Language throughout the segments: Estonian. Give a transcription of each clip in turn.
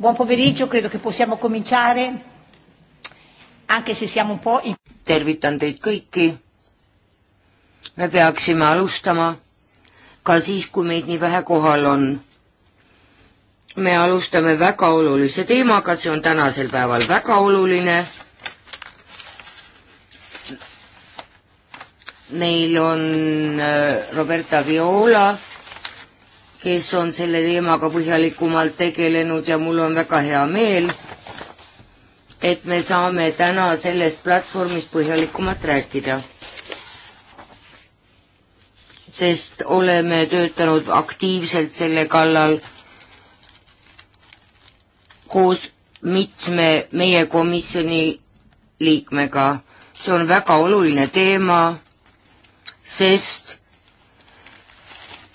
Buon pomeriggio, credo che possiamo cominciare, anche se siamo un po'... In... tervitan teid kõiki. me peaksime alustama ka siis, kui meid nii vähe kohal on. me alustame väga olulise teemaga, see on tänasel päeval väga oluline. meil on äh, Roberta Viola kes on selle teemaga põhjalikumalt tegelenud ja mul on väga hea meel, et me saame täna sellest platvormist põhjalikumalt rääkida. sest oleme töötanud aktiivselt selle kallal koos mitme meie komisjoni liikmega. see on väga oluline teema, sest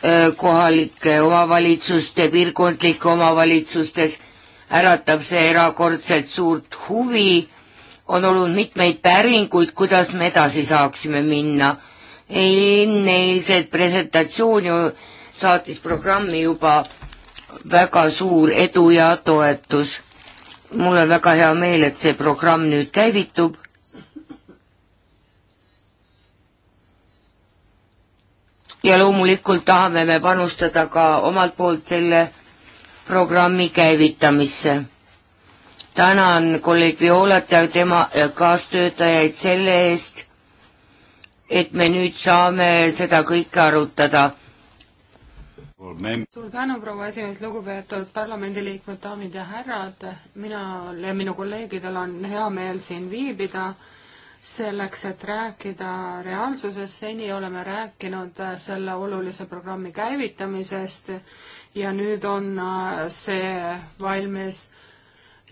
Äh, kohalike omavalitsuste, piirkondlike omavalitsustes, äratab see erakordselt suurt huvi, on olnud mitmeid päringuid, kuidas me edasi saaksime minna. enne eilset presentatsiooni saatis programmi juba väga suur edu ja toetus. mul on väga hea meel, et see programm nüüd käivitub ja loomulikult tahame me panustada ka omalt poolt selle programmi käivitamisse. tänan kolleeg Violat ja tema kaastöötajaid selle eest, et me nüüd saame seda kõike arutada. suur tänu, proua esimees, lugupeetud parlamendiliikmed, daamid ja härrad, minal ja minu kolleegidel on hea meel siin viibida selleks, et rääkida reaalsusest, seni oleme rääkinud äh, selle olulise programmi käivitamisest ja nüüd on äh, see valmis.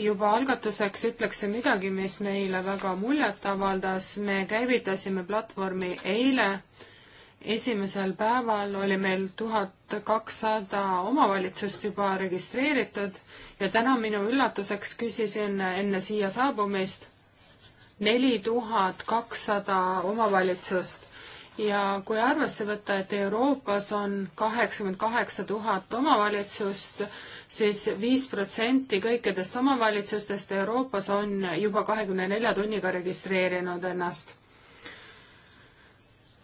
juba algatuseks ütleksin midagi, mis meile väga muljet avaldas, me käivitasime platvormi eile, esimesel päeval oli meil tuhat kakssada omavalitsust juba registreeritud ja täna minu üllatuseks küsisin enne siia saabumist neli tuhat kakssada omavalitsust ja kui arvesse võtta, et Euroopas on kaheksakümmend kaheksa tuhat omavalitsust, siis viis protsenti kõikidest omavalitsustest Euroopas on juba kahekümne nelja tunniga registreerinud ennast.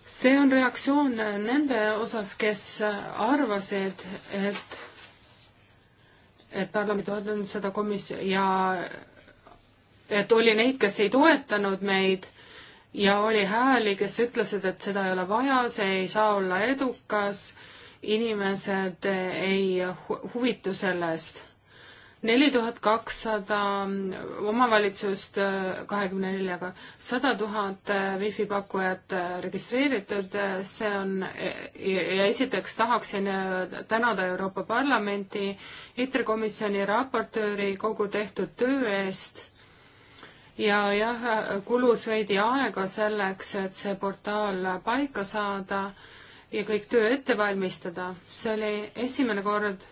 see on reaktsioon nende osas, kes arvasid, et et parlament on seda komis- ja et oli neid, kes ei toetanud meid ja oli hääli, kes ütlesid, et seda ei ole vaja, see ei saa olla edukas, inimesed ei huvitu sellest. neli tuhat kakssada omavalitsust kahekümne neljaga, sada tuhat wifi pakkujat registreeritud, see on ja esiteks tahaksin tänada Euroopa Parlamenti, ITRE komisjoni raportööri kogu tehtud töö eest ja jah, kulus veidi aega selleks, et see portaal paika saada ja kõik töö ette valmistada. see oli esimene kord,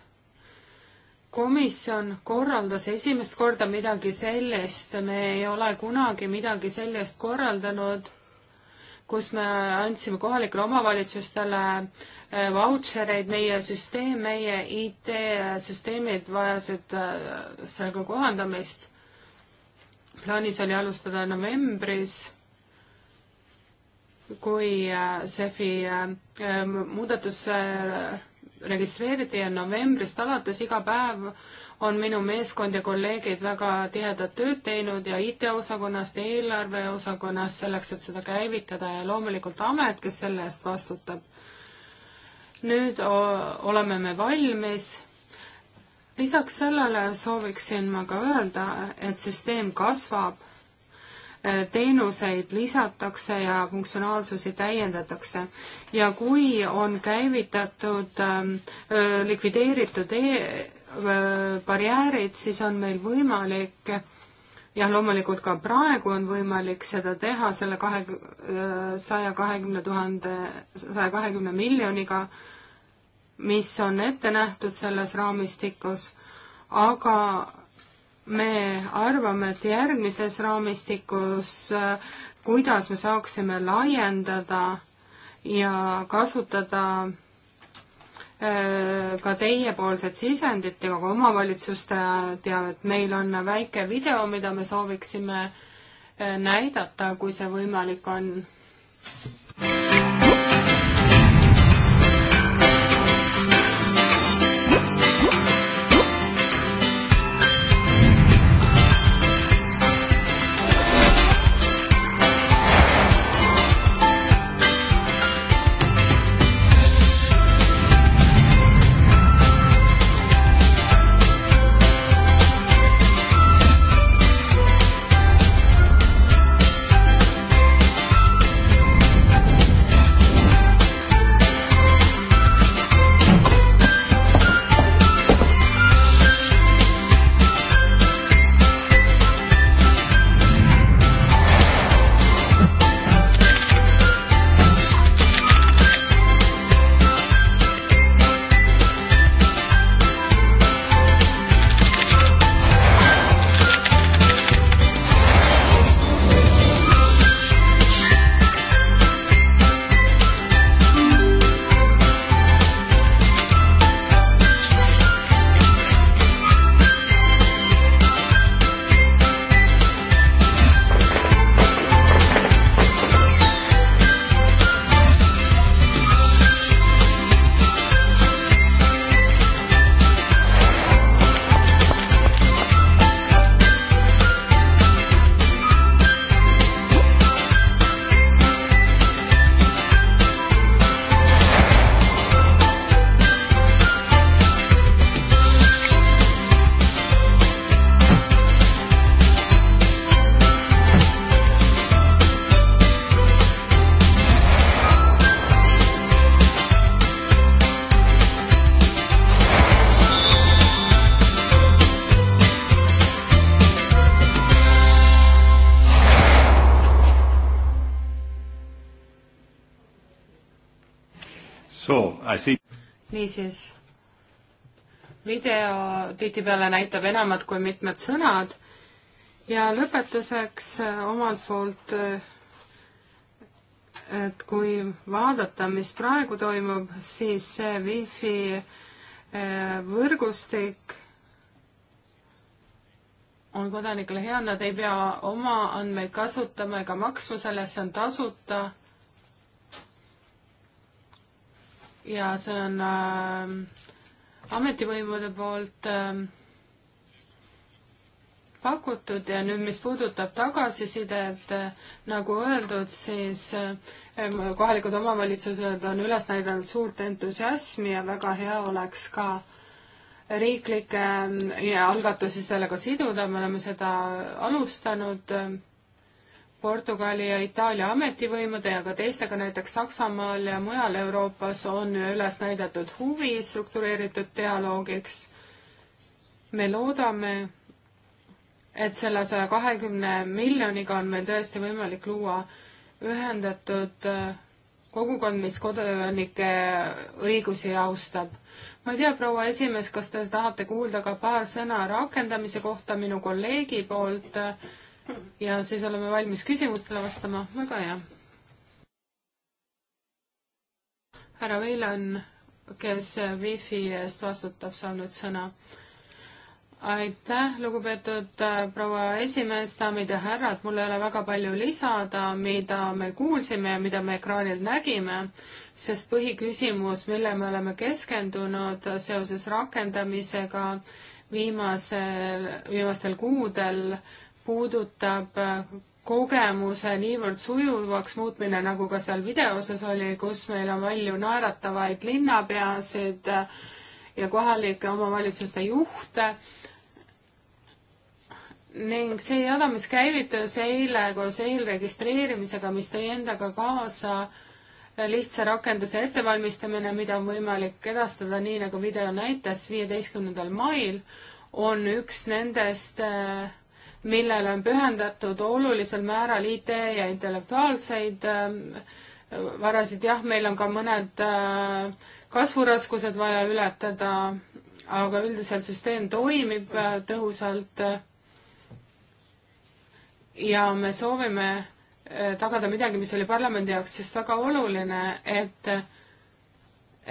komisjon korraldas esimest korda midagi sellist, me ei ole kunagi midagi sellist korraldanud, kus me andsime kohalikele omavalitsustele eh, vautšereid, meie süsteem, meie IT-süsteemid eh, vajasid eh, sellega kohandamist plaanis oli alustada novembris, kui CEF-i äh, äh, äh, muudatus registreeriti ja novembrist alates iga päev on minu meeskond ja kolleegid väga tihedat tööd teinud ja IT-osakonnast ja eelarveosakonnast selleks, et seda käivitada ja loomulikult amet, kes selle eest vastutab. nüüd oleme me valmis lisaks sellele sooviksin ma ka öelda, et süsteem kasvab, e, teenuseid lisatakse ja funktsionaalsusi täiendatakse ja kui on käivitatud, e, e, likvideeritud e barjäärid, siis on meil võimalik jah, loomulikult ka praegu on võimalik seda teha selle kahe, saja kahekümne tuhande, saja kahekümne miljoniga mis on ette nähtud selles raamistikus, aga me arvame, et järgmises raamistikus, kuidas me saaksime laiendada ja kasutada äh, ka teiepoolset sisendit ja ka omavalitsuste teavet. meil on väike video, mida me sooviksime äh, näidata, kui see võimalik on. niisiis, video tihtipeale näitab enamat kui mitmed sõnad ja lõpetuseks äh, omalt poolt, äh, et kui vaadata, mis praegu toimub, siis see Wi-Fi äh, võrgustik on kodanikele hea, nad ei pea oma andmeid kasutama ega maksma selle eest, see on tasuta ja see on äh, ametivõimude poolt äh, pakutud ja nüüd, mis puudutab tagasisidet, äh, nagu öeldud, siis äh, kohalikud omavalitsused on üles näidanud suurt entusiasmi ja väga hea oleks ka riiklikke ähm, algatusi sellega siduda, me oleme seda alustanud ähm, Portugali ja Itaalia ametivõimude ja ka teistega, näiteks Saksamaal ja mujal Euroopas on üles näidatud huvi struktureeritud dialoogiks. me loodame, et selle saja kahekümne miljoniga on meil tõesti võimalik luua ühendatud äh, kogukond, mis kodanike õigusi austab. ma ei tea, proua esimees, kas te tahate kuulda ka paar sõna rakendamise kohta minu kolleegi poolt äh, ja siis oleme valmis küsimustele vastama, väga hea. härra Veilan, kes Wi-Fi eest vastutab, saab nüüd sõna. aitäh, lugupeetud äh, proua esimees, daamid ja härrad, mul ei ole väga palju lisada, mida me kuulsime ja mida me ekraanil nägime, sest põhiküsimus, mille me oleme keskendunud seoses rakendamisega viimasel, viimastel kuudel, puudutab äh, kogemuse niivõrd sujuvaks muutmine, nagu ka seal video osas oli, kus meil on palju naeratavaid linnapeasid äh, ja kohalike omavalitsuste juhte. ning see jada, mis käivitus eile koos eelregistreerimisega, mis tõi endaga kaasa lihtsa rakenduse ettevalmistamine, mida on võimalik edastada nii, nagu video näitas, viieteistkümnendal mail, on üks nendest äh, millele on pühendatud olulisel määral IT ja intellektuaalseid ähm, varasid, jah, meil on ka mõned äh, kasvuraskused vaja ületada, aga üldiselt süsteem toimib äh, tõhusalt. ja me soovime äh, tagada midagi, mis oli parlamendi jaoks just väga oluline, et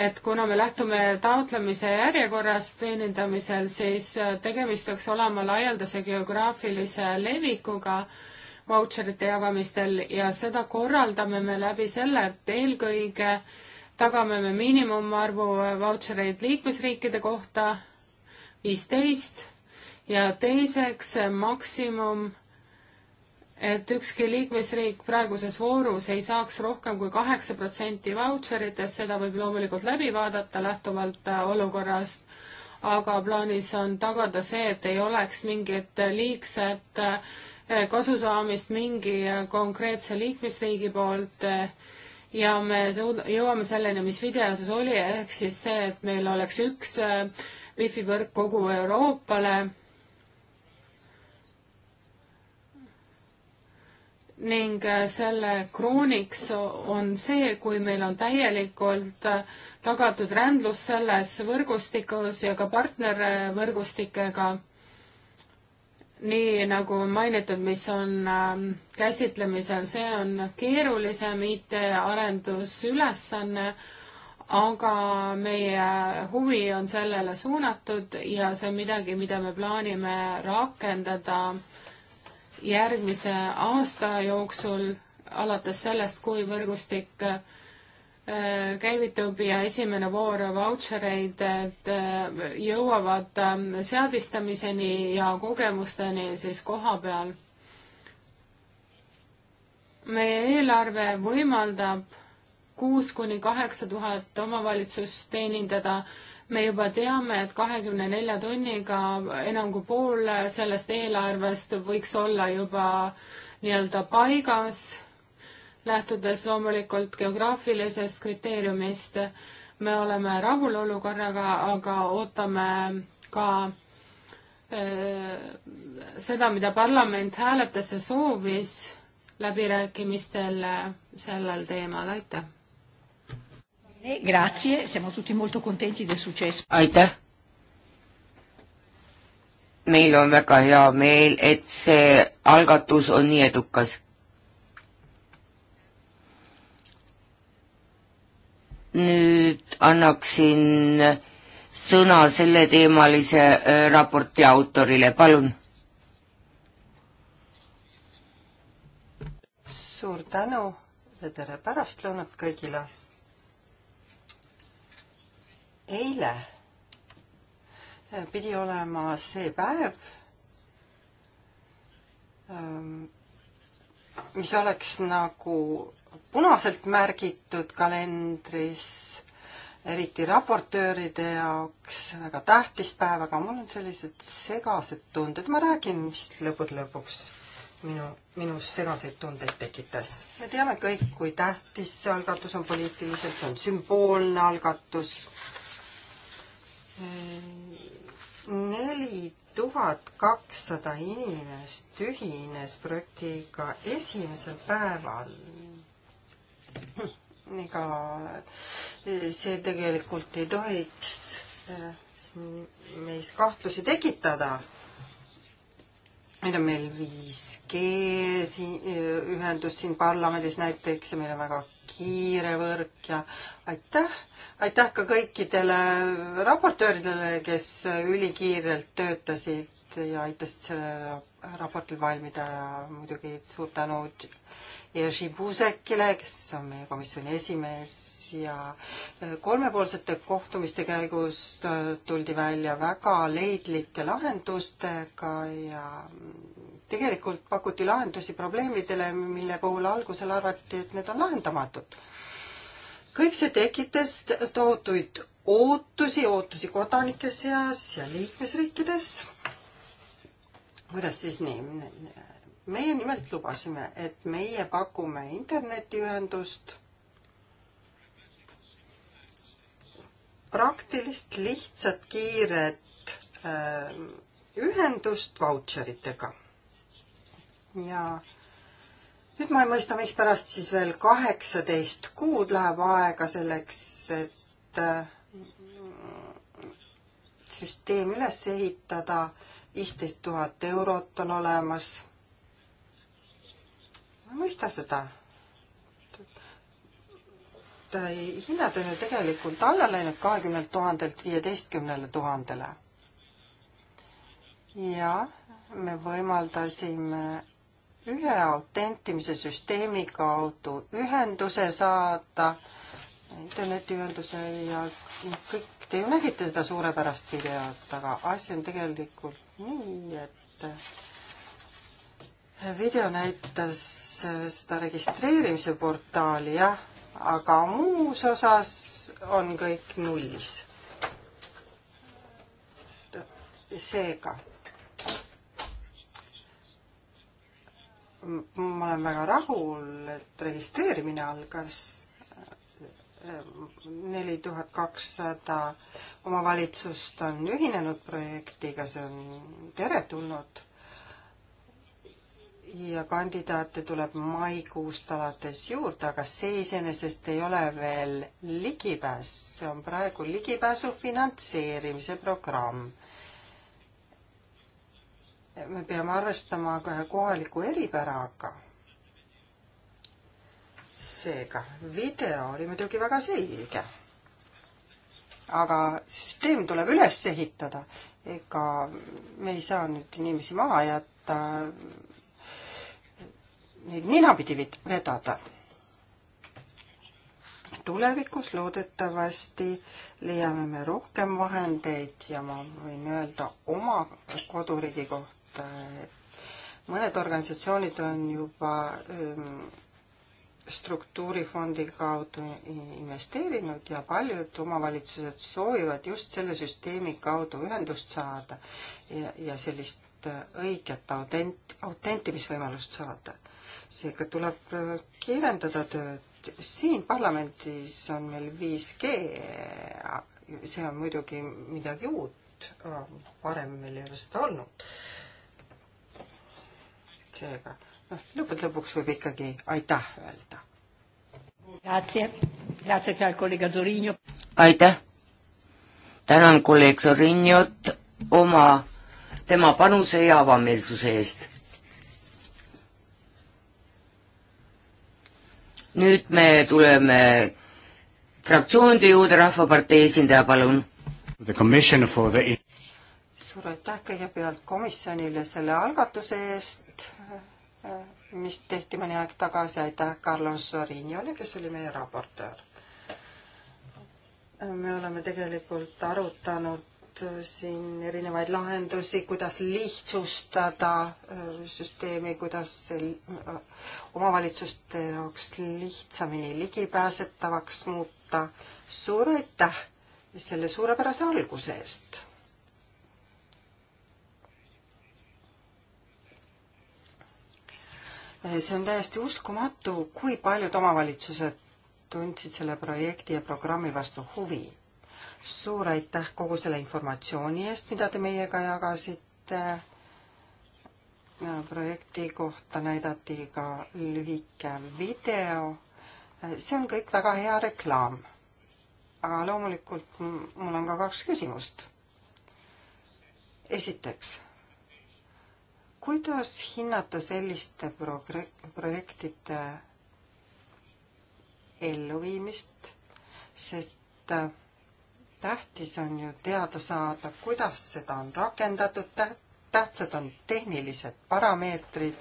et kuna me lähtume taotlemise järjekorrast teenindamisel, siis äh, tegemist peaks olema laialdase geograafilise levikuga vautšerite jagamistel ja seda korraldame me läbi selle, et eelkõige tagame me miinimumarvu vautšereid liikmesriikide kohta, viisteist, ja teiseks maksimum et ükski liikmesriik praeguses voorus ei saaks rohkem kui kaheksa protsenti vautšeritest, seda võib loomulikult läbi vaadata lähtuvalt äh, olukorrast, aga plaanis on tagada see, et ei oleks mingit liigset äh, kasusaamist mingi äh, konkreetse liikmesriigi poolt ja me jõuame selleni, mis videos oli, ehk siis see, et meil oleks üks wifi võrk kogu Euroopale ning äh, selle krooniks on see, kui meil on täielikult äh, tagatud rändlus selles võrgustikus ja ka partnervõrgustikega, nii nagu mainitud, mis on ähm, käsitlemisel, see on keerulisem IT-arendusülesanne, aga meie huvi on sellele suunatud ja see on midagi, mida me plaanime rakendada järgmise aasta jooksul, alates sellest, kui võrgustik äh, käivitub ja esimene voor vautšereid äh, jõuavad ähm, seadistamiseni ja kogemusteni siis koha peal. meie eelarve võimaldab kuus kuni kaheksa tuhat omavalitsust teenindada me juba teame, et kahekümne nelja tunniga enam kui pool sellest eelarvest võiks olla juba nii-öelda paigas, lähtudes loomulikult geograafilisest kriteeriumist. me oleme rahul olukorraga, aga ootame ka eh, seda, mida parlament hääletas ja soovis läbirääkimistel sellel teemal, aitäh! aitäh! meil on väga hea meel, et see algatus on nii edukas. nüüd annaksin sõna selleteemalise äh, raporti autorile, palun. suur tänu ja tere pärastlõunat kõigile eile pidi olema see päev, ähm, mis oleks nagu punaselt märgitud kalendris, eriti raportööride jaoks väga tähtis päev, aga mul on sellised segased tunded, ma räägin, mis lõppude lõpuks minu, minus segaseid tundeid tekitas. me teame kõik, kui tähtis see algatus on poliitiliselt, see on sümboolne algatus neli tuhat kakssada inimest ühines projektiga esimesel päeval. ega see tegelikult ei tohiks eh, meis kahtlusi tekitada meil on meil 5G siin, eh, ühendus siin parlamendis näiteks ja meil on väga kiire võrk ja aitäh, aitäh ka kõikidele raportööridele, kes ülikiirelt töötasid ja aitasid sellele raportil valmida ja muidugi suur tänu Jerzy Buzekile, kes on meie komisjoni esimees ja äh, kolmepoolsete kohtumiste käigus äh, tuldi välja väga leidlike lahendustega ja mm, tegelikult pakuti lahendusi probleemidele, mille puhul algusel arvati, et need on lahendamatud. kõik see tekitas tohutuid ootusi, ootusi kodanike seas ja liikmesriikides. kuidas siis nii? meie nimelt lubasime, et meie pakume internetiühendust praktilist, lihtsat, kiiret äh, ühendust vautšeritega. ja nüüd ma ei mõista, mikspärast siis veel kaheksateist kuud läheb aega selleks, et äh, süsteem üles ehitada. viisteist tuhat eurot on olemas. ma ei mõista seda et äh, hinnad on ju tegelikult alla läinud kahekümnelt tuhandelt viieteistkümnele tuhandele. ja me võimaldasime ühe autentimise süsteemi kaudu ühenduse saada, internetiühenduse ja kõik te ju nägite seda suurepärast videot, aga asi on tegelikult nii, et äh, video näitas äh, seda registreerimise portaali, jah aga muus osas on kõik nullis. seega ma olen väga rahul, et registreerimine algas neli tuhat kakssada omavalitsust on ühinenud projektiga, see on teretulnud ja kandidaate tuleb maikuust alates juurde, aga see iseenesest ei ole veel ligipääs, see on praegu ligipääsu finantseerimise programm. me peame arvestama ka kohaliku eripäraga. seega video oli muidugi väga selge. aga süsteem tuleb üles ehitada, ega me ei saa nüüd inimesi maha jätta neid ninapidi vedada. tulevikus loodetavasti leiame me rohkem vahendeid ja ma võin öelda oma koduriigi kohta, et mõned organisatsioonid on juba ehm, struktuurifondi kaudu investeerinud ja paljud omavalitsused soovivad just selle süsteemi kaudu ühendust saada ja, ja sellist õiget autent, autentimisvõimalust saada seega tuleb äh, kiirendada tööd. siin parlamendis on meil 5G, see on muidugi midagi uut, varem meil ei ole seda olnud. seega, noh, lõppude lõpuks võib ikkagi aitäh öelda. aitäh, tänan kolleeg Zorinjot oma, tema panuse ja avameelsuse eest nüüd me tuleme fraktsioonide juurde, Rahvapartei esindaja, palun. The... suur aitäh kõigepealt komisjonile selle algatuse eest, mis tehti mõni aeg tagasi, aitäh Carlos Sorinole, kes oli meie raportöör. me oleme tegelikult arutanud Äh, siin erinevaid lahendusi, kuidas lihtsustada äh, süsteemi, kuidas äh, omavalitsuste jaoks lihtsamini ligipääsetavaks muuta. suur aitäh selle suurepärase alguse eest! see on täiesti uskumatu, kui paljud omavalitsused tundsid selle projekti ja programmi vastu huvi suur aitäh kogu selle informatsiooni eest, mida te meiega jagasite. projekti kohta näidati ka lühike video. see on kõik väga hea reklaam. aga loomulikult mul on ka kaks küsimust. esiteks, kuidas hinnata selliste projektide elluviimist, sest äh, tähtis on ju teada saada, kuidas seda on rakendatud, tähtsad on tehnilised parameetrid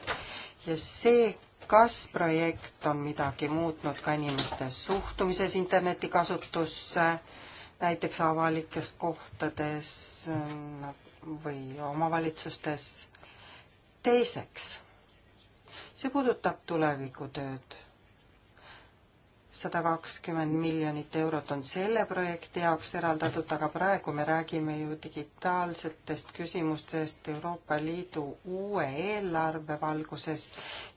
ja see, kas projekt on midagi muutnud ka inimeste suhtumises interneti kasutusse, näiteks avalikes kohtades või omavalitsustes. teiseks, see puudutab tulevikutööd sada kakskümmend miljonit eurot on selle projekti jaoks eraldatud, aga praegu me räägime ju digitaalsetest küsimustest Euroopa Liidu uue eelarve valguses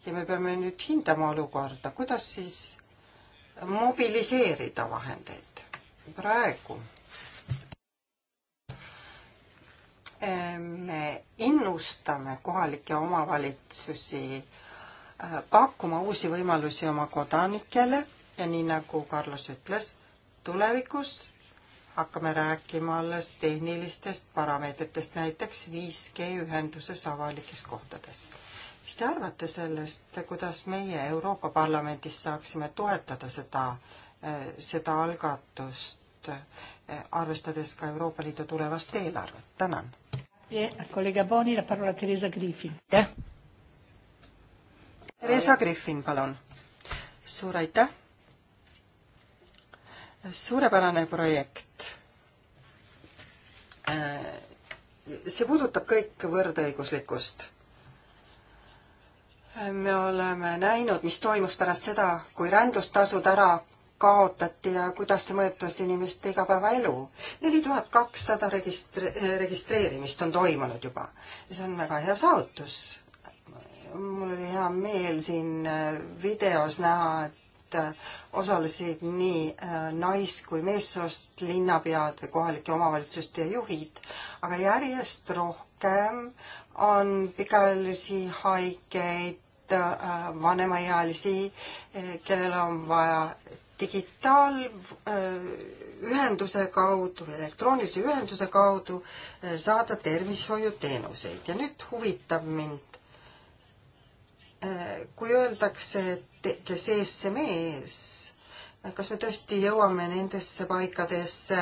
ja me peame nüüd hindama olukorda, kuidas siis mobiliseerida vahendeid praegu me innustame kohalikke omavalitsusi äh, pakkuma uusi võimalusi oma kodanikele ja nii nagu Carlos ütles, tulevikus hakkame rääkima alles tehnilistest parameetritest, näiteks 5G ühenduses avalikes kohtades. mis te arvate sellest, kuidas meie Euroopa Parlamendis saaksime toetada seda, eh, seda algatust, eh, arvestades ka Euroopa Liidu tulevast eelarvet, tänan. Eh, aitäh. Theresa Griffin, palun. suur aitäh suurepärane projekt. Äh, see puudutab kõik võrdõiguslikkust. me oleme näinud, mis toimus pärast seda, kui rändlustasud ära kaotati ja kuidas see mõjutas inimeste igapäevaelu. neli tuhat kakssada registre-, registreerimist on toimunud juba. see on väga hea saavutus. mul oli hea meel siin videos näha, et Äh, osalesid nii äh, nais- kui meessoost linnapead või kohalike omavalitsuste juhid, aga järjest rohkem on pikaajalisi haigeid, äh, vanemaealisi, kellel on vaja digitaalühenduse kaudu või elektroonilise ühenduse kaudu saada tervishoiuteenuseid ja nüüd huvitab mind Äh, kui öeldakse, et kes ees, see mees, kas me tõesti jõuame nendesse paikadesse,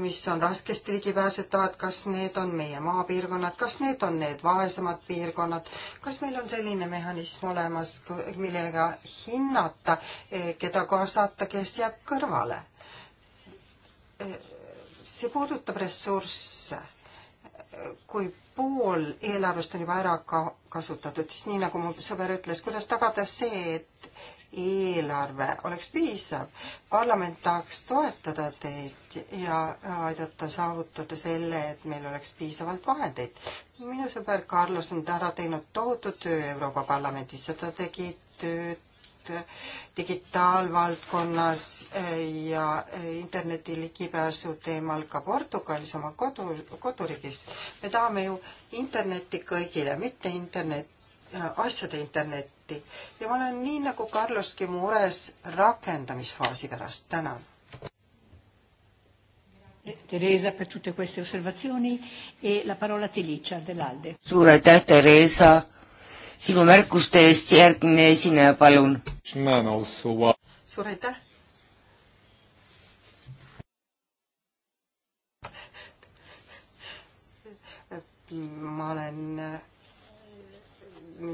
mis on raskesti ligipääsetavad, kas need on meie maapiirkonnad, kas need on need vaesemad piirkonnad, kas meil on selline mehhanism olemas, millega hinnata, eh, keda kaasata, kes jääb kõrvale? Eh, see puudutab ressursse. kui pool eelarvest on juba ära ka kasutatud, siis nii nagu mu sõber ütles, kuidas tagada see, et eelarve oleks piisav. parlament tahaks toetada teid ja aidata saavutada selle, et meil oleks piisavalt vahendeid. minu sõber Carlos on ära teinud tohutu töö Euroopa Parlamendis ja ta tegi tööd digitaalvaldkonnas eh, ja eh, interneti ligipääsu teemal ka Portugalis, oma kodu, koduriigis. me tahame ju internetti kõigile, mitte internet, eh, asjade internetti. ja ma olen nii nagu Carloski mures rakendamisfaasi pärast. tänan. Teresa per tutte queste osservazioni e la parola Felicia dell'Alde. suur aitäh, Teresa sinu märkuste eest, järgmine esineja, palun. suur aitäh. ma olen äh,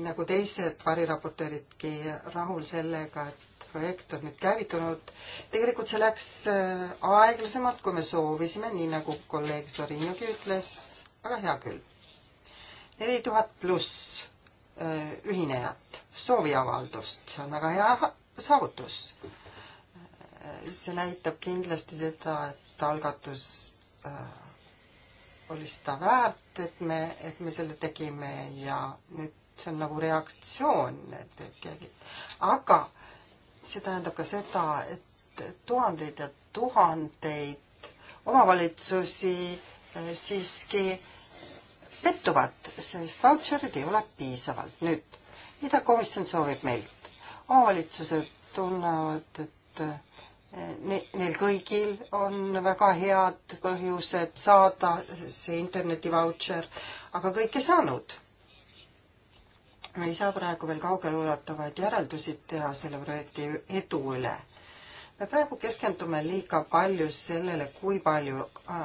nagu teised variraportööridki rahul sellega, et projekt on nüüd käivitunud. tegelikult see läks äh, aeglasemalt, kui me soovisime, nii nagu kolleeg Sorinjogi ütles, aga hea küll. neli tuhat pluss Äh, ühinejat, sooviavaldust, see on väga hea saavutus. Äh, see näitab kindlasti seda, et algatus äh, oli seda väärt, et me, et me selle tegime ja nüüd see on nagu reaktsioon, et, et keegi, aga see tähendab ka seda, et tuhandeid ja tuhandeid omavalitsusi siiski äh, pettuvad, sest vautšerid ei ole piisavalt. nüüd, mida komisjon soovib meilt? omavalitsused tunnevad, et eh, neil kõigil on väga head põhjused saada see internetivautšer, aga kõik ei saanud. me ei saa praegu veel kaugeleulatuvaid järeldusid teha selle projekti edu üle me praegu keskendume liiga palju sellele, kui palju äh,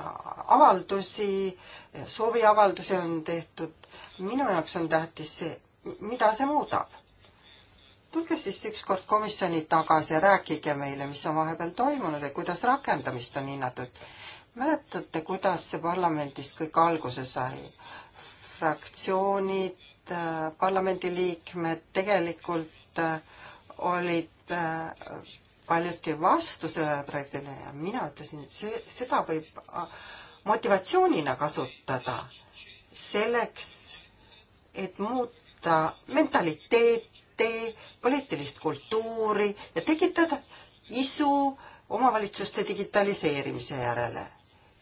avaldusi, sooviavaldusi on tehtud. minu jaoks on tähtis see, mida see muudab. tulge siis ükskord komisjoni tagasi ja rääkige meile, mis on vahepeal toimunud ja kuidas rakendamist on hinnatud. mäletate, kuidas see parlamendist kõik alguse sai? fraktsioonid, äh, parlamendiliikmed tegelikult äh, olid paljuski vastu sellele projektile ja mina ütlesin, see, seda võib motivatsioonina kasutada selleks, et muuta mentaliteeti, poliitilist kultuuri ja tekitada isu omavalitsuste digitaliseerimise järele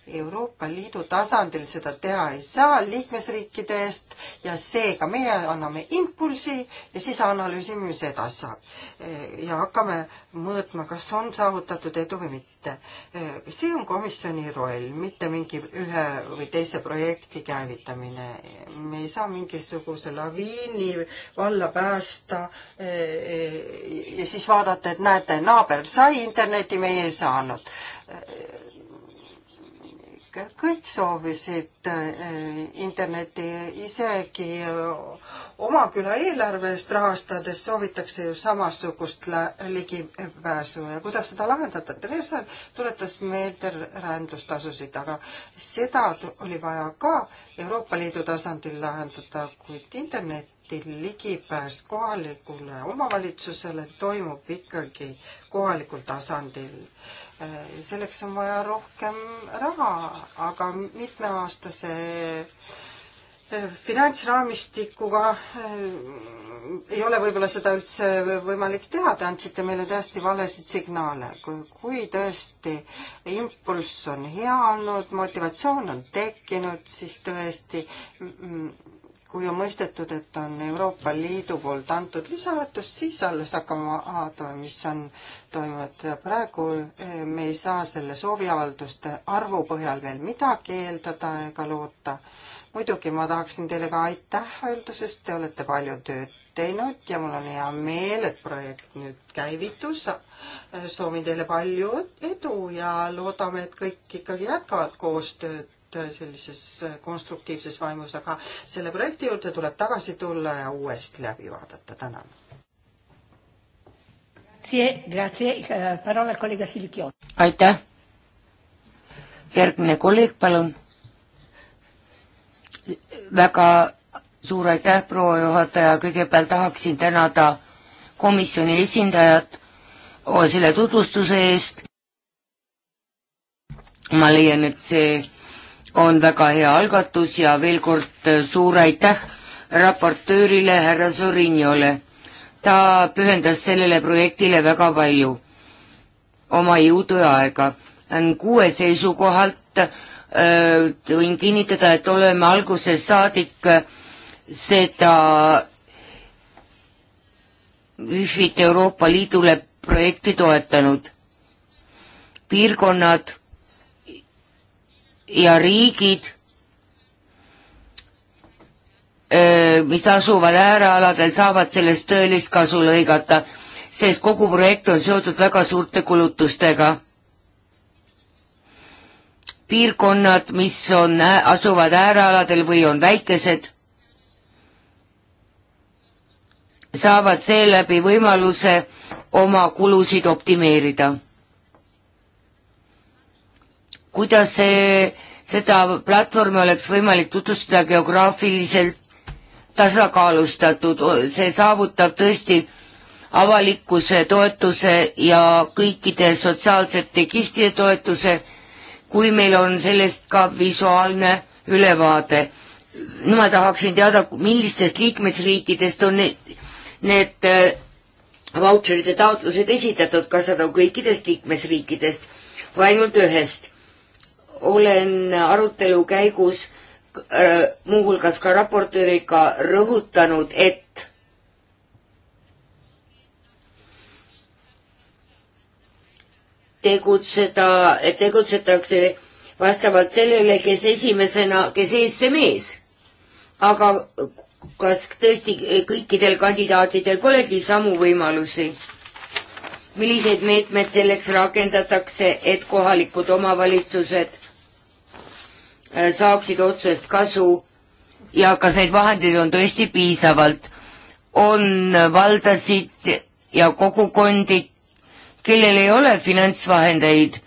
Euroopa Liidu tasandil seda teha ei saa liikmesriikide eest ja seega meie anname impulsi ja siis analüüsime, mis edasi saab. Eh, ja hakkame mõõtma, kas on saavutatud edu või mitte. Eh, see on komisjoni roll, mitte mingi ühe või teise projekti käivitamine. me ei saa mingisuguse laviini valla päästa eh, ja siis vaadata, et näete, naaber sai interneti, meie ei saanud kõik soovisid eh, Interneti, isegi eh, oma küla eelarvest rahastades soovitakse ju samasugust ligipääsu ja kuidas seda lahendada? Theresa tuletas meelde rändlustasusid, aga seda oli vaja ka Euroopa Liidu tasandil lahendada, kuid internet ligipääs kohalikule omavalitsusele toimub ikkagi kohalikul tasandil Äh, selleks on vaja rohkem raha, aga mitmeaastase äh, finantsraamistikuga äh, ei ole võib-olla seda üldse võimalik teha, te andsite meile täiesti valesid signaale. kui, kui tõesti impulss on hea olnud, motivatsioon on tekkinud, siis tõesti mm, kui on mõistetud, et on Euroopa Liidu poolt antud lisaväärtus, siis alles hakkame vaatama, mis on toimunud. praegu eh, me ei saa selle sooviavalduste arvu põhjal veel midagi eeldada ega loota. muidugi ma tahaksin teile ka aitäh öelda, sest te olete palju tööd teinud ja mul on hea meel, et projekt nüüd käivitus. soovin teile palju edu ja loodame, et kõik ikkagi jätkavad koostööd sellises konstruktiivses vaimus, aga selle projekti juurde tuleb tagasi tulla ja uuesti läbi vaadata. tänan. Eh, aitäh. järgmine kolleeg, palun. väga suur aitäh, proua juhataja, kõigepealt tahaksin tänada komisjoni esindajat selle tutvustuse eest. ma leian, et see on väga hea algatus ja veel kord äh, suur aitäh raportöörile härra Sorinjole. ta pühendas sellele projektile väga palju oma jõudu ja aega. kuue seisukohalt öö, äh, võin kinnitada, et oleme algusest saadik äh, seda WIFI-t Euroopa Liidule projekti toetanud. piirkonnad ja riigid, eh, mis asuvad äärealadel, saavad sellest tõelist kasu lõigata, sest kogu projekt on seotud väga suurte kulutustega. piirkonnad, mis on, asuvad äärealadel või on väikesed, saavad seeläbi võimaluse oma kulusid optimeerida kuidas see, seda platvormi oleks võimalik tutvustada geograafiliselt tasakaalustatud, see saavutab tõesti avalikkuse toetuse ja kõikide sotsiaalsete kihtide toetuse, kui meil on sellest ka visuaalne ülevaade. nüüd ma tahaksin teada, millistest liikmesriikidest on need, need äh, vautšerite taotlused esitatud, kas nad on kõikidest liikmesriikidest või ainult ühest olen arutelu käigus äh, muuhulgas ka raportööriga rõhutanud, et tegutseda, tegutsetakse vastavalt sellele, kes esimesena, kes ees, see mees. aga kas tõesti kõikidel kandidaatidel polegi samu võimalusi? milliseid meetmeid selleks rakendatakse, et kohalikud omavalitsused Äh, saaksid otsest kasu ja kas neid vahendeid on tõesti piisavalt. on valdasid ja kogukondi, kellel ei ole finantsvahendeid,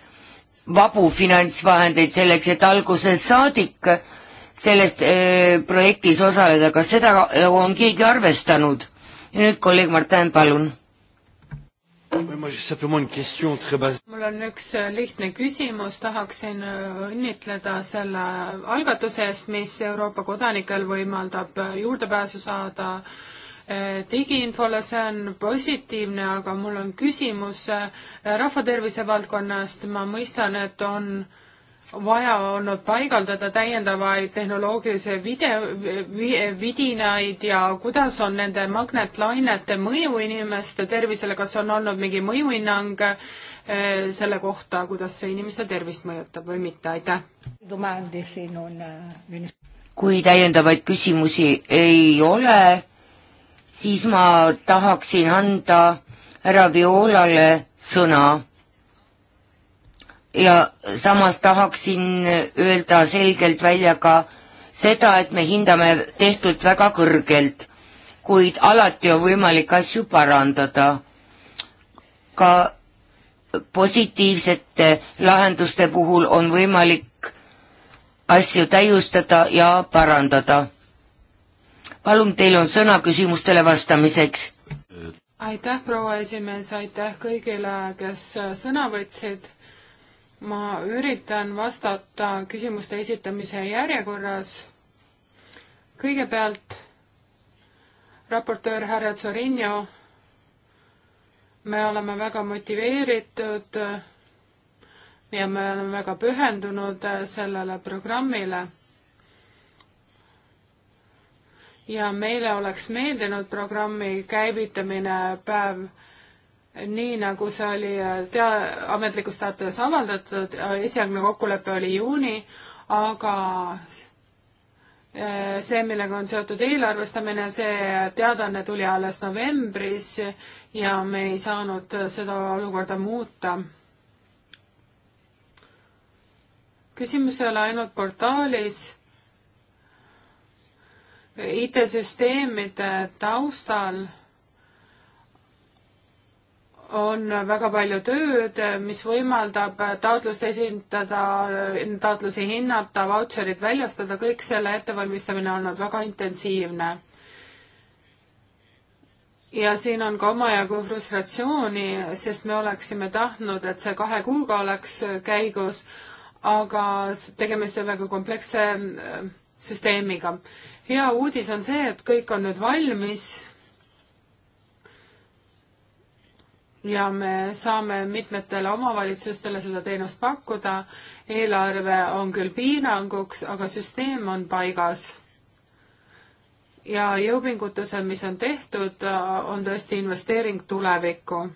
vabu finantsvahendeid selleks, et algusest saadik selles äh, projektis osaleda, kas seda äh, on keegi arvestanud? ja nüüd kolleeg Martin, palun mul on üks äh, lihtne küsimus, tahaksin äh, õnnitleda selle algatuse eest, mis Euroopa kodanikel võimaldab äh, juurdepääsu saada digiinfole, see on positiivne, aga mul on küsimus rahvatervise valdkonnast, ma mõistan, et on äh, vaja olnud paigaldada täiendavaid tehnoloogilisi video, vidinaid ja kuidas on nende magnetlainete mõju inimeste tervisele, kas on olnud mingi mõjuhinnang eh, selle kohta, kuidas see inimeste tervist mõjutab või mitte, aitäh! kui täiendavaid küsimusi ei ole, siis ma tahaksin anda härra Violale sõna ja samas tahaksin öelda selgelt välja ka seda, et me hindame tehtut väga kõrgelt, kuid alati on võimalik asju parandada. ka positiivsete lahenduste puhul on võimalik asju täiustada ja parandada. palun, teil on sõna küsimustele vastamiseks. aitäh, proua esimees, aitäh kõigile, kes sõna võtsid ma üritan vastata küsimuste esitamise järjekorras. kõigepealt raportöör härra Zorinjo, me oleme väga motiveeritud ja me oleme väga pühendunud sellele programmile. ja meile oleks meeldinud programmi käivitamine päev nii nagu see oli äh, tea-, ametlikus teatajas avaldatud, äh, esialgne kokkulepe oli juuni, aga äh, see, millega on seotud eelarvestamine, see teadaanne tuli alles novembris ja me ei saanud seda olukorda muuta. küsimus ei ole ainult portaalis. IT-süsteemide taustal on väga palju tööd, mis võimaldab taotlust esindada, taotlusi hinnata, vautšerid väljastada, kõik selle ettevalmistamine on olnud väga intensiivne. ja siin on ka omajagu frustratsiooni, sest me oleksime tahtnud, et see kahe kuuga oleks käigus, aga tegemist on väga kompleksse äh, süsteemiga. hea uudis on see, et kõik on nüüd valmis ja me saame mitmetele omavalitsustele seda teenust pakkuda. eelarve on küll piiranguks, aga süsteem on paigas. ja jõupingutused, mis on tehtud, on tõesti investeering tulevikku.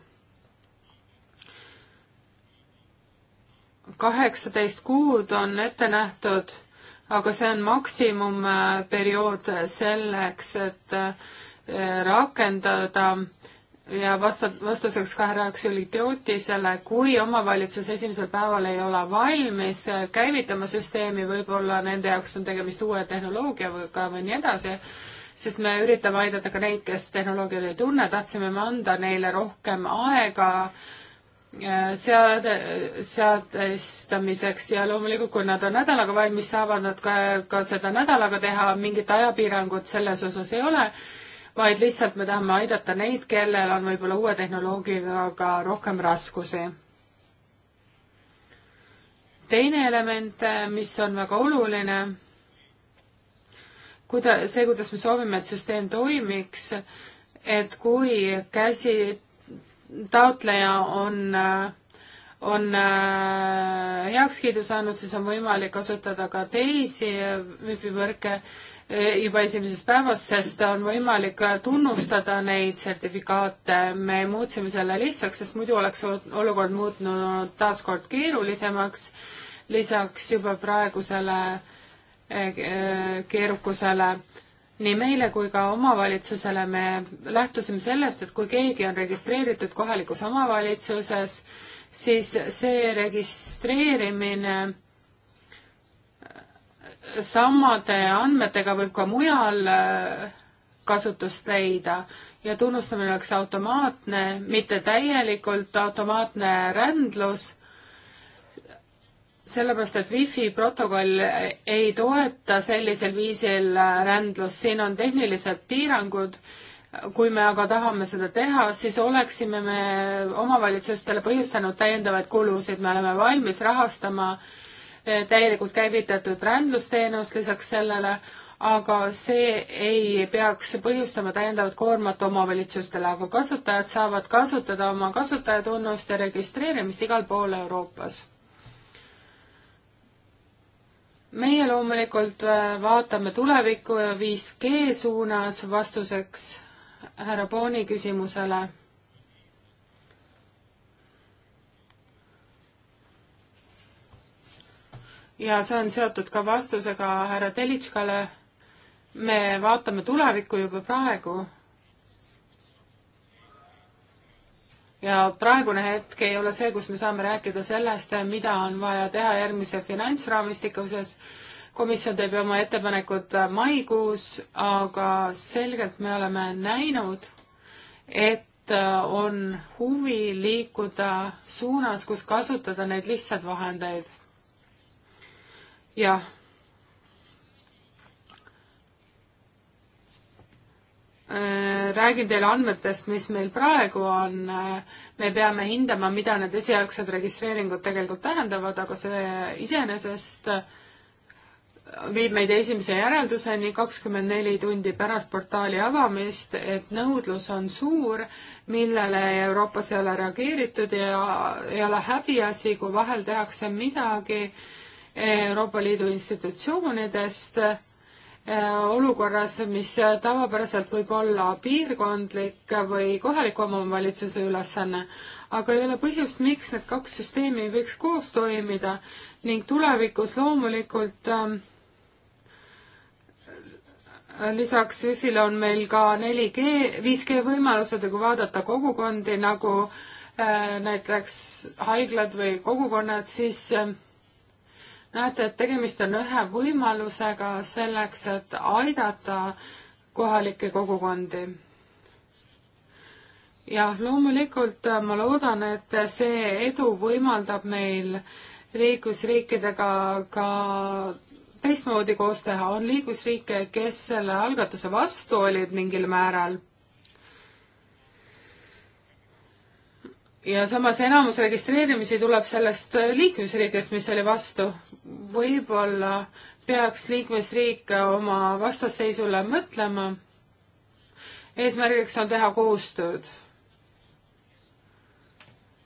kaheksateist kuud on ette nähtud, aga see on maksimumperiood selleks, et eh, rakendada ja vasta, vastuseks ka härra Xylitiotisele, kui omavalitsus esimesel päeval ei ole valmis äh, käivitama süsteemi, võib-olla nende jaoks on tegemist uue tehnoloogiaga või nii edasi, sest me üritame aidata ka neid, kes tehnoloogiat ei tunne, tahtsime me anda neile rohkem aega äh, sead-, seadestamiseks ja loomulikult, kui nad on nädalaga valmis, saavad nad ka, ka seda nädalaga teha, mingit ajapiirangut selles osas ei ole vaid lihtsalt me tahame aidata neid, kellel on võib-olla uue tehnoloogiaga rohkem raskusi. teine element, mis on väga oluline, kuida-, see, kuidas me soovime, et süsteem toimiks, et kui käsi, taotleja on äh, on heakskiidu saanud, siis on võimalik kasutada ka teisi wifi võrke Eh, juba esimesest päevast, sest on võimalik tunnustada neid sertifikaate. me muutsime selle lihtsaks, sest muidu oleks olukord muutunud taaskord keerulisemaks. lisaks juba praegusele eh, eh, keerukusele nii meile kui ka omavalitsusele me lähtusime sellest, et kui keegi on registreeritud kohalikus omavalitsuses, siis see registreerimine samade andmetega võib ka mujal äh, kasutust leida ja tunnustamine oleks automaatne, mitte täielikult automaatne rändlus, sellepärast et Wi-Fi protokoll ei toeta sellisel viisil äh, rändlust, siin on tehnilised piirangud, kui me aga tahame seda teha, siis oleksime me omavalitsustele põhjustanud täiendavaid kulusid, me oleme valmis rahastama äh, Äh, täielikult käivitatud rändlusteenust lisaks sellele, aga see ei peaks põhjustama täiendavat koormat omavalitsustele, aga kasutajad saavad kasutada oma kasutajatunnust ja registreerimist igal pool Euroopas. meie loomulikult äh, vaatame tulevikku ja 5G suunas vastuseks härra Booni küsimusele ja see on seotud ka vastusega härra Telitškale. me vaatame tulevikku juba praegu. ja praegune hetk ei ole see, kus me saame rääkida sellest, mida on vaja teha järgmise finantsraamistiku osas. komisjon teeb oma ettepanekud maikuus, aga selgelt me oleme näinud, et on huvi liikuda suunas, kus kasutada neid lihtsaid vahendeid ja äh, räägin teile andmetest, mis meil praegu on. Äh, me peame hindama, mida need esialgsed registreeringud tegelikult tähendavad, aga see iseenesest äh, viib meid esimese järelduseni kakskümmend neli tundi pärast portaali avamist, et nõudlus on suur, millele Euroopas ei ole reageeritud ja ei ole häbiasi, kui vahel tehakse midagi äh, Euroopa Liidu institutsioonidest äh, olukorras, mis tavapäraselt võib olla piirkondlik või kohaliku omavalitsuse ülesanne, aga ei ole põhjust, miks need kaks süsteemi ei võiks koos toimida ning tulevikus loomulikult äh, lisaks Wi-Fi-le on meil ka 4G, 5G võimalused ja kui vaadata kogukondi nagu äh, näiteks haiglad või kogukonnad, siis äh, näete, et tegemist on ühe võimalusega selleks, et aidata kohalikke kogukondi. jah, loomulikult ma loodan, et see edu võimaldab meil liiklusriikidega ka teistmoodi koos teha, on liiklusriike, kes selle algatuse vastu olid mingil määral ja samas enamus registreerimisi tuleb sellest liikmesriigist, mis oli vastu võib-olla peaks liikmesriik oma vastasseisule mõtlema. eesmärgiks on teha koostööd.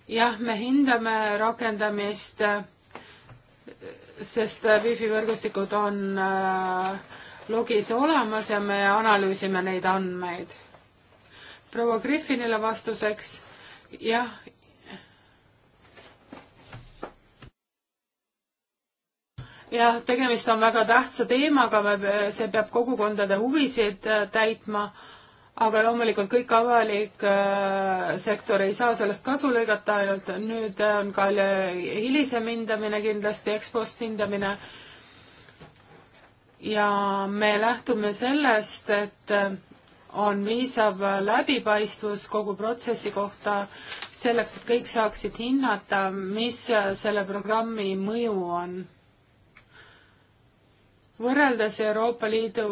jah, me hindame rakendamist, sest wifi võrgustikud on äh, logis olemas ja me analüüsime neid andmeid. proua Griffinile vastuseks jah, jah, tegemist on väga tähtsa teemaga, see peab kogukondade huvisid äh, täitma, aga loomulikult kõik avalik äh, sektor ei saa sellest kasu lõigata, ainult nüüd äh, on ka hilisem hindamine kindlasti, ekspost hindamine. ja me lähtume sellest, et on piisav läbipaistvus kogu protsessi kohta selleks, et kõik saaksid hinnata, mis selle programmi mõju on võrreldes Euroopa Liidu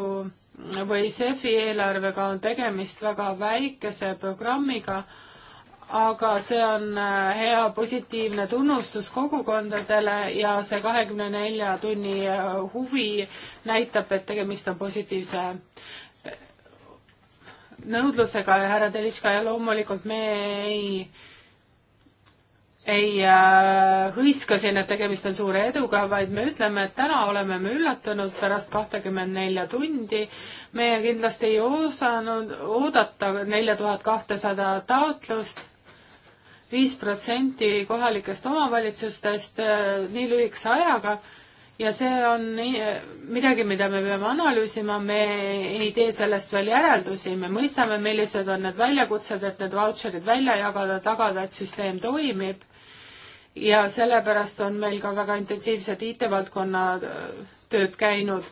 või CEF-i eelarvega on tegemist väga väikese programmiga, aga see on äh, hea positiivne tunnustus kogukondadele ja see kahekümne nelja tunni äh, huvi näitab, et tegemist on positiivse äh, nõudlusega ja härra Delitška ja loomulikult me ei ei äh, hõiska siin, et tegemist on suure eduga, vaid me ütleme, et täna oleme me üllatunud pärast kahtekümmend nelja tundi. me kindlasti ei osanud oodata nelja tuhat kahtesada taotlust. viis protsenti kohalikest omavalitsustest äh, nii lühikese ajaga ja see on äh, midagi, mida me peame analüüsima, me ei tee sellest veel järeldusi, me mõistame, millised on need väljakutsed, et need vautšerid välja jagada, tagada, et süsteem toimib ja sellepärast on meil ka väga intensiivsed IT-valdkonna äh, tööd käinud.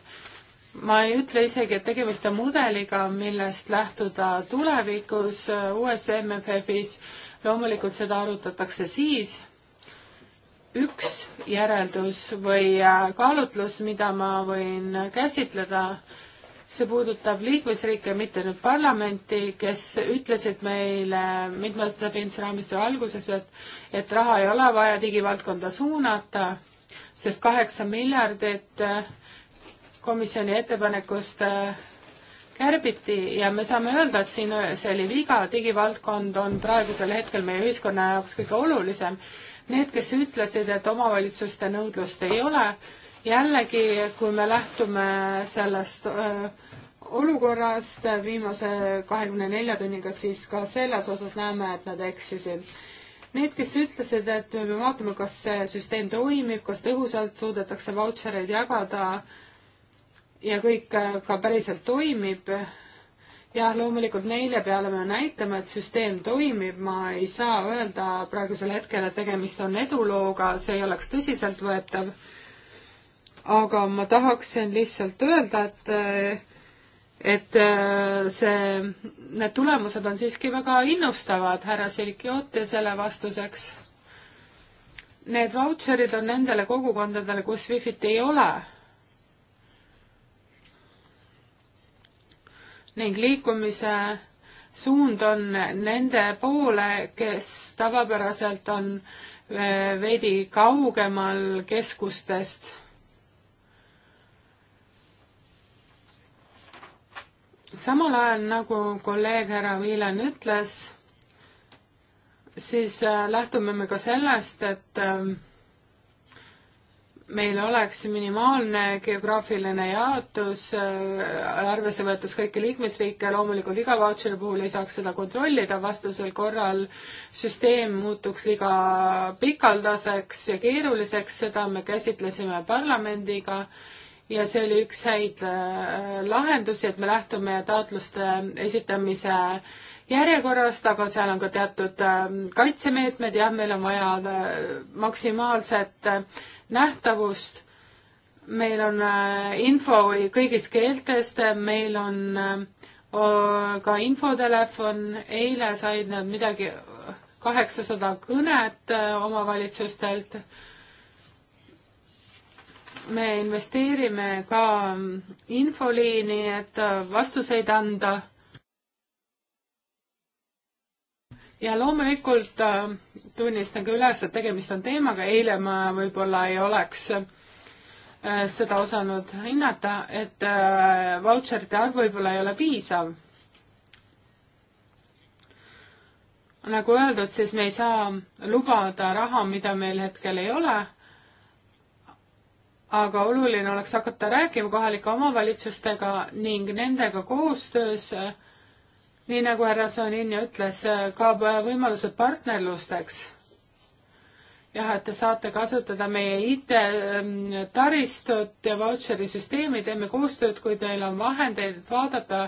ma ei ütle isegi, et tegemist on mudeliga, millest lähtuda tulevikus äh, uues MFF-is, loomulikult seda arutatakse siis, üks järeldus või äh, kaalutlus, mida ma võin käsitleda, see puudutab liikmesriike, mitte nüüd parlamenti, kes ütlesid meile mitmeaastase finantsraamistiku alguses, et, et raha ei ole vaja digivaldkonda suunata, sest kaheksa miljardit eh, komisjoni ettepanekust eh, kärbiti ja me saame öelda, et siin see oli viga, digivaldkond on praegusel hetkel meie ühiskonna jaoks kõige olulisem. Need, kes ütlesid, et omavalitsuste nõudlust ei ole, jällegi, kui me lähtume sellest äh, olukorrast viimase kahekümne nelja tunniga, siis ka selles osas näeme, et nad eksisid. Need, kes ütlesid, et me peame vaatama, kas see süsteem toimib, kas tõhusalt suudetakse vautšereid jagada ja kõik äh, ka päriselt toimib. jah, loomulikult neile peale me näitame, et süsteem toimib, ma ei saa öelda praegusel hetkel, et tegemist on edulooga, see ei oleks tõsiseltvõetav aga ma tahaksin lihtsalt öelda, et et äh, see, need tulemused on siiski väga innustavad, härra Silkioti selle vastuseks. Need vautšerid on nendele kogukondadele, kus Wi-Fit ei ole. ning liikumise suund on nende poole, kes tavapäraselt on äh, veidi kaugemal keskustest samal ajal, nagu kolleeg härra Viilan ütles, siis äh, lähtume me ka sellest, et ähm, meil oleks minimaalne geograafiline jaotus, äh, arvesse võttes kõiki liikmesriike, loomulikult iga vautšeri puhul ei saaks seda kontrollida, vastasel korral süsteem muutuks liiga pikaldaseks ja keeruliseks, seda me käsitlesime parlamendiga ja see oli üks häid äh, lahendusi, et me lähtume taotluste esitamise järjekorrast, aga seal on ka teatud äh, kaitsemeetmed, jah, meil on vaja äh, maksimaalset nähtavust, meil on info kõigist keeltest, meil on ka infotelefon, eile said nad midagi, kaheksasada kõnet omavalitsustelt me investeerime ka infoliini, et vastuseid anda. ja loomulikult äh, tunnistan ka üles, et tegemist on teemaga, eile ma võib-olla ei oleks äh, seda osanud hinnata, et äh, vautšerite arv võib-olla ei ole piisav nagu öeldud, siis me ei saa lubada raha, mida meil hetkel ei ole aga oluline oleks hakata rääkima kohalike omavalitsustega ning nendega koostöös, nii nagu härra Soninja ütles, ka võimalused partnerlusteks. jah, et te saate kasutada meie IT-taristut ähm, ja vautšeri süsteemi, teeme koostööd, kui teil on vahendeid, et vaadata,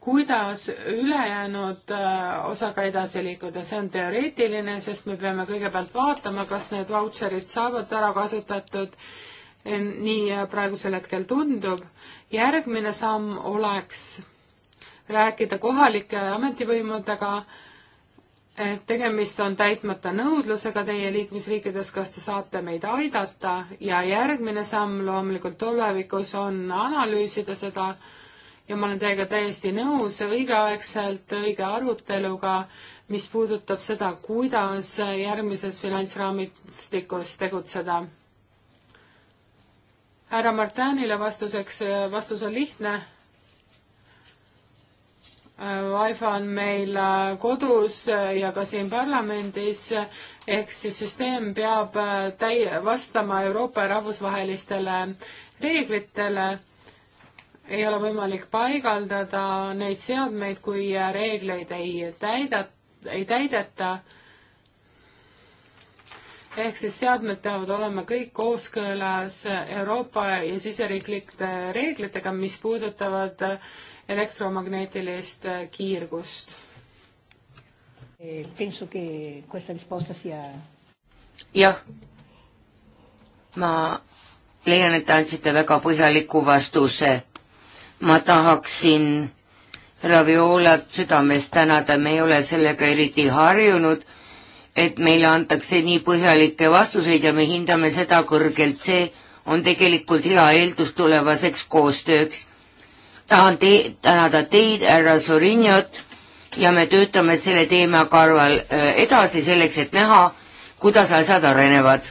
kuidas ülejäänud äh, osaga edasi liikuda, see on teoreetiline, sest me peame kõigepealt vaatama, kas need vautšerid saavad ära kasutatud nii äh, praegusel hetkel tundub. järgmine samm oleks rääkida kohalike ametivõimudega, et tegemist on täitmata nõudlusega teie liikmesriikides, kas te saate meid aidata ja järgmine samm loomulikult tulevikus on analüüsida seda ja ma olen teiega täiesti nõus õigeaegselt õige aruteluga, mis puudutab seda, kuidas järgmises finantsraamistikus tegutseda härra Martinile vastuseks, vastus on lihtne. Wi-Fi on meil äh, kodus äh, ja ka siin parlamendis, äh, ehk siis süsteem peab täi-, vastama Euroopa ja rahvusvahelistele reeglitele. ei ole võimalik paigaldada neid seadmeid, kui reegleid ei täida, ei täideta ehk siis seadmed peavad olema kõik kooskõlas Euroopa ja siseriiklike reeglitega, mis puudutavad elektromagnetilist kiirgust. jah, ma leian, et te andsite väga põhjaliku vastuse. ma tahaksin Raviolat südamest tänada, me ei ole sellega eriti harjunud et meile antakse nii põhjalikke vastuseid ja me hindame seda kõrgelt, see on tegelikult hea eeldus tulevaseks koostööks. tahan te tänada teid, härra Sorinjot, ja me töötame selle teema karval äh, edasi selleks, et näha, kuidas asjad arenevad.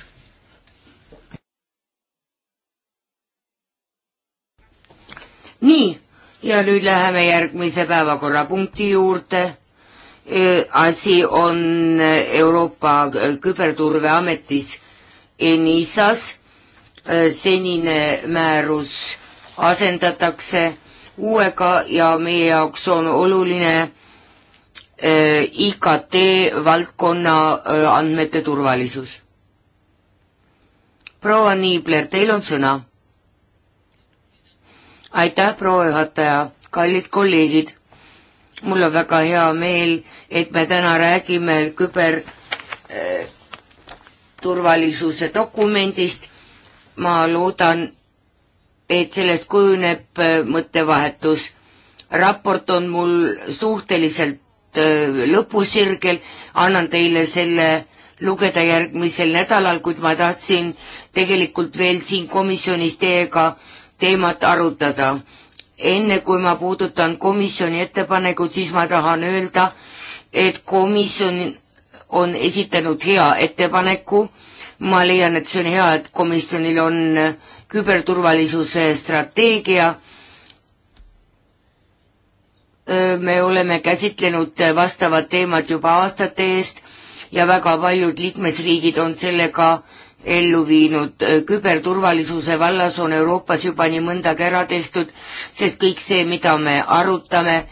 nii, ja nüüd läheme järgmise päevakorrapunkti juurde E, asi on Euroopa Küberturveametis ENISAS, e, senine määrus asendatakse uuega ja meie jaoks on oluline e, IKT valdkonna andmete turvalisus. proua Niibler, teil on sõna. aitäh, proua juhataja, kallid kolleegid mul on väga hea meel, et me täna räägime küberturvalisuse eh, dokumendist. ma loodan, et sellest kujuneb eh, mõttevahetus. raport on mul suhteliselt eh, lõpusirgel, annan teile selle lugeda järgmisel nädalal, kuid ma tahtsin tegelikult veel siin komisjonis teiega teemat arutada enne kui ma puudutan komisjoni ettepanekut, siis ma tahan öelda, et komisjon on esitanud hea ettepaneku. ma leian, et see on hea, et komisjonil on küberturvalisuse strateegia. me oleme käsitlenud vastavad teemad juba aastate eest ja väga paljud liikmesriigid on sellega äh, ellu viinud. küberturvalisuse vallas on Euroopas juba nii mõndagi ära tehtud, sest kõik see, mida me arutame,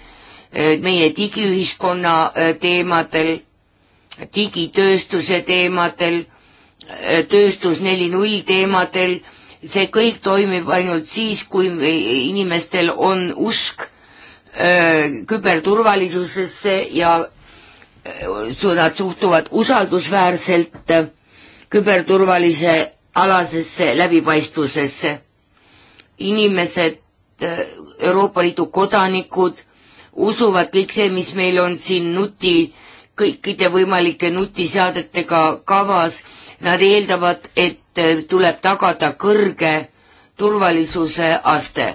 eh, meie digiühiskonna eh, teemadel, digitööstuse teemadel, eh, tööstus neli null teemadel, see kõik toimib ainult siis, kui inimestel on usk küberturvalisusesse ja nad suhtuvad usaldusväärselt küberturvalise alasesse läbipaistvusesse. inimesed, äh, Euroopa Liidu kodanikud usuvad kõik see, mis meil on siin nuti, kõikide võimalike nutiseadetega kavas, nad eeldavad, et äh, tuleb tagada kõrge turvalisuse aste.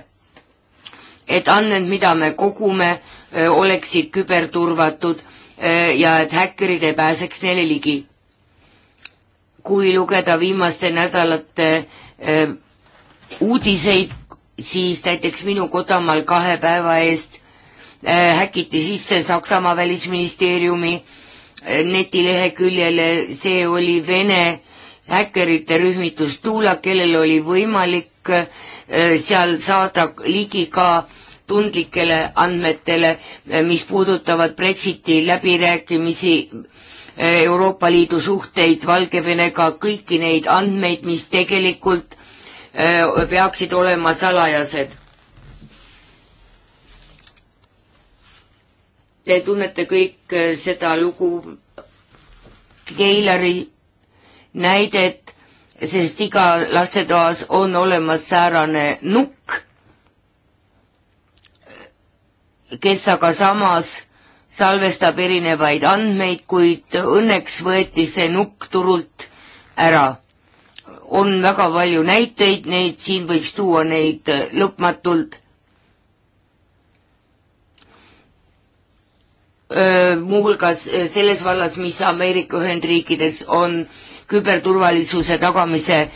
et andmed, mida me kogume, äh, oleksid küberturvatud ja et häkkerid ei pääseks neile ligi kui lugeda viimaste nädalate öö, eh, uudiseid, siis näiteks minu kodumaal kahe päeva eest öö, eh, häkiti sisse Saksamaa välisministeeriumi eh, netileheküljele, see oli Vene häkkerite rühmitus Tuula, kellel oli võimalik öö, seal saada ligi ka tundlikele andmetele, mis puudutavad Brexiti läbirääkimisi Euroopa Liidu suhteid Valgevenega, kõiki neid andmeid, mis tegelikult äh, peaksid olema salajased. Te tunnete kõik äh, seda lugu Keileri näidet, sest iga lastetoas on olemas säärane nukk, kes aga samas salvestab erinevaid andmeid, kuid õnneks võeti see nukk turult ära. on väga palju näiteid, neid siin võiks tuua neid äh, lõpmatult. muuhulgas äh, selles vallas, mis Ameerika Ühendriikides on küberturvalisuse tagamise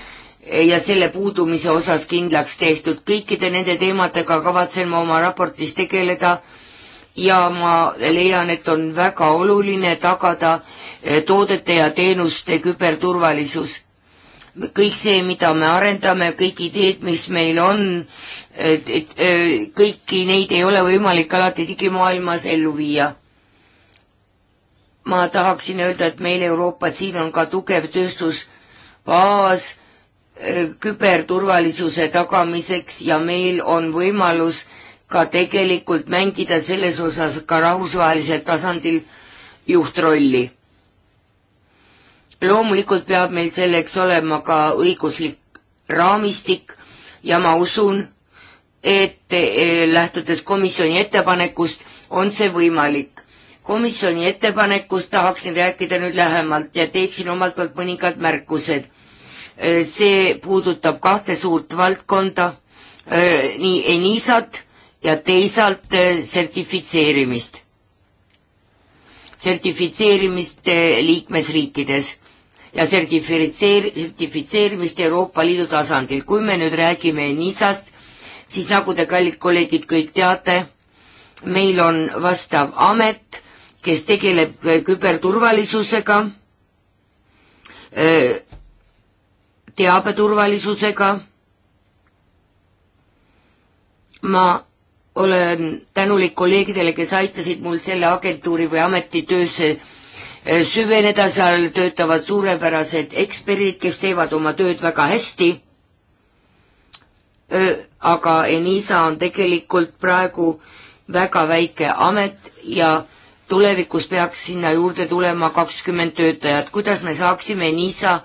äh, ja selle puudumise osas kindlaks tehtud. kõikide nende teemadega kavatsen ma oma raportis tegeleda äh, ja ma leian, et on väga oluline tagada eh, toodete ja teenuste küberturvalisus. kõik see, mida me arendame, kõik ideed, mis meil on, et, et, et eh, kõiki neid ei ole võimalik alati digimaailmas ellu viia. ma tahaksin öelda, et meil Euroopas siin on ka tugev tööstusbaas eh, küberturvalisuse tagamiseks ja meil on võimalus äh, ka tegelikult mängida selles osas ka rahvusvahelisel tasandil juhtrolli. loomulikult peab meil selleks olema ka õiguslik raamistik ja ma usun, et eh, lähtudes komisjoni ettepanekust, on see võimalik. komisjoni ettepanekust tahaksin rääkida nüüd lähemalt ja teeksin omalt poolt mõningad märkused. Eh, see puudutab kahte suurt valdkonda, eh, nii Enisat ja teisalt äh, sertifitseerimist. sertifitseerimist äh, liikmesriikides ja sertifitseer-, sertifitseerimist Euroopa Liidu tasandil. kui me nüüd räägime NISA-st, siis nagu te, kallid kolleegid, kõik teate, meil on vastav amet, kes tegeleb äh, küberturvalisusega, teabeturvalisusega, ma olen tänulik kolleegidele, kes aitasid mul selle agentuuri või ameti töösse eh, süveneda, seal töötavad suurepärased eksperdid, kes teevad oma tööd väga hästi. Eh, aga Enisa on tegelikult praegu väga väike amet ja tulevikus peaks sinna juurde tulema kakskümmend töötajat, kuidas me saaksime Enisa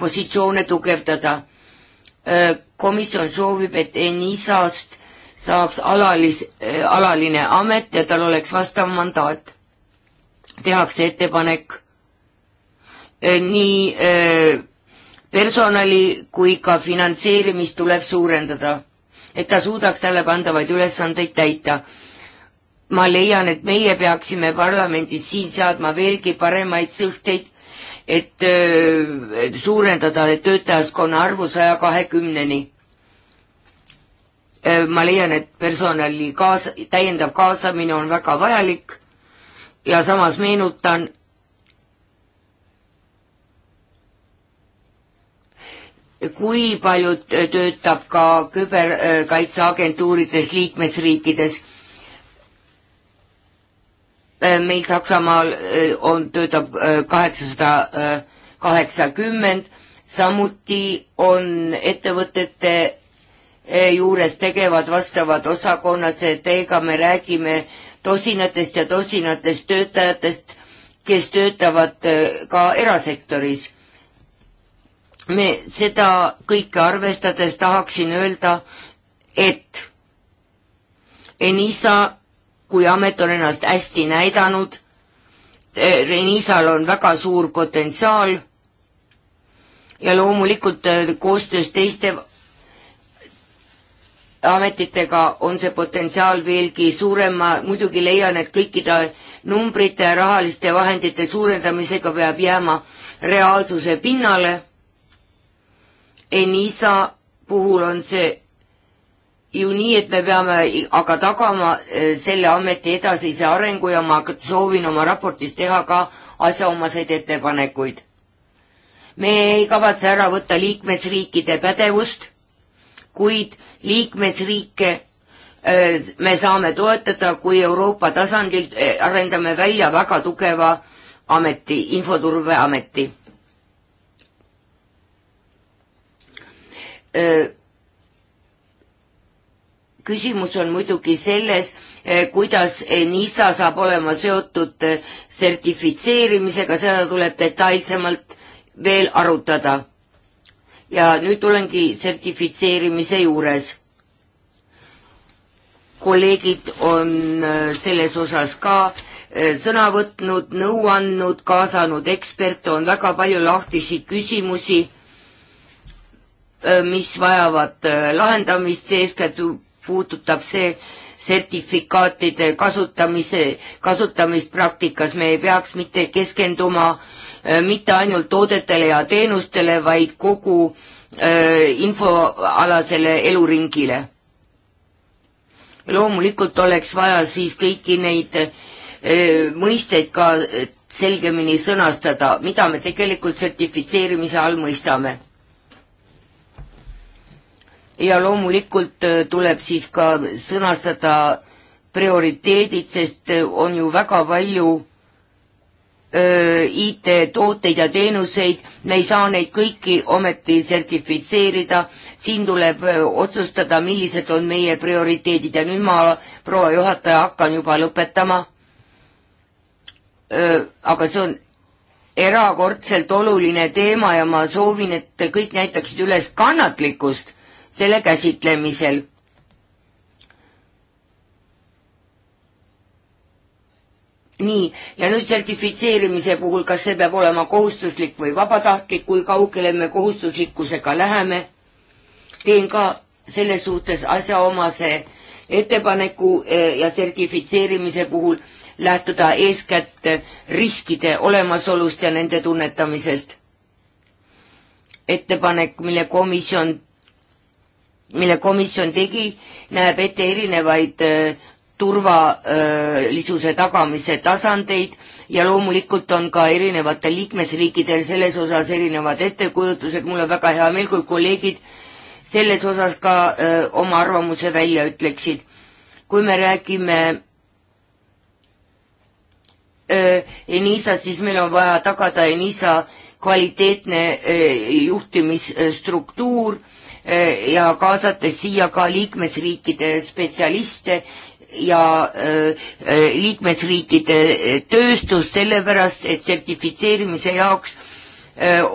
positsioone tugevdada? Eh, komisjon soovib, et Enisast saaks alalis, eh, alaline amet ja tal oleks vastav mandaat. tehakse ettepanek eh, nii eh, personali kui ka finantseerimist tuleb suurendada, et ta suudaks talle pandavaid ülesandeid täita. ma leian, et meie peaksime parlamendis siin seadma veelgi paremaid sõhteid, et suurendada töötajaskonna arvu saja kahekümneni Äh, ma leian, et personali kaas-, täiendav kaasamine on väga vajalik ja samas meenutan, kui palju äh, töötab ka küberkaitseagentuurides äh, liikmesriikides. meil Saksamaal on, töötab kaheksasada kaheksakümmend, samuti on ettevõtete juures tegevad vastavad osakonnad, seega me räägime tosinatest ja tosinatest töötajatest, kes töötavad äh, ka erasektoris. me seda kõike arvestades tahaksin öelda, et Enisa kui amet on ennast hästi näidanud, Renisal äh, on väga suur potentsiaal ja loomulikult äh, koostöös teiste ametitega on see potentsiaal veelgi suurem, ma muidugi leian, et kõikide numbrite ja rahaliste vahendite suurendamisega peab jääma reaalsuse pinnale. Enisa puhul on see ju nii, et me peame aga tagama eh, selle ameti edasise arengu ja ma soovin oma raportis teha ka asjaomaseid ettepanekuid. me ei kavatse ära võtta liikmesriikide pädevust, kuid liikmesriike me saame toetada, kui Euroopa tasandil arendame välja väga tugeva ameti, infoturbeameti. küsimus on muidugi selles, kuidas e, NISA saab olema seotud e, sertifitseerimisega, seda tuleb detailsemalt veel arutada ja nüüd olengi sertifitseerimise juures. kolleegid on äh, selles osas ka äh, sõna võtnud, nõu andnud, kaasanud eksperte, on väga palju lahtisi küsimusi, äh, mis vajavad lahendamist, eeskätt puudutab see sertifikaatide kasutamise, kasutamist praktikas, me ei peaks mitte keskenduma äh, Äh, mitte ainult toodetele ja teenustele, vaid kogu äh, infoalasele eluringile. loomulikult oleks vaja siis kõiki neid äh, mõisteid ka selgemini sõnastada, mida me tegelikult sertifitseerimise all mõistame. ja loomulikult tuleb siis ka sõnastada prioriteedid, sest on ju väga palju IT-tooteid ja teenuseid, me ei saa neid kõiki ometi sertifitseerida, siin tuleb otsustada, millised on meie prioriteedid ja nüüd ma, proua juhataja, hakkan juba lõpetama. aga see on erakordselt oluline teema ja ma soovin, et kõik näitaksid üles kannatlikkust selle käsitlemisel nii, ja nüüd sertifitseerimise puhul, kas see peab olema kohustuslik või vabatahtlik, kui kaugele me kohustuslikkusega läheme? teen ka selles suhtes asjaomase ettepaneku e, ja sertifitseerimise puhul lähtuda eeskätt riskide olemasolust ja nende tunnetamisest. ettepanek, mille komisjon, mille komisjon tegi, näeb ette erinevaid e, turvalisuse tagamise tasandeid ja loomulikult on ka erinevatel liikmesriikidel selles osas erinevad ettekujutused, mul on väga hea meel, kui kolleegid selles osas ka öö, oma arvamuse välja ütleksid. kui me räägime Enisast, siis meil on vaja tagada Enisa kvaliteetne öö, juhtimisstruktuur öö, ja kaasates siia ka liikmesriikide spetsialiste ja äh, äh, liikmesriikide äh, tööstus, sellepärast et sertifitseerimise jaoks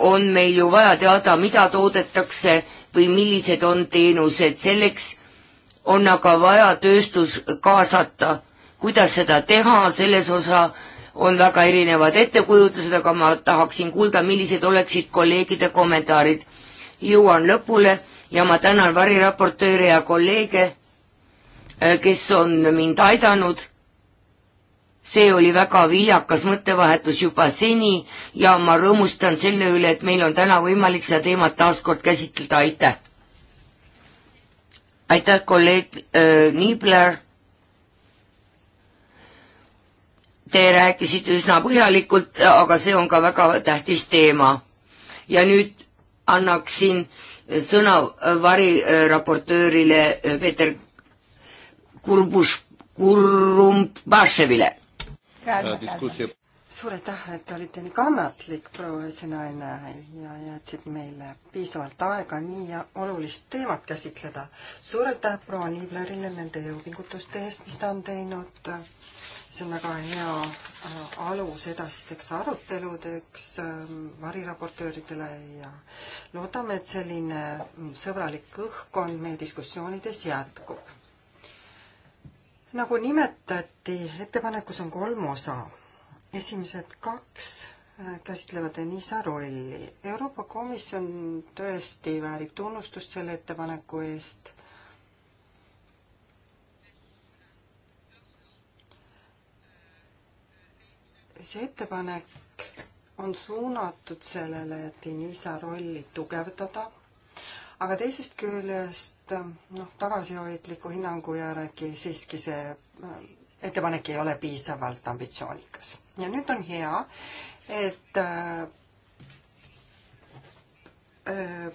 on meil ju vaja teada, mida toodetakse või millised on teenused, selleks on aga vaja tööstus kaasata. kuidas seda teha, selles osa on väga erinevad ettekujutused, aga ma tahaksin kuulda, millised oleksid kolleegide kommentaarid. jõuan lõpule ja ma tänan variraportööre ja kolleege Äh, kes on mind aidanud. see oli väga viljakas mõttevahetus juba seni ja ma rõõmustan selle üle, et meil on täna võimalik seda teemat taaskord käsitleda, aitäh! aitäh, kolleeg äh, Niibler. Te rääkisite üsna põhjalikult, aga see on ka väga tähtis teema. ja nüüd annaksin sõna äh, variraportöörile äh, Peeter Kurbuš, Kurumbasevile. Äh, suur aitäh, et olite nii kannatlik, proua esinaine, ja jätsid meile piisavalt aega nii olulist teemat käsitleda. suur aitäh proua Niiblerile nende jõupingutuste eest, mis ta on teinud. see on väga hea äh, alus edasisteks aruteludeks ähm, variraportööridele ja loodame, et selline mm, sõbralik õhkkond meie diskussioonides jätkub nagu nimetati, ettepanekus on kolm osa. esimesed kaks äh, käsitlevad Enisa rolli. Euroopa Komisjon tõesti väärib tunnustust selle ettepaneku eest. see ettepanek on suunatud sellele, et Enisa rolli tugevdada, aga teisest küljest noh, tagasihoidliku hinnangu järgi siiski see äh, ettepanek ei ole piisavalt ambitsioonikas. ja nüüd on hea, et äh, äh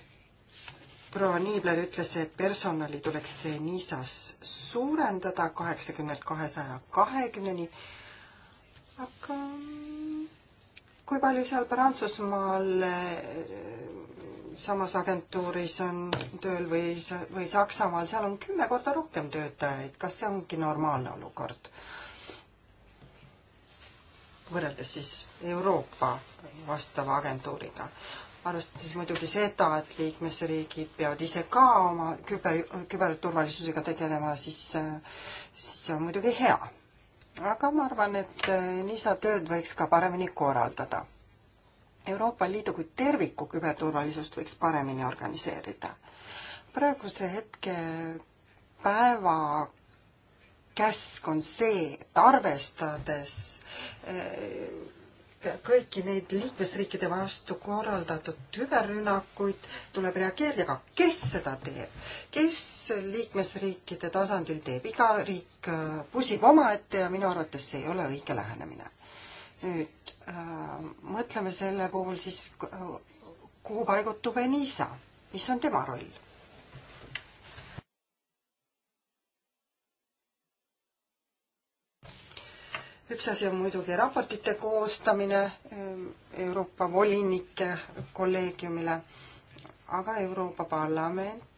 proua Niibler ütles, et personali tuleks Nisas suurendada kaheksakümnelt kahesaja kahekümneni. aga kui palju seal Prantsusmaal äh, samas agentuuris on tööl või, või Saksamaal, seal on kümme korda rohkem töötajaid, kas see ongi normaalne olukord? võrreldes siis Euroopa vastava agentuuriga. arvestades muidugi seda, et liikmesriigid peavad ise ka oma küber, küberturvalisusega tegelema, siis, siis see on muidugi hea. aga ma arvan, et eh, NISA tööd võiks ka paremini korraldada Euroopa Liidu kui terviku küberturvalisust võiks paremini organiseerida. praeguse hetke päeva käsk on see, et arvestades eh, kõiki neid liikmesriikide vastu korraldatud küberrünnakuid tuleb reageerida, aga kes seda teeb? kes liikmesriikide tasandil teeb? iga riik eh, pusib omaette ja minu arvates see ei ole õige lähenemine nüüd äh, mõtleme selle puhul siis, äh, kuhu paigutub Enisa, mis on tema roll? üks asi on muidugi raportite koostamine äh, Euroopa volinike kolleegiumile, aga Euroopa Parlament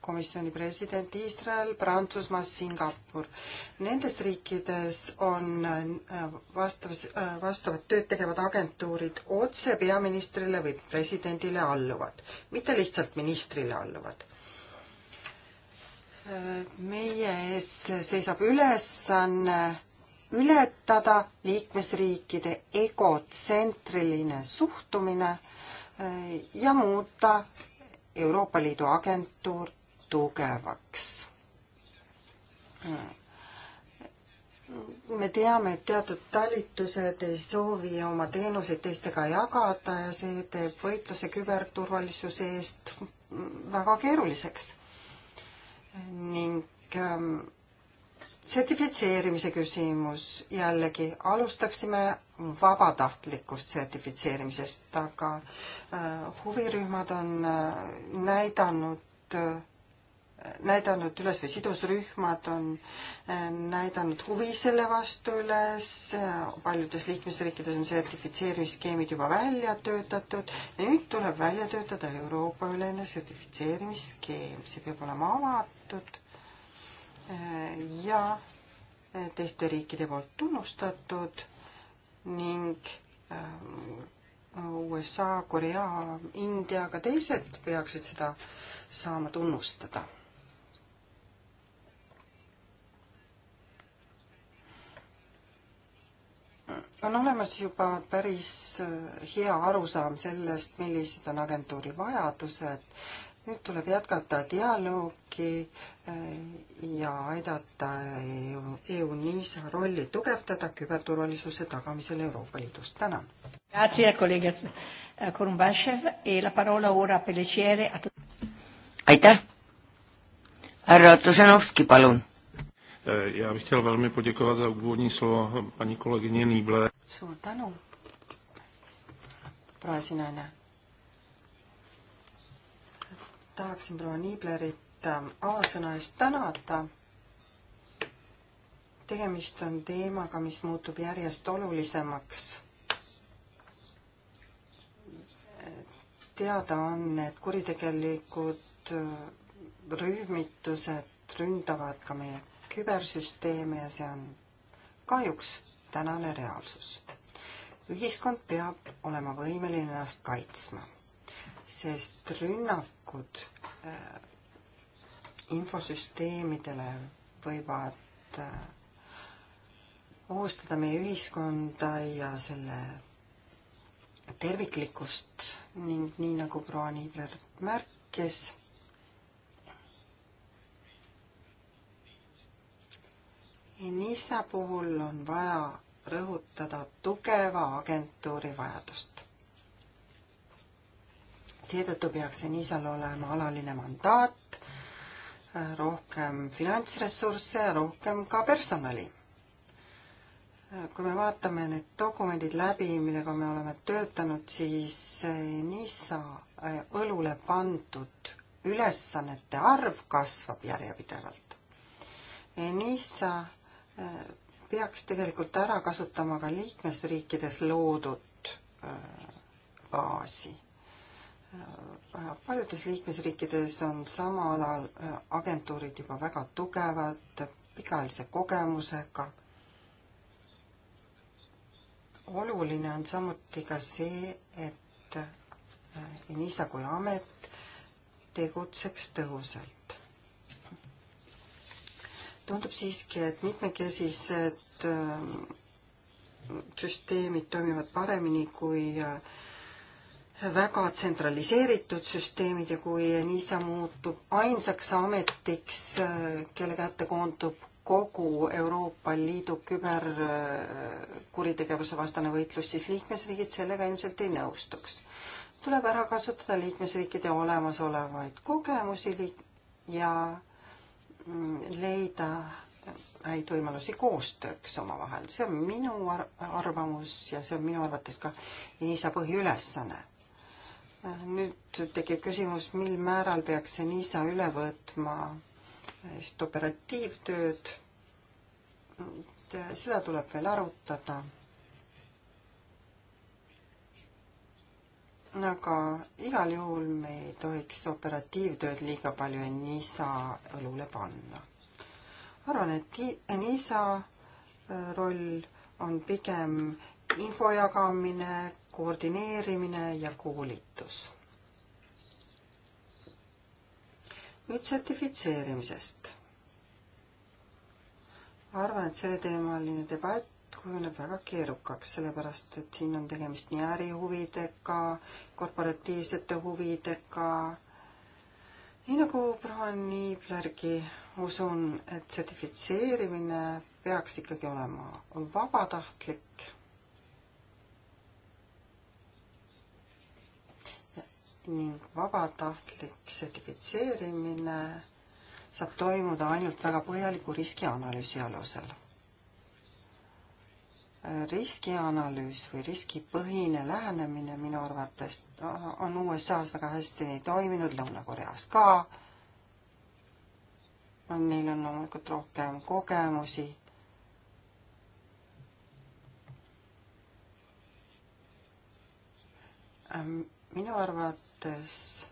komisjoni president Iisrael, Prantsusmaa, Singapur. Nendes riikides on äh, vastavas, äh, vastavad tööd tegevad agentuurid otse peaministrile või presidendile alluvad, mitte lihtsalt ministrile alluvad. Äh, meie ees seisab ülesanne ületada liikmesriikide egotsentriline suhtumine ja muuta Euroopa Liidu agentuur tugevaks. me teame, et teatud talitused ei soovi oma teenuseid teistega jagada ja see teeb võitluse küberturvalisuse eest väga keeruliseks. ning ähm, sertifitseerimise küsimus jällegi, alustaksime vabatahtlikust sertifitseerimisest, aga äh, huvirühmad on äh, näidanud, äh, näidanud üles või sidusrühmad on näidanud huvi selle vastu üles, paljudes liikmesriikides on sertifitseerimisskeemid juba välja töötatud ja nüüd tuleb välja töötada Euroopa-ülene sertifitseerimisskeem, see peab olema avatud ja teiste riikide poolt tunnustatud ning ähm, USA, Korea, India, ka teised peaksid seda saama tunnustada. on olemas juba päris äh, hea arusaam sellest, millised on agentuuri vajadused nüüd tuleb jätkata dialoogi äh, ja aidata EU-NISA e EU rolli tugevdada küberturvalisuse tagamisel Euroopa Liidus. tänan. E aitäh. härra Otušenovski, palun. E, Já bych chtěl velmi poděkovat za úvodní slovo paní kolegyně Nýble. Suur tänu, proua Sinane tahaksin proua Niiblerit ähm, avasõna eest tänada. tegemist on teemaga, mis muutub järjest olulisemaks. teada on, et kuritegelikud äh, rühmitused ründavad ka meie kübersüsteeme ja see on kahjuks tänane reaalsus. ühiskond peab olema võimeline ennast kaitsma sest rünnakud äh, infosüsteemidele võivad äh, ohustada meie ühiskonda ja selle terviklikkust ning nii nagu proua Niibler märkis, Enisa puhul on vaja rõhutada tugeva agentuuri vajadust seetõttu peaks ENISA-l olema alaline mandaat, äh, rohkem finantsressursse ja rohkem ka personali. Äh, kui me vaatame need dokumendid läbi, millega me oleme töötanud, siis äh, ENISA õlule pandud ülesannete arv kasvab järjepidevalt. ENISA peaks tegelikult ära kasutama ka liikmesriikides loodud baasi paljudes liikmesriikides on samal alal äh, agentuurid juba väga tugevad, pikaajalise kogemusega. oluline on samuti ka see, et äh, Enisa kui amet tegutseks tõhusalt. tundub siiski, et mitmekesised äh, süsteemid toimivad paremini kui äh, väga tsentraliseeritud süsteemid ja kui NISA muutub ainsaks ametiks, kelle kätte koondub kogu Euroopa Liidu küberkuritegevuse vastane võitlus, siis liikmesriigid sellega ilmselt ei nõustuks. tuleb ära kasutada liikmesriikide olemasolevaid kogemusi ja mm, leida häid võimalusi koostööks omavahel, see on minu arvamus ja see on minu arvates ka NISA põhiülesanne nüüd tekib küsimus, mil määral peaks see NISA üle võtma just operatiivtööd. Eh, seda tuleb veel arutada. aga igal juhul me ei tohiks operatiivtööd liiga palju NISA õlule panna. arvan, et NISA eh, roll on pigem info jagamine, koordineerimine ja koolitus. nüüd sertifitseerimisest. arvan, et selleteemaline debatt kujuneb väga keerukaks, sellepärast et siin on tegemist nii ärihuvidega, korporatiivsete huvidega. nii nagu proua Niiblergi, usun, et sertifitseerimine peaks ikkagi olema vabatahtlik ning vabatahtlik sertifitseerimine saab toimuda ainult väga põhjaliku riskianalüüsi alusel. riskianalüüs või riskipõhine lähenemine minu arvates on USA-s väga hästi toiminud, Lõuna-Koreas ka. Neil on loomulikult rohkem kogemusi minu arvates arvates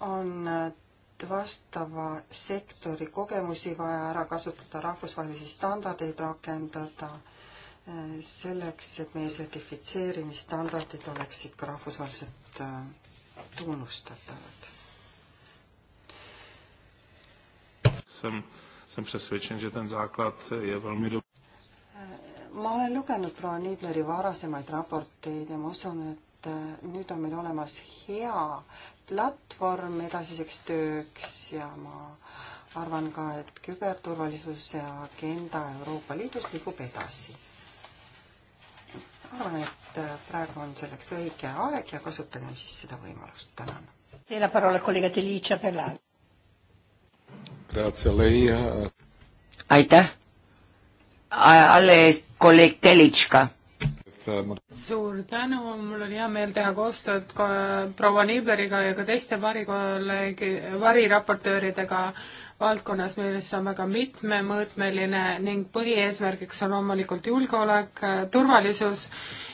on vastava sektori kogemusi vaja ära kasutada, rahvusvahelisi standardeid rakendada eh, selleks, et meie sertifitseerimisstandardid oleksid ka rahvusvaheliselt eh, tunnustatavad. Jsem, jsem přesvědčen, že ten základ eh, je velmi dobrý ma olen lugenud proua Niibleri varasemaid raporteid ja ma usun, et äh, nüüd on meil olemas hea platvorm edasiseks tööks ja ma arvan ka, et küberturvalisuse agenda Euroopa Liidus liigub edasi. arvan, et äh, praegu on selleks õige aeg ja kasutagem siis seda võimalust, tänan. Teile parola kolleeg Delicia Bellan. Grazie a lei. Eh. aitäh. alles kolleeg Telitška. suur tänu, mul on hea meel teha koostööd ka proua Niibleriga ja ka teiste varikolleegi, variraportööridega valdkonnas, milles on väga mitmemõõtmeline ning põhieesmärgiks on loomulikult julgeolek, turvalisus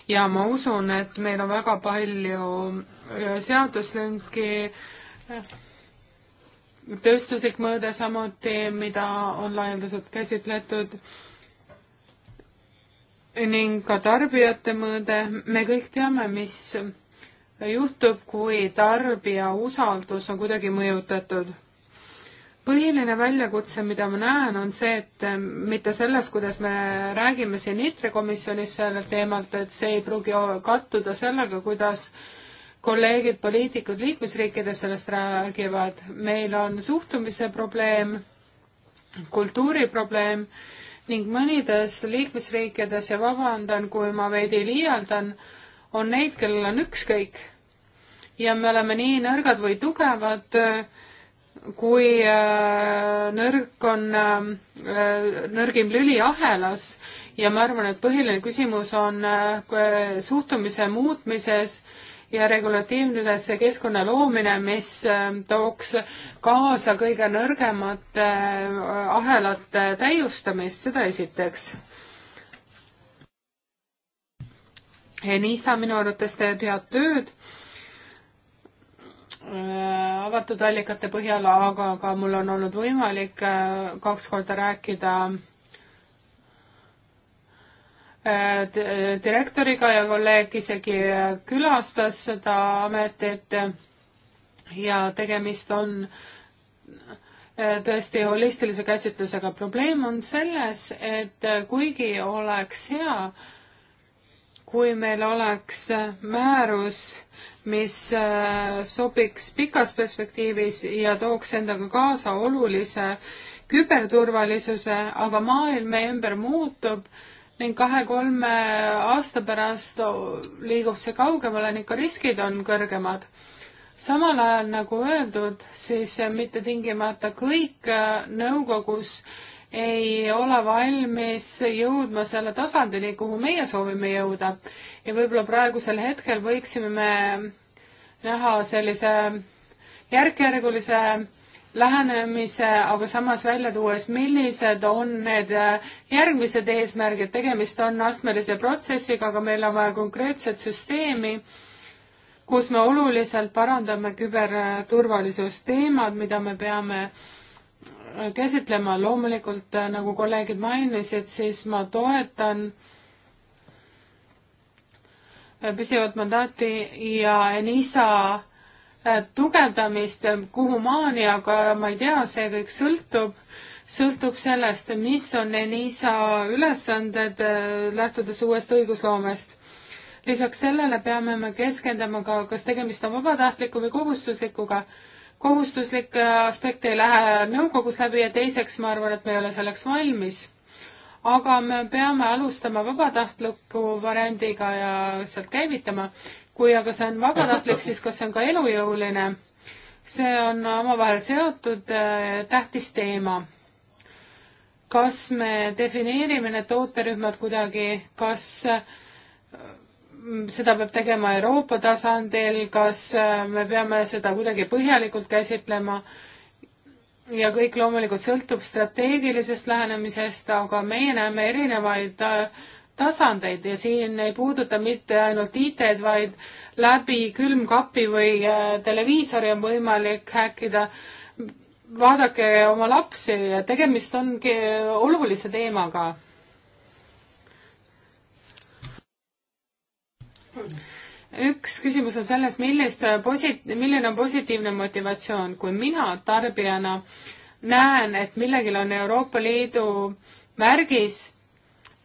ja ma usun, et meil on väga palju äh, seaduslünki, tööstuslik mõõde samuti, mida on laialdaselt käsitletud ning ka tarbijate mõõde, me kõik teame, mis juhtub, kui tarbija usaldus on kuidagi mõjutatud. põhiline väljakutse, mida ma näen, on see, et mitte selles, kuidas me räägime siin ITRE komisjonis sellel teemalt, et see ei pruugi kattuda sellega, kuidas kolleegid, poliitikud liikmesriikides sellest räägivad. meil on suhtumise probleem, kultuuri probleem ning mõnides liikmesriikides ja vabandan, kui ma veidi liialdan, on neid, kellel on ükskõik. ja me oleme nii nõrgad või tugevad, kui äh, nõrk on, äh, nõrgim lüli ahelas ja ma arvan, et põhiline küsimus on äh, suhtumise muutmises ja regulatiivse keskkonna loomine, mis äh, tooks kaasa kõige nõrgemate äh, ahelate äh, täiustamist, seda esiteks. Enisa minu arvates teeb head tööd avatud allikate põhjal, aga ka mul on olnud võimalik kaks korda rääkida direktoriga ja kolleeg isegi külastas seda ametit ja tegemist on äh, tõesti holistilise käsitlusega. probleem on selles, et äh, kuigi oleks hea, kui meil oleks äh, määrus, mis sobiks pikas perspektiivis ja tooks endaga kaasa olulise küberturvalisuse, aga maailm meie ümber muutub ning kahe-kolme aasta pärast liigub see kaugemale ning ka riskid on kõrgemad. samal ajal, nagu öeldud, siis mitte tingimata kõik nõukogus ei ole valmis jõudma selle tasandini, kuhu meie soovime jõuda. ja võib-olla praegusel hetkel võiksime me näha sellise järk-järgulise lähenemise, aga samas välja tuues, millised on need äh, järgmised eesmärgid, tegemist on astmelise protsessiga, aga meil on vaja konkreetset süsteemi, kus me oluliselt parandame küberturvalisust, teemad, mida me peame äh, käsitlema, loomulikult äh, nagu kolleegid mainisid, siis ma toetan püsivat mandaati ja NISA tugevdamist, kuhu maani, aga ma ei tea, see kõik sõltub, sõltub sellest, mis on ENISA ülesanded, äh, lähtudes uuest õigusloomest. lisaks sellele peame me keskenduma ka, kas tegemist on vabatahtliku või kohustuslikuga. kohustuslik äh, aspekt ei lähe nõukogus läbi ja teiseks ma arvan, et me ei ole selleks valmis aga me peame alustama vabatahtliku variandiga ja sealt käivitama kui aga see on vabatahtlik, siis kas see on ka elujõuline? see on omavahel seotud äh, tähtis teema. kas me defineerime need tooterühmad kuidagi, kas äh, seda peab tegema Euroopa tasandil, kas äh, me peame seda kuidagi põhjalikult käsitlema ja kõik loomulikult sõltub strateegilisest lähenemisest, aga meie näeme erinevaid tasandeid ja siin ei puuduta mitte ainult IT-d, vaid läbi külmkapi või äh, televiisori on võimalik häkkida. vaadake oma lapsi, tegemist ongi olulise teemaga. üks küsimus on selles, millist äh, posi-, milline on positiivne motivatsioon, kui mina tarbijana näen, et millegil on Euroopa Liidu märgis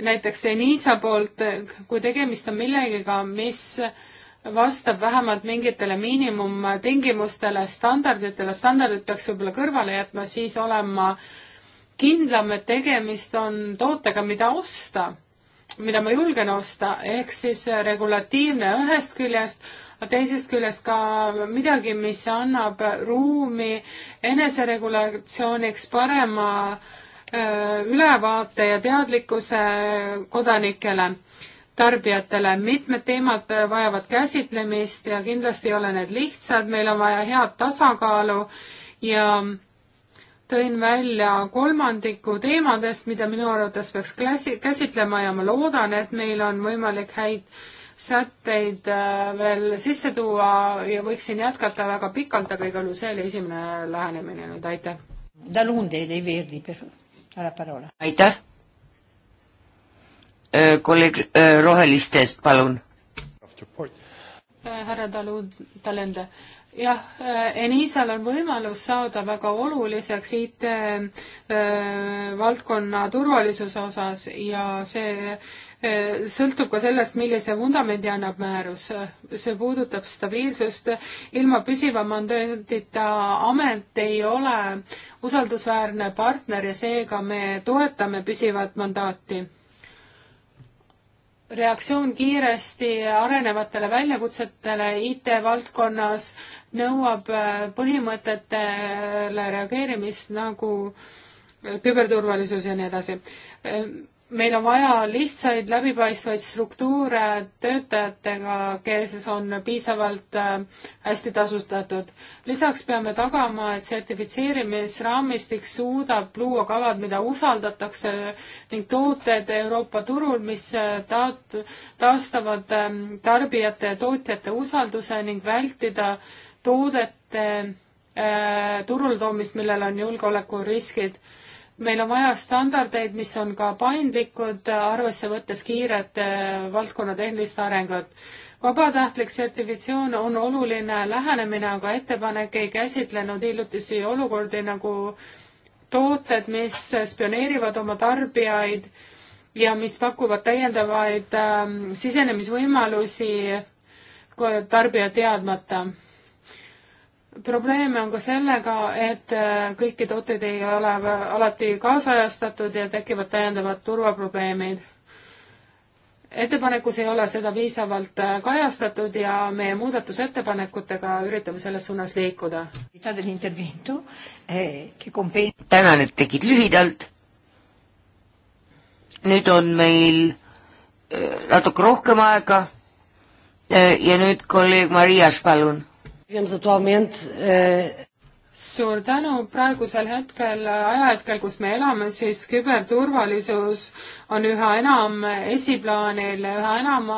näiteks Enisa poolt, kui tegemist on millegiga, mis vastab vähemalt mingitele miinimumtingimustele, standarditele, standardid peaks võib-olla kõrvale jätma, siis olema kindlam, et tegemist on tootega, mida osta, mida ma julgen osta, ehk siis regulatiivne ühest küljest, teisest küljest ka midagi, mis annab ruumi eneseregulatsiooniks parema äh, Äh, ülevaate ja teadlikkuse kodanikele, tarbijatele. mitmed teemad äh, vajavad käsitlemist ja kindlasti ei ole need lihtsad, meil on vaja head tasakaalu ja tõin välja kolmandiku teemadest, mida minu arvates peaks klassi-, käsitlema ja ma loodan, et meil on võimalik häid sätteid äh, veel sisse tuua ja võiksin jätkata väga pikalt, aga igal juhul see oli esimene lähenemine nüüd, aitäh. Dalunde dei Verdi per ära palun. aitäh. Äh, kolleeg äh, Rohelistest, palun. Äh, härra Talu, Talende jah, Enisal on võimalus saada väga oluliseks IT-valdkonna turvalisuse osas ja see sõltub ka sellest, millise vundamendi annab määrus. see puudutab stabiilsust, ilma püsiva mandaadita amet ei ole usaldusväärne partner ja seega me toetame püsivat mandaati. reaktsioon kiiresti arenevatele väljakutsetele IT-valdkonnas nõuab põhimõtetele reageerimist nagu küberturvalisus ja nii edasi meil on vaja lihtsaid läbipaistvaid struktuure töötajatega, kes on piisavalt äh, hästi tasustatud. lisaks peame tagama, et sertifitseerimisraamistik suudab luua kavad, mida usaldatakse ning tooted Euroopa turul, mis äh, taat-, taastavad ähm, tarbijate ja tootjate usalduse ning vältida toodete äh, turule toomist, millel on julgeolekuriskid meil on vaja standardeid, mis on ka paindlikud, arvesse võttes kiiret äh, valdkonna tehnilist arengut. vabatahtlik sertifitsioon on oluline lähenemine, aga ettepanek ei käsitlenud hiljutisi olukordi nagu tooted, mis spioneerivad oma tarbijaid ja mis pakuvad täiendavaid äh, sisenemisvõimalusi tarbija teadmata probleeme on ka sellega, et äh, kõiki tooteid ei ole alati kaasajastatud ja tekivad täiendavad turvaprobleemid. ettepanekus ei ole seda piisavalt äh, kajastatud ja meie muudatusettepanekutega üritame selles suunas liikuda. tänan, et tegid lühidalt. nüüd on meil äh, natuke rohkem aega. ja nüüd kolleeg Marias, palun Eh, suur tänu, praegusel hetkel, ajahetkel, kus me elame, siis küberturvalisus on üha enam esiplaanil, üha enam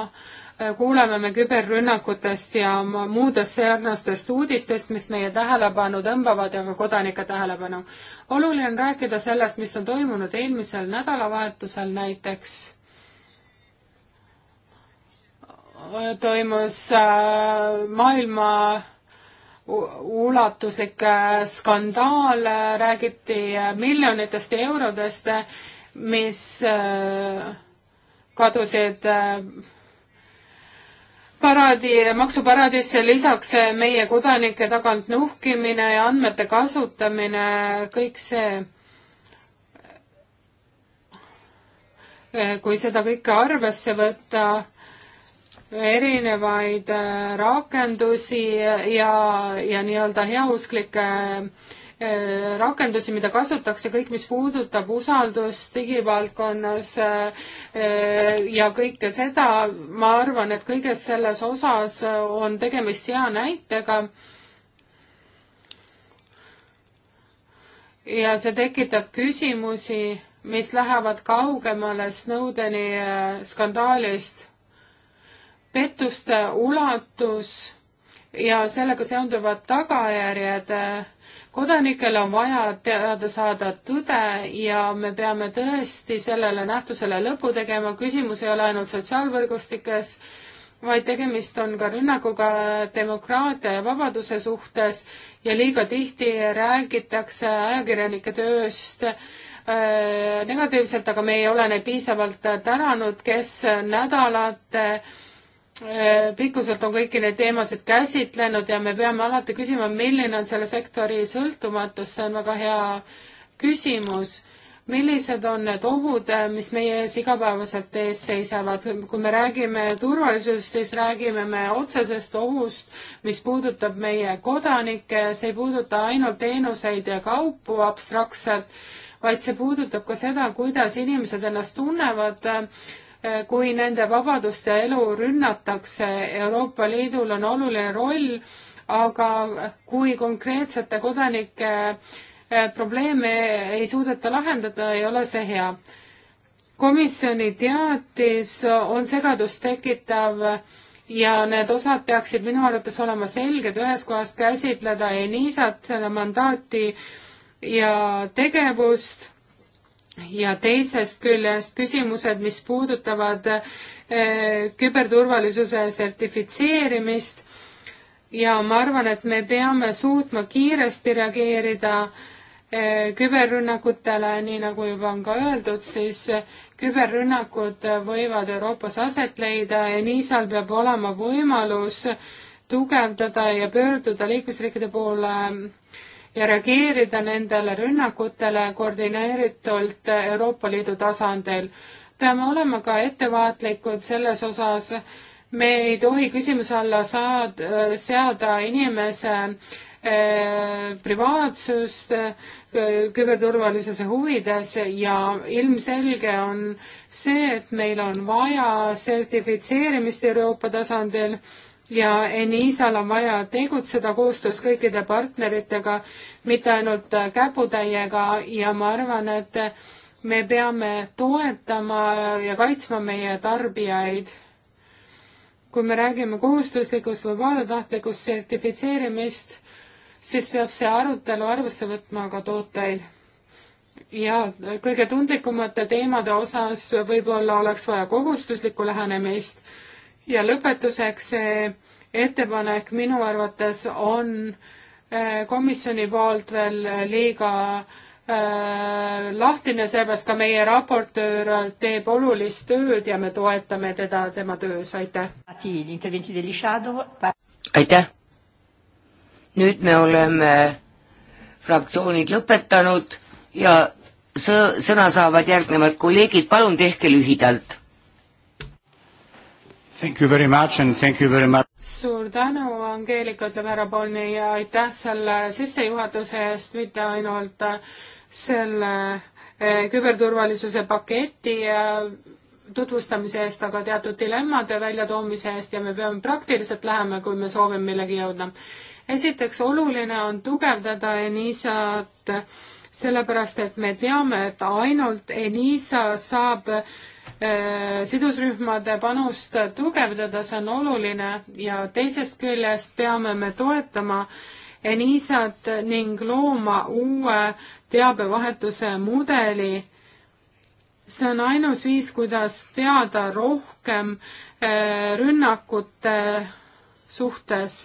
eh, kuuleme me küberrünnakutest ja muudest sarnastest uudistest, mis meie tähelepanu tõmbavad ja ka kodanike tähelepanu. oluline on rääkida sellest, mis on toimunud eelmisel nädalavahetusel näiteks toimus äh, maailma ulatuslik äh, skandaal, äh, räägiti äh, miljonitest eurodest, mis kadusid paraadi, maksuparadiisse, lisaks meie kodanike tagant nuhkimine ja andmete kasutamine, kõik see. kui seda kõike arvesse võtta erinevaid äh, rakendusi ja, ja nii-öelda heausklikke äh, rakendusi, mida kasutatakse, kõik, mis puudutab usaldust digivaldkonnas äh, ja kõike seda, ma arvan, et kõiges selles osas on tegemist hea näitega ja see tekitab küsimusi, mis lähevad kaugemale Snowdeni skandaalist pettuste ulatus ja sellega seonduvad tagajärjed. kodanikel on vaja teada saada tõde ja me peame tõesti sellele nähtusele lõpu tegema. küsimus ei ole ainult sotsiaalvõrgustikes, vaid tegemist on ka rünnakuga demokraatia ja vabaduse suhtes ja liiga tihti räägitakse ajakirjanike tööst äh, negatiivselt, aga me ei ole neid piisavalt tänanud, kes nädalate äh, Äh, pikkuselt on kõiki neid teemasid käsitlenud ja me peame alati küsima, milline on selle sektori sõltumatus, see on väga hea küsimus. millised on need ohud, äh, mis meie ees igapäevaselt ees seisavad, kui me räägime turvalisusest, siis räägime me otsesest ohust, mis puudutab meie kodanikke, see ei puuduta ainult teenuseid ja kaupu abstraktselt, vaid see puudutab ka seda, kuidas inimesed ennast tunnevad äh, Eh, kui nende vabadust ja elu rünnatakse, Euroopa Liidul on oluline roll, aga kui konkreetsete kodanike eh, probleeme ei suudeta lahendada, ei ole see hea. komisjoni teatis on segadust tekitav ja need osad peaksid minu arvates olema selged, ühest kohast käsitleda ENISA-t, selle mandaati ja tegevust ja teisest küljest küsimused, mis puudutavad äh, küberturvalisuse sertifitseerimist ja ma arvan, et me peame suutma kiiresti reageerida äh, küberrünnakutele, nii nagu juba on ka öeldud, siis äh, küberrünnakud võivad Euroopas aset leida ja nii seal peab olema võimalus tugevdada ja pöörduda liikmesriikide poole ja reageerida nendele rünnakutele koordineeritult Euroopa Liidu tasandil. peame olema ka ettevaatlikud selles osas, me ei tohi küsimuse alla saad-, seada inimese eh, privaatsust eh, küberturvalisuse huvides ja ilmselge on see, et meil on vaja sertifitseerimist Euroopa tasandil ja ENISA-l on vaja tegutseda koostöös kõikide partneritega, mitte ainult äh, käputäiega ja ma arvan, et me peame toetama ja kaitsma meie tarbijaid. kui me räägime kohustuslikust või vabatahtlikust sertifitseerimist, siis peab see arutelu arvesse võtma ka tooteid. ja kõige tundlikumate teemade osas võib-olla oleks vaja kohustuslikku lähenemist ja lõpetuseks see ettepanek minu arvates on äh, komisjoni poolt veel liiga äh, lahtine, seepärast ka meie raportöör teeb olulist tööd ja me toetame teda tema töös, aitäh. aitäh. nüüd me oleme fraktsioonid lõpetanud ja sõ-, sõna saavad järgnevad kolleegid, palun tehke lühidalt Thank you very much and thank you very much. suur tänu, Angeelika, ütleb härra Bonni ja aitäh selle sissejuhatuse eest, mitte ainult selle eh, küberturvalisuse paketi eh, tutvustamise eest, aga teatud dilemmade väljatoomise eest ja me peame praktiliselt lähema, kui me soovime millegi jõuda. esiteks, oluline on tugevdada ENISA-t sellepärast, et me teame, et ainult ENISA saab Äh, sidusrühmade panust tugevdada, see on oluline ja teisest küljest peame me toetama ENISA-t ning looma uue teabevahetuse mudeli. see on ainus viis, kuidas teada rohkem äh, rünnakute suhtes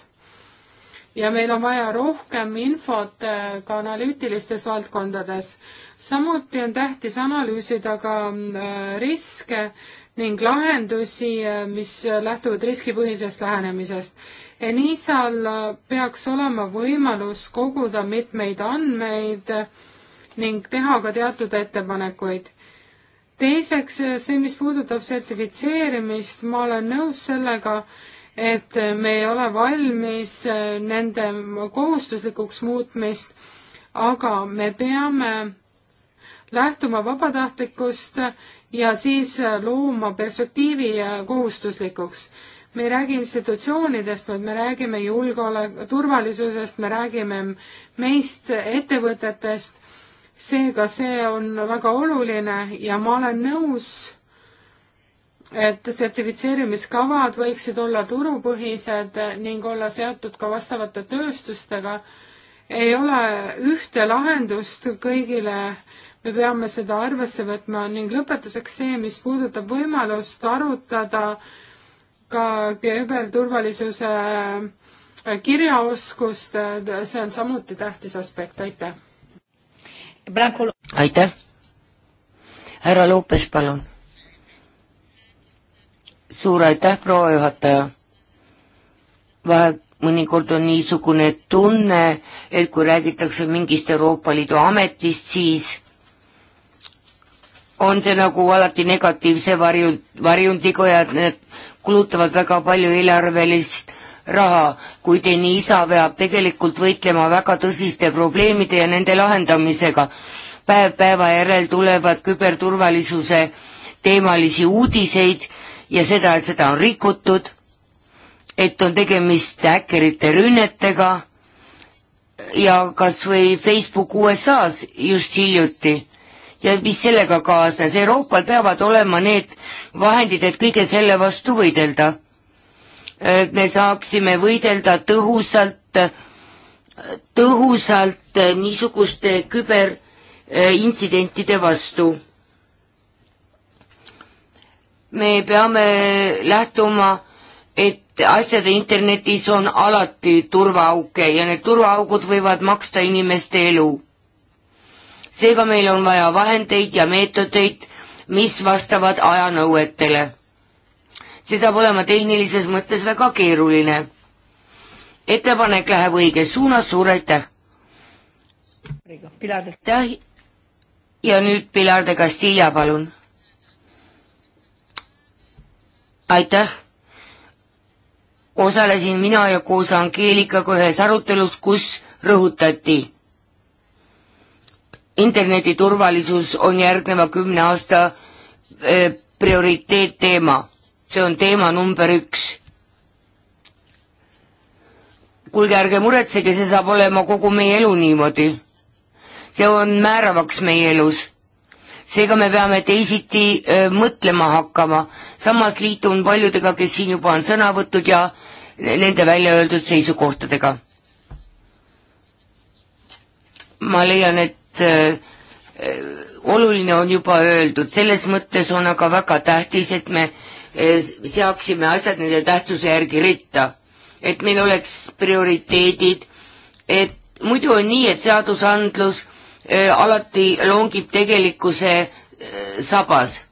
ja meil on vaja rohkem infot äh, ka analüütilistes valdkondades. samuti on tähtis analüüsida ka mm, äh, riske ning lahendusi, äh, mis lähtuvad riskipõhisest lähenemisest. Enisal peaks olema võimalus koguda mitmeid andmeid ning teha ka teatud ettepanekuid teiseks, see, mis puudutab sertifitseerimist, ma olen nõus sellega, et me ei ole valmis äh, nende kohustuslikuks muutmist, aga me peame lähtuma vabatahtlikust ja siis looma perspektiivi äh, kohustuslikuks. me ei räägi institutsioonidest, vaid me räägime julgeolek-, turvalisusest, me räägime meist, ettevõtetest, seega see on väga oluline ja ma olen nõus et sertifitseerimiskavad võiksid olla turupõhised ning olla seotud ka vastavate tööstustega. ei ole ühte lahendust kõigile, me peame seda arvesse võtma ning lõpetuseks see, mis puudutab võimalust arutada ka küberturvalisuse kirjaoskust, see on samuti tähtis aspekt, aitäh. aitäh. härra Luupes, palun suur aitäh, proua juhataja. vahel mõnikord on niisugune tunne, et kui räägitakse mingist Euroopa Liidu ametist, siis on see nagu alati negatiivse varju, varjundiga ja need kulutavad väga palju eelarvelist raha, kuid ENISA peab tegelikult võitlema väga tõsiste probleemide ja nende lahendamisega. päev päeva järel tulevad küberturvalisuse teemalisi uudiseid ja seda, et seda on rikutud, et on tegemist häkkerite rünnetega ja kas või Facebook USA-s just hiljuti ja mis sellega kaasnes, Euroopal peavad olema need vahendid, et kõige selle vastu võidelda. et äh, me saaksime võidelda tõhusalt, äh, tõhusalt äh, niisuguste küberintsidentide vastu me peame lähtuma, et asjade internetis on alati turvaauke ja need turvaaugud võivad maksta inimeste elu. seega meil on vaja vahendeid ja meetodeid, mis vastavad ajanõuetele. see saab olema tehnilises mõttes väga keeruline. ettepanek läheb õiges suunas, suur aitäh! aitäh ja nüüd Pilar de Castilla, palun aitäh! osalesin mina ja koos Angeelikaga ühes arutelus, kus rõhutati. interneti turvalisus on järgneva kümne aasta e, prioriteetteema, see on teema number üks. kuulge, ärge muretsege, see saab olema kogu meie elu niimoodi. see on määravaks meie elus seega me peame teisiti mõtlema hakkama. samas liitun paljudega, kes siin juba on sõna võtnud ja nende välja öeldud seisukohtadega. ma leian, et oluline on juba öeldud, selles mõttes on aga väga tähtis, et me seaksime asjad nende tähtsuse järgi ritta, et meil oleks prioriteedid, et muidu on nii, et seadusandlus alati loongib tegelikkuse sabas.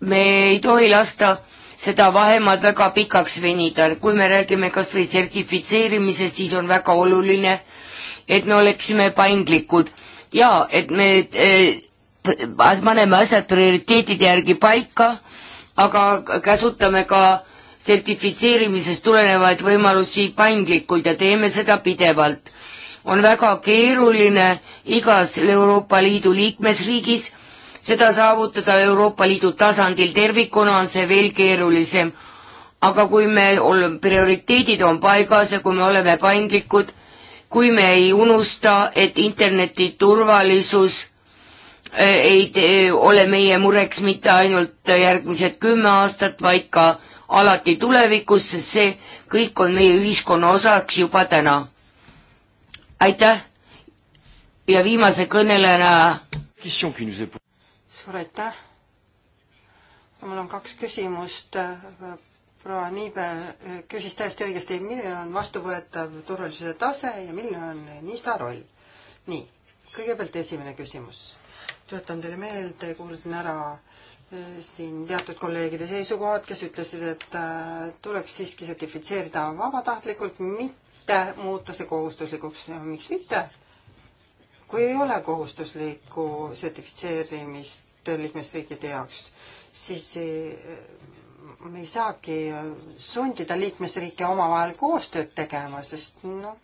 me ei tohi lasta seda vahemaad väga pikaks venida, kui me räägime kas või sertifitseerimisest, siis on väga oluline, et me oleksime paindlikud ja et me eh, paneme asjad prioriteetide järgi paika, aga käsutame ka eh, sertifitseerimisest tulenevaid võimalusi paindlikult ja teeme seda pidevalt. on väga keeruline igas Euroopa Liidu liikmesriigis seda saavutada Euroopa Liidu tasandil, tervikuna on see veel keerulisem. aga kui me oleme, prioriteedid on paigas ja kui me oleme paindlikud, kui me ei unusta, et interneti turvalisus eh, ei ole meie mureks mitte ainult järgmised kümme aastat, vaid ka alati tulevikus, sest see kõik on meie ühiskonna osaks juba täna. aitäh ja viimase kõnelejana. suur aitäh. mul on kaks küsimust. proua Niibel küsis täiesti õigesti, milline on vastuvõetav turvalisuse tase ja milline on NISA roll. nii, kõigepealt esimene küsimus. tuletan teile meelde, kuulasin ära siin teatud kolleegide seisukohad, kes ütlesid, et äh, tuleks siiski sertifitseerida vabatahtlikult, mitte muuta see kohustuslikuks. miks mitte? kui ei ole kohustuslikku sertifitseerimist liikmesriikide jaoks, siis äh, me ei saagi sundida liikmesriike omavahel koostööd tegema, sest noh,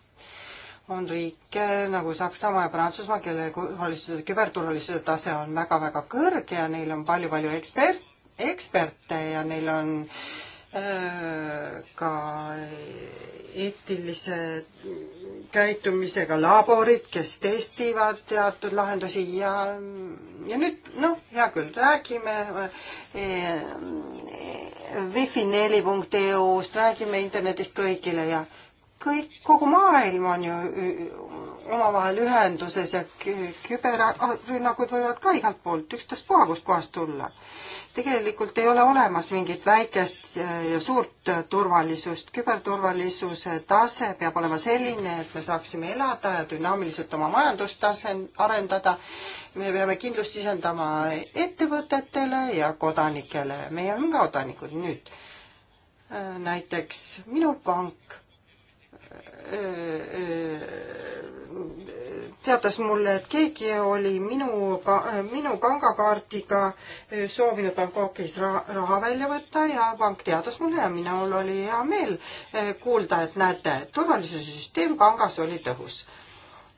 on riike nagu Saksamaa ja Prantsusmaa, kelle turvalisuse, küberturvalisuse tase on väga-väga kõrge ja neil on palju-palju ekspert, eksperte ja neil on öö, äh, ka eetilise käitumisega laborid, kes testivad teatud lahendusi ja, ja nüüd noh, hea küll, räägime e, e, wifi neli punkt EU-st, räägime internetist kõigile ja kõik, kogu maailm on ju omavahel ühenduses ja küberrünnakud võivad ka igalt poolt ükstaspuha kustkohast tulla. tegelikult ei ole olemas mingit väikest ja suurt turvalisust. küberturvalisuse tase peab olema selline, et me saaksime elada ja dünaamiliselt oma majandustase arendada. me peame kindlust sisendama ettevõtetele ja kodanikele. meie oleme ka kodanikud nüüd. Äh, näiteks minu pank teatas mulle, et keegi oli minu, minu pangakaardiga eh, soovinud Bangkokis raha välja võtta ja pank teatas mulle ja minul oli hea meel eh, kuulda, et näete, turvalisuse süsteem pangas oli tõhus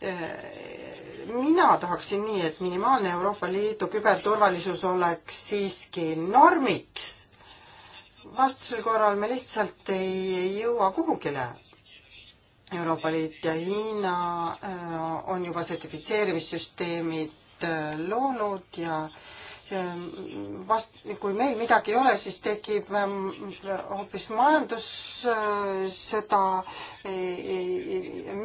eh, mina tahaksin nii, et minimaalne Euroopa Liidu küberturvalisus oleks siiski normiks. vastasel korral me lihtsalt ei jõua kuhugile Euroopa Liit ja Hiina äh, on juba sertifitseerimissüsteemid äh, loonud ja vast-, kui meil midagi ei ole, siis tekib ähm, hoopis majandussõda, äh,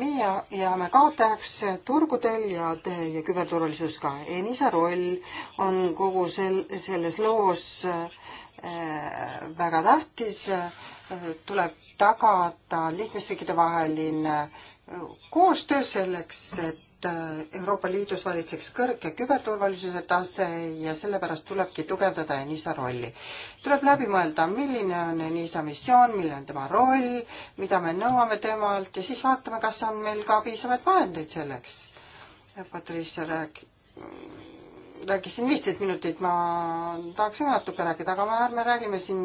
meie jääme kaotajaks turgudel ja, ja küberturvalisus ka. Enisa roll on kogu sel-, selles loos väga tähtis tuleb tagada liikmesriikide vaheline äh, koostöö selleks, et äh, Euroopa Liidus valitseks kõrge küberturvalisuse tase ja sellepärast tulebki tugevdada ENISA rolli. tuleb läbi mõelda, milline on ENISA missioon, milline on tema roll, mida me nõuame temalt ja siis vaatame, kas on meil ka piisavaid vahendeid selleks. Patricia rääk-, rääkisin viisteist minutit, ma tahaksin natuke rääkida, aga ärme räägime siin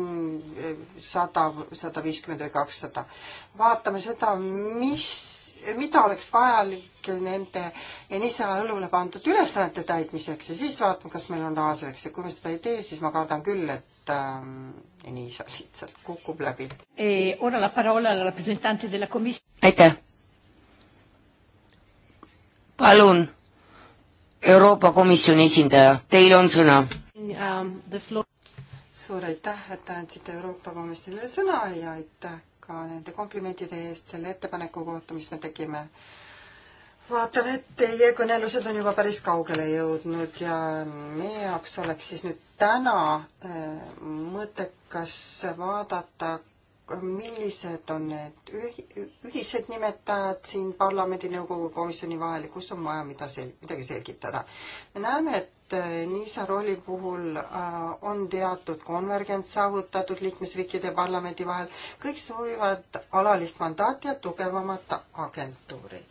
eh, sada, sada viiskümmend või kakssada. vaatame seda, mis, mida oleks vajalik nende Enisa õlule pandud ülesannete täitmiseks ja siis vaatame, kas meil on raha selleks ja kui me seda ei tee, siis ma kardan küll, et ähm, Enisa lihtsalt kukub läbi. Eh, aitäh. palun Euroopa Komisjoni esindaja, teil on sõna. suur aitäh, et andsite Euroopa Komisjonile sõna ja aitäh ka nende komplimentide eest selle ettepaneku kohta, mis me tegime. vaatan, et teie kõnelused on juba päris kaugele jõudnud ja meie jaoks oleks siis nüüd täna eh, mõttekas vaadata, millised on need ühised nimetajad siin parlamendi, nõukogu, komisjoni vahel ja kus on vaja mida sel-, midagi selgitada. me näeme, et äh, Niisa rolli puhul äh, on teatud konvergents saavutatud liikmesriikide parlamendi vahel, kõik soovivad alalist mandaati ja tugevamat agentuuri.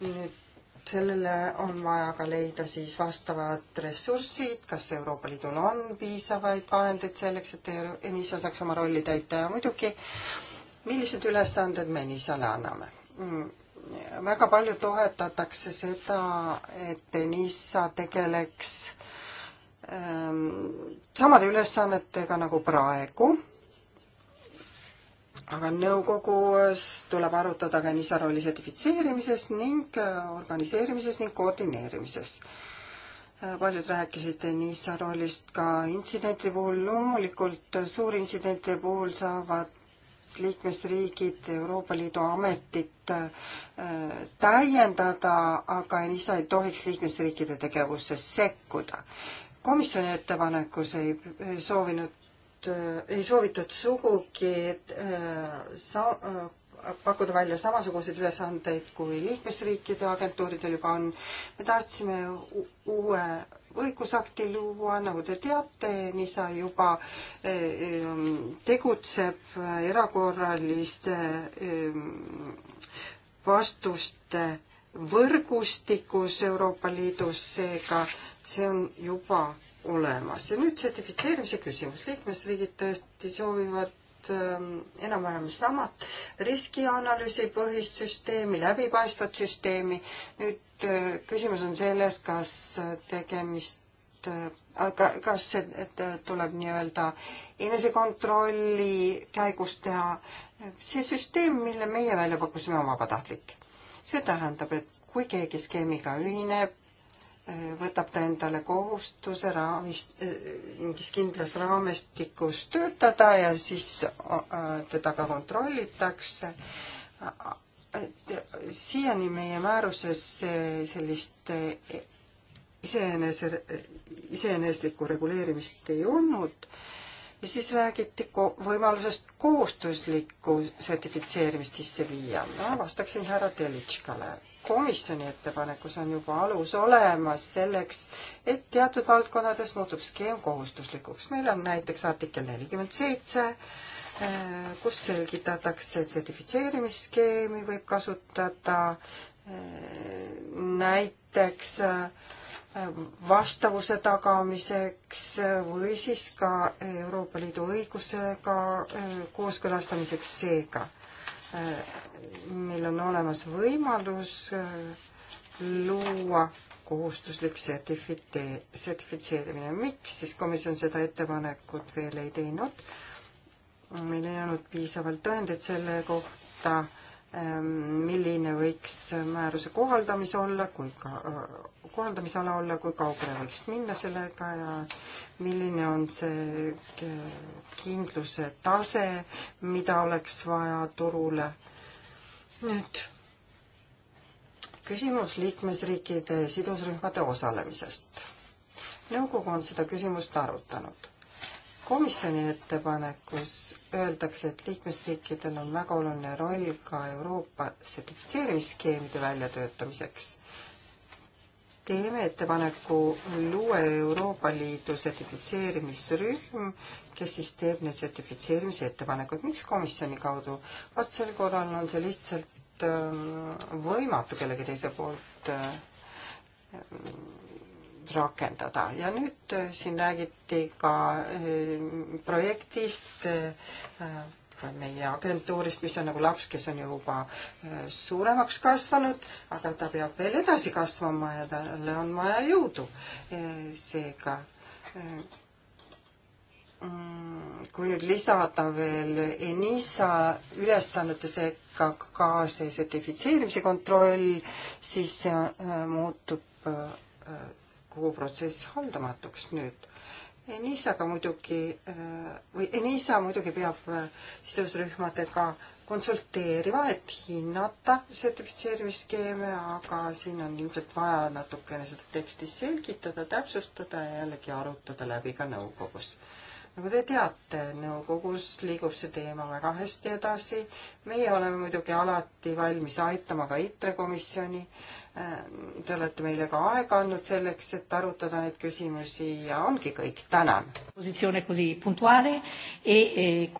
nüüd sellele on vaja ka leida siis vastavad ressurssid, kas Euroopa Liidul on piisavaid vahendeid selleks, et ENISA saaks oma rolli täita ja muidugi, millised ülesanded me ENISA-le anname? Mm, väga palju toetatakse seda, et ENISA tegeleks ähm, samade ülesannetega nagu praegu aga nõukogus tuleb arutada ka NISA rolli sertifitseerimises ning äh, organiseerimises ning koordineerimises. Äh, paljud rääkisid NISA rollist ka intsidentide puhul, loomulikult äh, suurintsidentide puhul saavad liikmesriigid Euroopa Liidu ametit täiendada, aga NISA ei tohiks liikmesriikide tegevusse sekkuda komisjoni ettepanekus ei soovinud ei soovitud sugugi äh, sa-, äh, pakkuda välja samasuguseid ülesandeid, kui liikmesriikide agentuuridel juba on. me tahtsime uue õigusakti luua, nagu te teate, NISA juba äh, tegutseb erakorraliste vastuste võrgustikus Euroopa Liidus, seega see on juba olemas ja nüüd sertifitseerimise küsimus. liikmesriigid tõesti soovivad ähm, enam-vähem samat riskianalüüsi põhist süsteemi, läbipaistvat süsteemi. nüüd äh, küsimus on selles, kas tegemist, äh, kas see äh, tuleb nii-öelda enesekontrolli käigus teha. see süsteem, mille meie välja pakkusime, on vabatahtlik. see tähendab, et kui keegi skeemiga ühineb, võtab ta endale kohustuse raamis, mingis kindlas raamistikus töötada ja siis äh, teda ka kontrollitakse. siiani meie määruses sellist äh, iseenese, iseeneslikku reguleerimist ei olnud ja siis räägiti ko võimalusest kohustuslikku sertifitseerimist sisse viia. ma vastaksin härra Telitškale komisjoni ettepanekus on juba alus olemas selleks, et teatud valdkondades muutub skeem kohustuslikuks. meil on näiteks artikkel nelikümmend seitse, eh, kus selgitatakse, et sertifitseerimisskeemi võib kasutada eh, näiteks eh, vastavuse tagamiseks või siis ka Euroopa Liidu õigusega kooskõlastamiseks seega meil on olemas võimalus äh, luua kohustuslik sertifitee, sertifitseerimine. miks siis komisjon seda ettepanekut veel ei teinud? meil ei olnud piisavalt tõendeid selle kohta, ähm, milline võiks määruse kohaldamise olla, kui ka äh, kohaldamisala olla, kui kaugele võiks minna sellega ja milline on see kindluse tase, mida oleks vaja turule nüüd küsimus liikmesriikide sidusrühmade osalemisest. nõukogu on seda küsimust arutanud. komisjoni ettepanekus öeldakse, et liikmesriikidel on väga oluline roll ka Euroopa sertifitseerimisskeemide väljatöötamiseks teeme ettepaneku luua Euroopa Liidu sertifitseerimisrühm, kes siis teeb need sertifitseerimise ettepanekud. miks komisjoni kaudu? vot sel korral on see lihtsalt ähm, võimatu kellegi teise poolt äh, rakendada ja nüüd äh, siin räägiti ka äh, projektist, meie agentuurist, mis on nagu laps, kes on juba suuremaks kasvanud, aga ta peab veel edasi kasvama ja talle on vaja jõudu. seega kui nüüd lisada veel ENISA ülesannete sekka ka see sertifitseerimise kontroll, siis see äh, muutub äh, kogu protsess haldamatuks nüüd. ENISA-ga muidugi äh, või ENISA muidugi peab sidusrühmadega konsulteerima, et hinnata sertifitseerimisskeeme, aga siin on ilmselt vaja natukene seda teksti selgitada, täpsustada ja jällegi arutada läbi ka nõukogus nagu te teate, nõukogus liigub see teema väga hästi edasi. meie oleme muidugi alati valmis aitama ka ITRE komisjoni. Äh, te olete meile ka aega andnud selleks, et arutada neid küsimusi ja ongi kõik, tänan. E, e,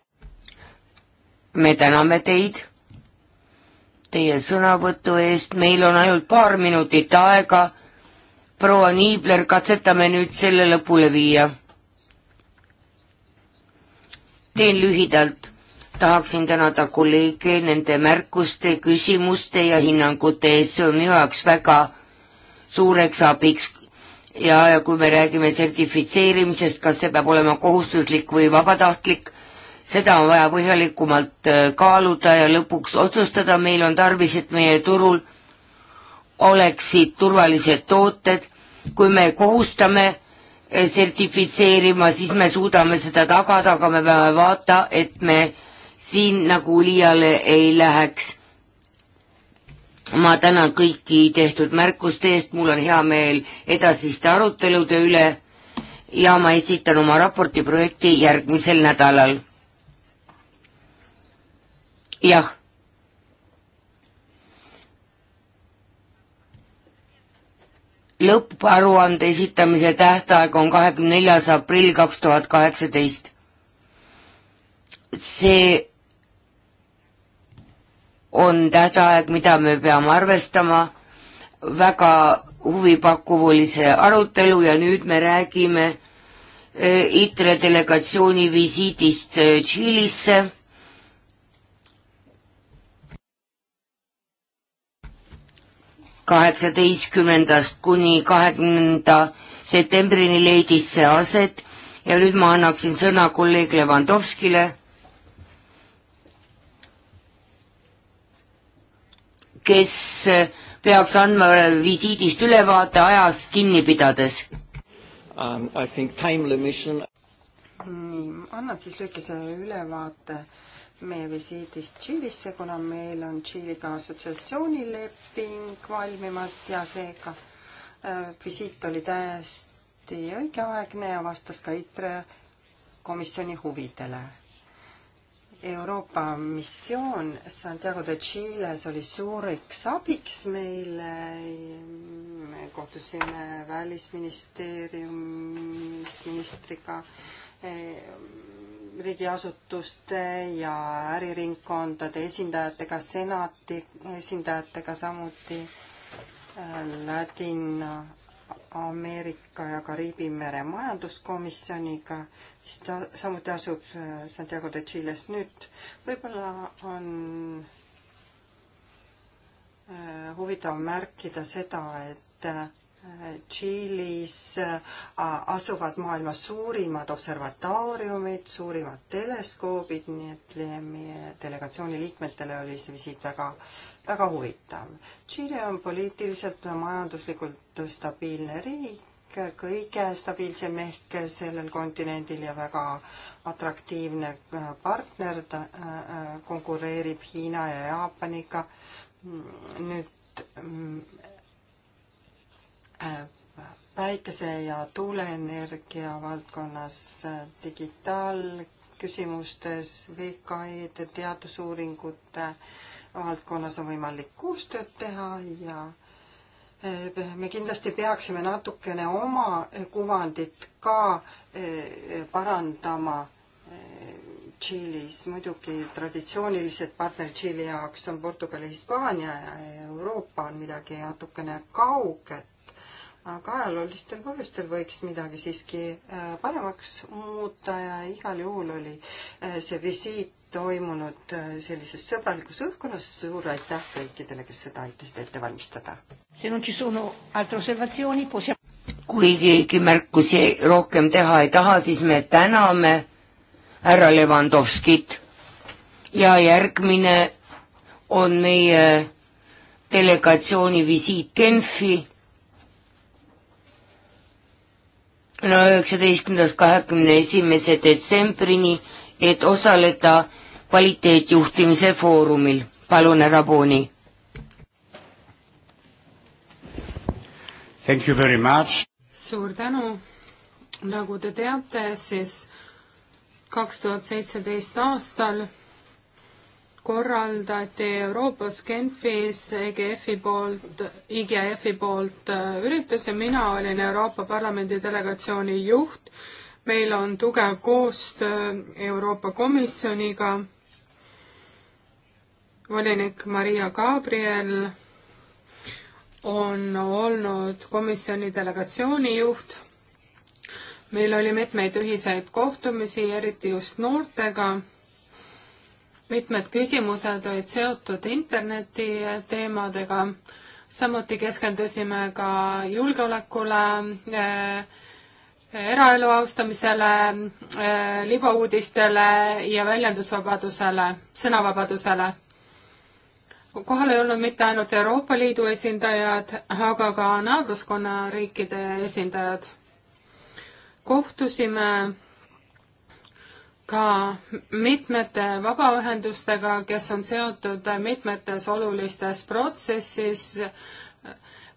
me täname teid teie sõnavõtu eest, meil on ainult paar minutit aega. proua Niibler, katsetame nüüd selle lõpule viia teen lühidalt, tahaksin tänada kolleege nende märkuste, küsimuste ja hinnangute eest, see on minu jaoks väga suureks abiks ja, ja kui me räägime sertifitseerimisest, kas see peab olema kohustuslik või vabatahtlik, seda on vaja põhjalikumalt äh, kaaluda ja lõpuks otsustada, meil on tarvis, et meie turul oleksid turvalised tooted, kui me kohustame Eh, sertifitseerima, siis me suudame seda tagada, aga me peame vaata, et me siin nagu liiale ei läheks. ma tänan kõiki tehtud märkuste eest, mul on hea meel edasiste arutelude üle ja ma esitan oma raporti projekti järgmisel nädalal. jah lõpparuande esitamise tähtaeg on kahekümne neljas aprill kaks tuhat kaheksateist. see on tähtaeg, mida me peame arvestama väga huvipakkuvulise arutelu ja nüüd me räägime eh, ITRE delegatsiooni visiidist eh, Tšiilisse kaheksateistkümnendast kuni kahekümnenda septembrini leidis see aset ja nüüd ma annaksin sõna kolleeg Levandovskile, kes peaks andma visiidist ülevaate ajast kinni pidades um,. Mission... nii, annan siis lühikese ülevaate meie visiidist Tšiilisse, kuna meil on Tšiiliga assotsiatsioonileping valmimas ja seega äh, visiit oli täiesti õigeaegne ja vastas ka ITRE komisjoni huvidele. Euroopa missioon Santiago de Chiles oli suureks abiks meile. me kohtusime välisministeeriumis ministriga eh, riigiasutuste ja äriringkondade esindajatega, senati esindajatega, samuti äh, Ladina-Ameerika ja Kariibi mere majanduskomisjoniga, mis ta samuti asub äh, Santiago de Chiles nüüd. võib-olla on äh, huvitav märkida seda, et Tšiilis äh, asuvad maailma suurimad observatooriumid, suurimad teleskoobid, nii et meie delegatsiooni liikmetele oli see visiit väga, väga huvitav. Tšiili on poliitiliselt ja majanduslikult stabiilne riik, kõige stabiilsem ehk sellel kontinendil ja väga atraktiivne äh, partner, ta äh, konkureerib Hiina ja Jaapaniga. nüüd mm, päikese- ja tuuleenergia valdkonnas, digitaalküsimustes, VKE-de teadusuuringute valdkonnas on võimalik koostööd teha ja eh, me kindlasti peaksime natukene oma kuvandit ka eh, parandama eh, Tšiilis. muidugi traditsioonilised partnerid Tšiili jaoks on Portugal ja Hispaania ja Euroopa on midagi natukene kauget aga ajaloolistel põhjustel võiks midagi siiski äh, paremaks muuta ja igal juhul oli äh, see visiit toimunud äh, sellises sõbralikus õhkkonnas. suur aitäh kõikidele, kes seda aitasid ette valmistada. kui keegi märkusi rohkem teha ei taha, siis me täname härra Levandovskit ja järgmine on meie delegatsiooni visiit Genfi no üheksateistkümnendast kahekümne esimese detsembrini, et osaleda kvaliteetjuhtimise foorumil. palun, härra Pooni. suur tänu. nagu te teate, siis kaks tuhat seitseteist aastal korraldati Euroopas Genfis EGF-i poolt, IGF-i e poolt äh, üritus ja mina olin Euroopa Parlamendi delegatsiooni juht. meil on tugev koostöö Euroopa Komisjoniga. volinik Maria Gabriel on olnud komisjoni delegatsiooni juht. meil oli mitmeid ühiseid kohtumisi, eriti just noortega mitmed küsimused olid seotud interneti teemadega, samuti keskendusime ka julgeolekule äh,, eraelu austamisele, eh, libauudistele ja väljendusvabadusele, sõnavabadusele. kohal ei olnud mitte ainult Euroopa Liidu esindajad, aga ka naabruskonna riikide esindajad. kohtusime ka mitmete vabaühendustega, kes on seotud mitmetes olulistes protsessis.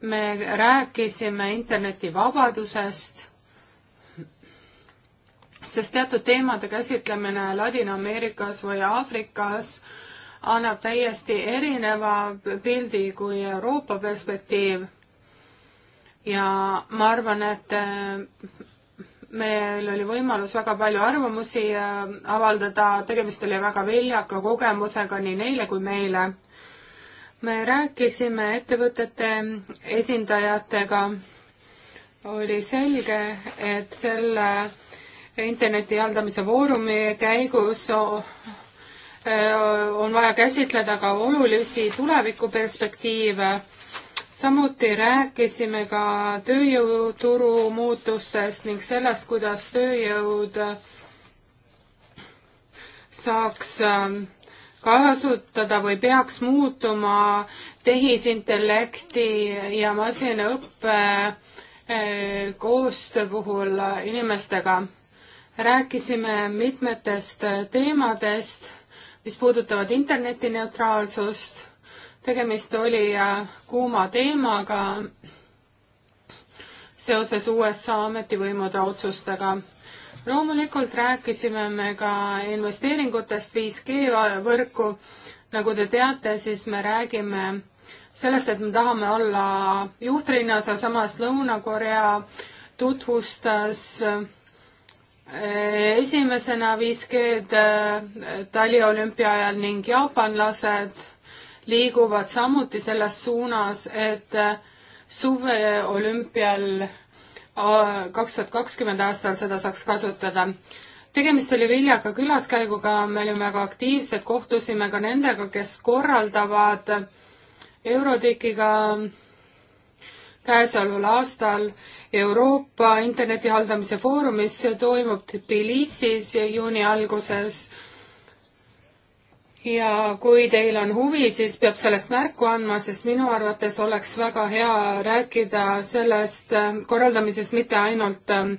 me rääkisime internetivabadusest, sest teatud teemade käsitlemine Ladina-Ameerikas või Aafrikas annab täiesti erineva pildi kui Euroopa perspektiiv. ja ma arvan, et meil oli võimalus väga palju arvamusi äh, avaldada, tegemist oli väga viljaka kogemusega nii neile kui meile. me rääkisime ettevõtete esindajatega, oli selge, et selle interneti haldamise foorumi käigus äh, on vaja käsitleda ka olulisi tulevikuperspektiive samuti rääkisime ka tööjõuturu muutustest ning sellest, kuidas tööjõud saaks ähm, kasutada või peaks muutuma tehisintellekti ja masinaõppe äh, koostöö puhul inimestega. rääkisime mitmetest teemadest, mis puudutavad internetineutraalsust tegemist oli äh, kuuma teemaga seoses USA ametivõimude otsustega. loomulikult rääkisime me ka investeeringutest 5G võrku. nagu te teate, siis me räägime sellest, et me tahame olla juhtrinnas, aga samas Lõuna-Korea tutvustas äh, esimesena 5G-d äh, taliolümpia ajal ning jaapanlased liiguvad samuti selles suunas, et suveolümpial kaks tuhat kakskümmend aastal seda saaks kasutada. tegemist oli viljaka külaskäiguga, me olime väga aktiivsed, kohtusime ka nendega, kes korraldavad Eurodikiga käesoleval aastal Euroopa interneti haldamise foorumis, see toimub Tbilisis juuni alguses ja kui teil on huvi, siis peab sellest märku andma, sest minu arvates oleks väga hea rääkida sellest ähm, korraldamisest mitte ainult ähm,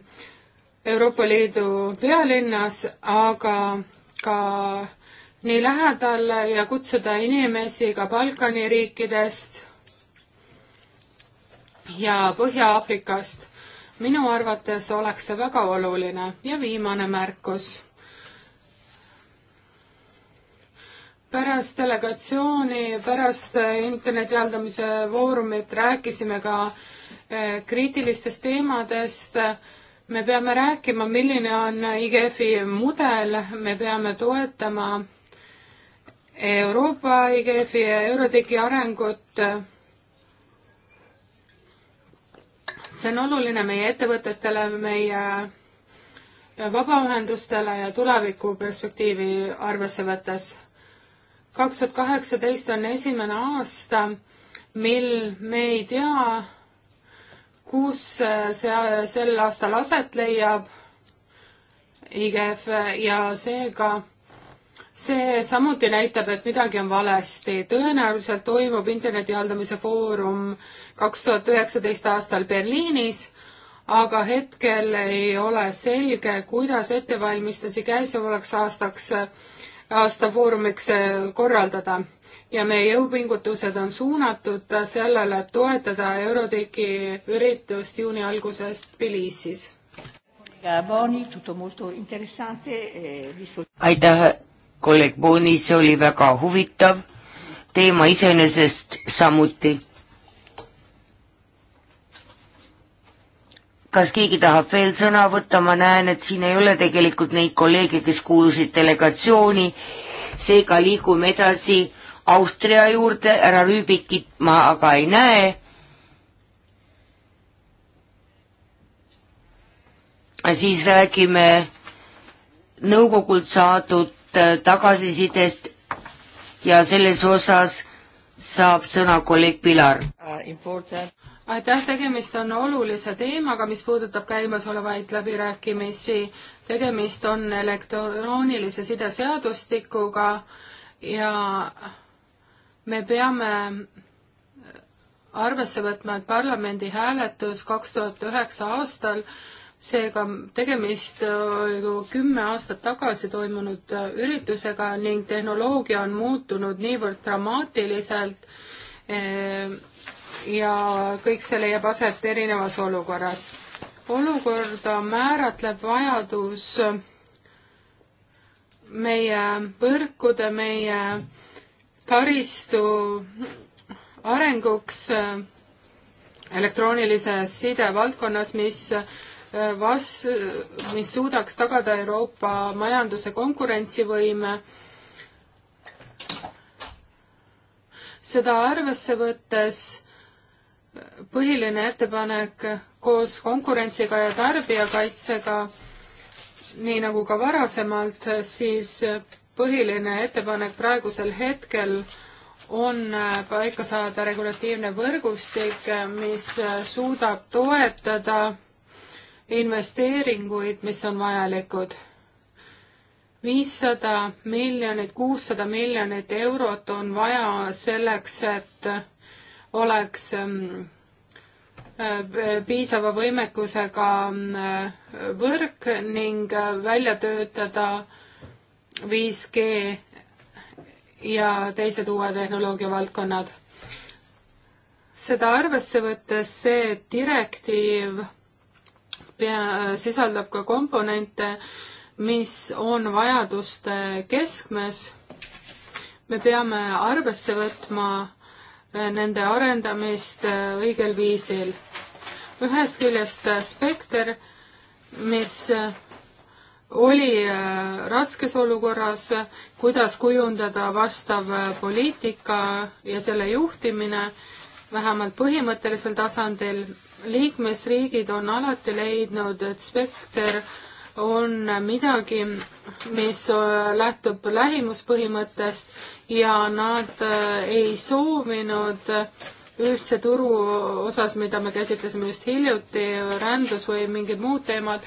Euroopa Liidu pealinnas, aga ka nii lähedal ja kutsuda inimesi ka Balkani riikidest ja Põhja-Aafrikast. minu arvates oleks see väga oluline ja viimane märkus pärast delegatsiooni, pärast äh, interneti haldamise foorumit rääkisime ka äh, kriitilistest teemadest. me peame rääkima, milline on IGF-i mudel, me peame toetama Euroopa IGF-i ja Euroteki arengut. see on oluline meie ettevõtetele, meie äh, vabaühendustele ja tulevikuperspektiivi arvesse võttes kaks tuhat kaheksateist on esimene aasta, mil me ei tea, kus see sel aastal aset leiab, IGF, ja seega see samuti näitab, et midagi on valesti. tõenäoliselt toimub interneti haldamise foorum kaks tuhat üheksateist aastal Berliinis, aga hetkel ei ole selge, kuidas ettevalmistusi käesolevaks aastaks aasta foorumiks eh, korraldada ja meie jõupingutused on suunatud sellele, et toetada Eurotiki üritust juuni alguses Tbilisis. Eh, aitäh, kolleeg Boni, see oli väga huvitav teema iseenesest samuti kas keegi tahab veel sõna võtta, ma näen, et siin ei ole tegelikult neid kolleege, kes kuulusid delegatsiooni, seega liigume edasi Austria juurde, härra Rüübikit ma aga ei näe. siis räägime nõukogult saadud äh, tagasisidest ja selles osas saab sõna kolleeg Pilar. Äh, aitäh, tegemist on olulise teemaga, mis puudutab käimasolevaid läbirääkimisi. tegemist on elektroonilise side seadustikuga ja me peame arvesse võtma, et parlamendi hääletus kaks tuhat üheksa aastal, seega tegemist kümme aastat tagasi toimunud üritusega ning tehnoloogia on muutunud niivõrd dramaatiliselt, eh, ja kõik see leiab aset erinevas olukorras. olukorda määratleb vajadus meie võrkude, meie taristu arenguks elektroonilises sidevaldkonnas, mis äh, vas-, mis suudaks tagada Euroopa majanduse konkurentsivõime seda arvesse võttes põhiline ettepanek koos konkurentsiga ja tarbijakaitsega, nii nagu ka varasemalt, siis põhiline ettepanek praegusel hetkel on paika saada regulatiivne võrgustik, mis suudab toetada investeeringuid, mis on vajalikud. viissada miljonit, kuussada miljonit eurot on vaja selleks, et oleks ähm, äh, piisava võimekusega äh, võrk ning äh, välja töötada 5G ja teised uue tehnoloogia valdkonnad. seda arvesse võttes see direktiiv pea, sisaldab ka komponente, mis on vajaduste keskmes. me peame arvesse võtma Äh, nende arendamist äh, õigel viisil. ühest küljest äh, spekter, mis oli raskes olukorras, kuidas kujundada vastav poliitika ja selle juhtimine vähemalt põhimõttelisel tasandil. liikmesriigid on alati leidnud, et spekter on midagi, mis lähtub lähimuspõhimõttest ja nad äh, ei soovinud ühtse turu osas, mida me käsitlesime just hiljuti, rändus või mingid muud teemad,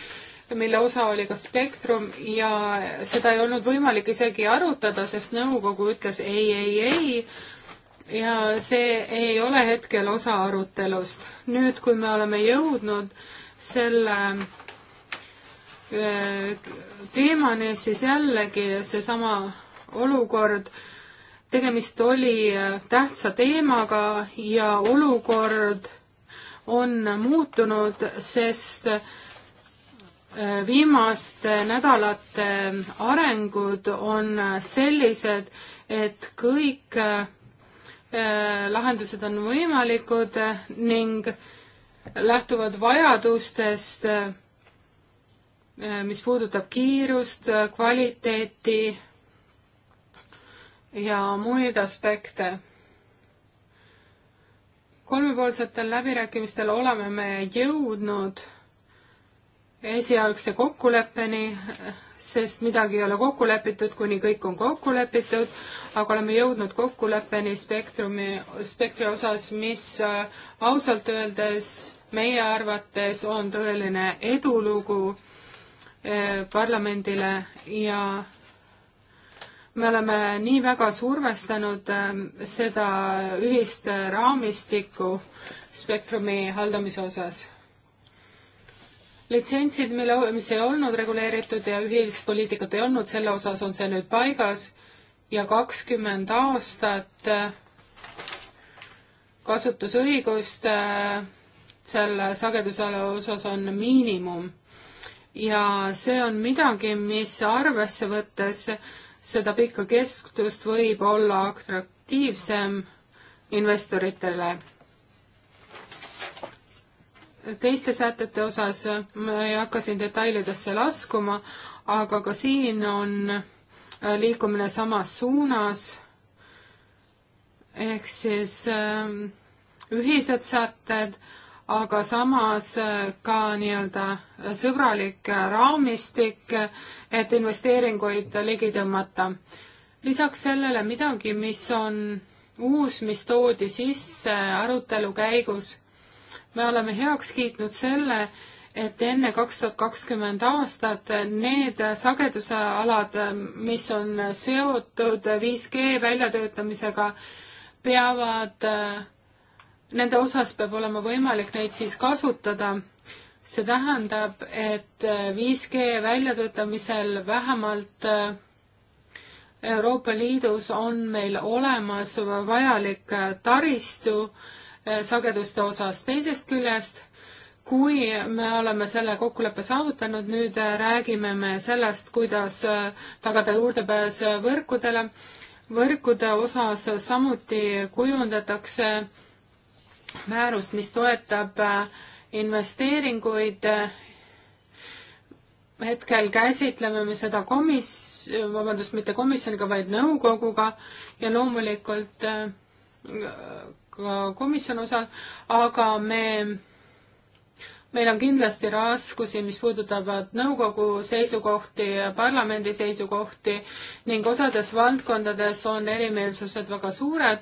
mille osa oli ka Spektrum ja seda ei olnud võimalik isegi arutada, sest nõukogu ütles ei, ei, ei. ja see ei ole hetkel osa arutelust. nüüd, kui me oleme jõudnud selle äh, teemani, siis jällegi seesama olukord tegemist oli äh, tähtsa teemaga ja olukord on muutunud, sest äh, viimaste nädalate äh, arengud on sellised, et kõik lahendused on võimalikud ning lähtuvad vajadustest, mis puudutab kiirust, kvaliteeti ja muid aspekte. kolmepoolsetel läbirääkimistel oleme me jõudnud esialgse kokkuleppeni, sest midagi ei ole kokku lepitud, kuni kõik on kokku lepitud, aga oleme jõudnud kokkuleppeni spektrumi, spektri osas, mis äh, ausalt öeldes meie arvates on tõeline edulugu äh, parlamendile ja me oleme nii väga survestanud ähm, seda ühist raamistikku spektrumi haldamise osas. litsentsid, mille, mis ei olnud reguleeritud ja ühist poliitikat ei olnud, selle osas on see nüüd paigas ja kakskümmend aastat äh, kasutusõigust äh, selle sagedusala osas on miinimum. ja see on midagi, mis arvesse võttes äh, seda pikka kestust võib olla atraktiivsem investoritele. teiste sätete osas ma ei hakka siin detailidesse laskuma, aga ka siin on äh, liikumine samas suunas, ehk siis ähm, ühised sätted aga samas äh, ka nii-öelda sõbralik äh, raamistik, äh, et investeeringuid ligi tõmmata. lisaks sellele midagi, mis on uus, mis toodi sisse arutelu käigus. me oleme heaks kiitnud selle, et enne kaks tuhat kakskümmend aastat need sagedusalad, mis on seotud 5G väljatöötamisega, peavad nende osas peab olema võimalik neid siis kasutada. see tähendab, et 5G äh, väljatöötamisel vähemalt äh, Euroopa Liidus on meil olemas vajalik äh, taristu sageduste osas. teisest küljest, kui me oleme selle kokkuleppe saavutanud, nüüd räägime me sellest, kuidas tagada juurdepääs võrkudele. võrkude osas samuti kujundatakse määrust, mis toetab äh, investeeringuid. hetkel käsitleme me seda komis-, vabandust, mitte komisjoniga, vaid nõukoguga ja loomulikult äh, ka komisjon osa, aga me meil on kindlasti raskusi, mis puudutavad nõukogu seisukohti, parlamendi seisukohti ning osades valdkondades on erimeelsused väga suured,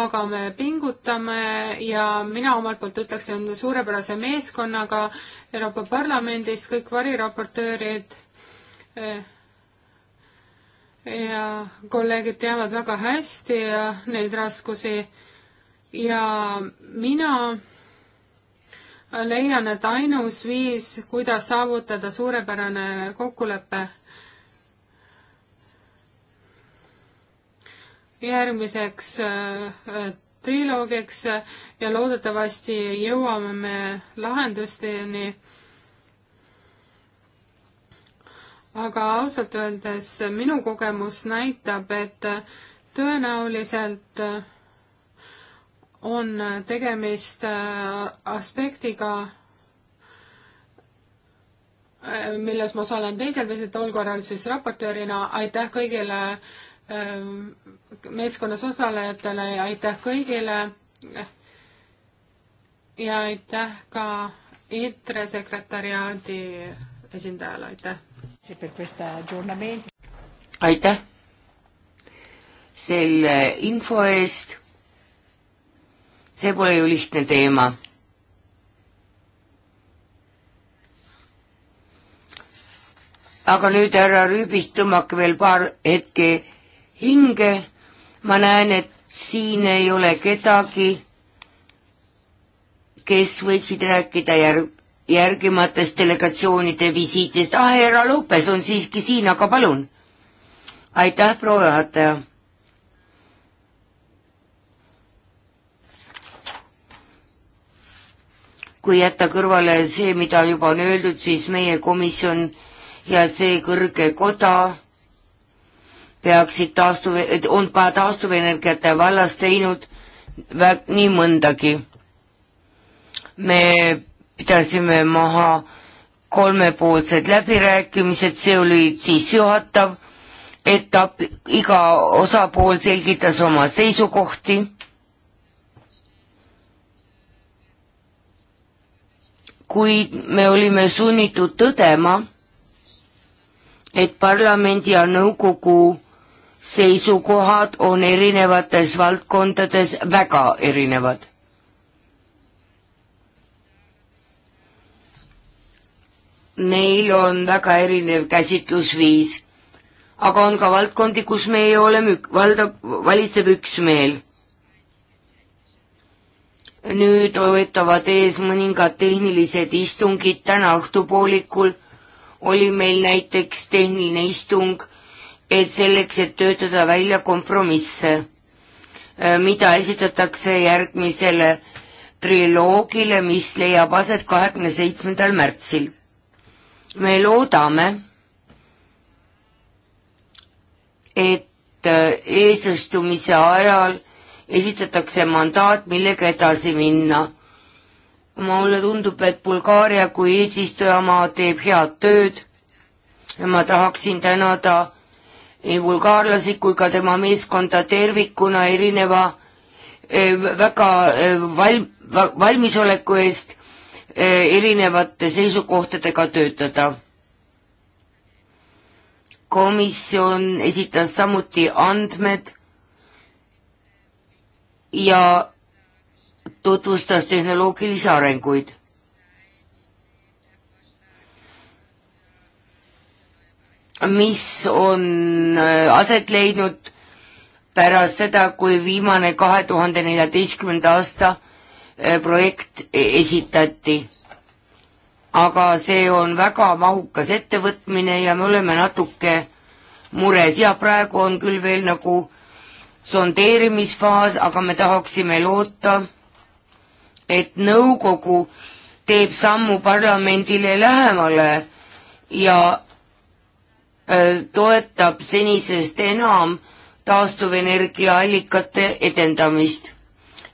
aga me pingutame ja mina omalt poolt ütleksin suurepärase meeskonnaga Euroopa Parlamendis, kõik variraportöörid eh, ja kolleegid teavad väga hästi eh, neid raskusi ja mina leian, et ainus viis, kuidas saavutada suurepärane kokkulepe järgmiseks äh, triloogiks ja loodetavasti jõuame me lahendusteni. aga ausalt öeldes minu kogemus näitab, et tõenäoliselt äh, on tegemist äh, aspektiga, äh, milles ma osalen teisel viisil, tol korral siis raportöörina, aitäh kõigile äh, meeskonnas osalejatele ja aitäh kõigile ja aitäh ka ITRE sekretäriaadi esindajale, aitäh! aitäh selle info eest see pole ju lihtne teema. aga nüüd härra Rüübik, tõmmake veel paar hetke hinge. ma näen, et siin ei ole kedagi, kes võiksid rääkida järg, järgimatest delegatsioonide visiitidest. ah, härra Lopes on siiski siin, aga palun. aitäh, proua juhataja kui jätta kõrvale see, mida juba on öeldud, siis meie komisjon ja see kõrge koda peaksid taastuv, on juba taastuvenergiate vallas teinud väg, nii mõndagi. me pidasime maha kolmepoolsed läbirääkimised, see oli siis juhatav etapp, iga osapool selgitas oma seisukohti kuid me olime sunnitud tõdema, et parlamendi ja nõukogu seisukohad on erinevates valdkondades väga erinevad. Meil on väga erinev käsitlusviis, aga on ka valdkondi, kus meie oleme, valda, valitseb üks meel nüüd võetavad ees mõningad tehnilised istungid, täna õhtupoolikul oli meil näiteks tehniline istung, et selleks, et töötada välja kompromisse, äh, mida esitatakse järgmisele triloogile, mis leiab aset kahekümne seitsmendal märtsil. me loodame, et äh, eesistumise ajal esitatakse mandaat, millega edasi minna. mulle tundub, et Bulgaaria kui eesistujamaa teeb head tööd ja ma tahaksin tänada nii bulgaarlasi kui ka tema meeskonda tervikuna erineva eh, väga eh, val-, valmisoleku eest eh, erinevate seisukohtadega töötada. komisjon esitas samuti andmed ja tutvustas tehnoloogilisi arenguid. mis on äh, aset leidnud pärast seda, kui viimane kahe tuhande neljateistkümnenda aasta äh, projekt e-, esitati. aga see on väga mahukas ettevõtmine ja me oleme natuke mures, jah, praegu on küll veel nagu äh, sondeerimisfaas, aga me tahaksime loota, et nõukogu teeb sammu parlamendile lähemale ja äh, toetab senisest enam taastuvenergiaallikate edendamist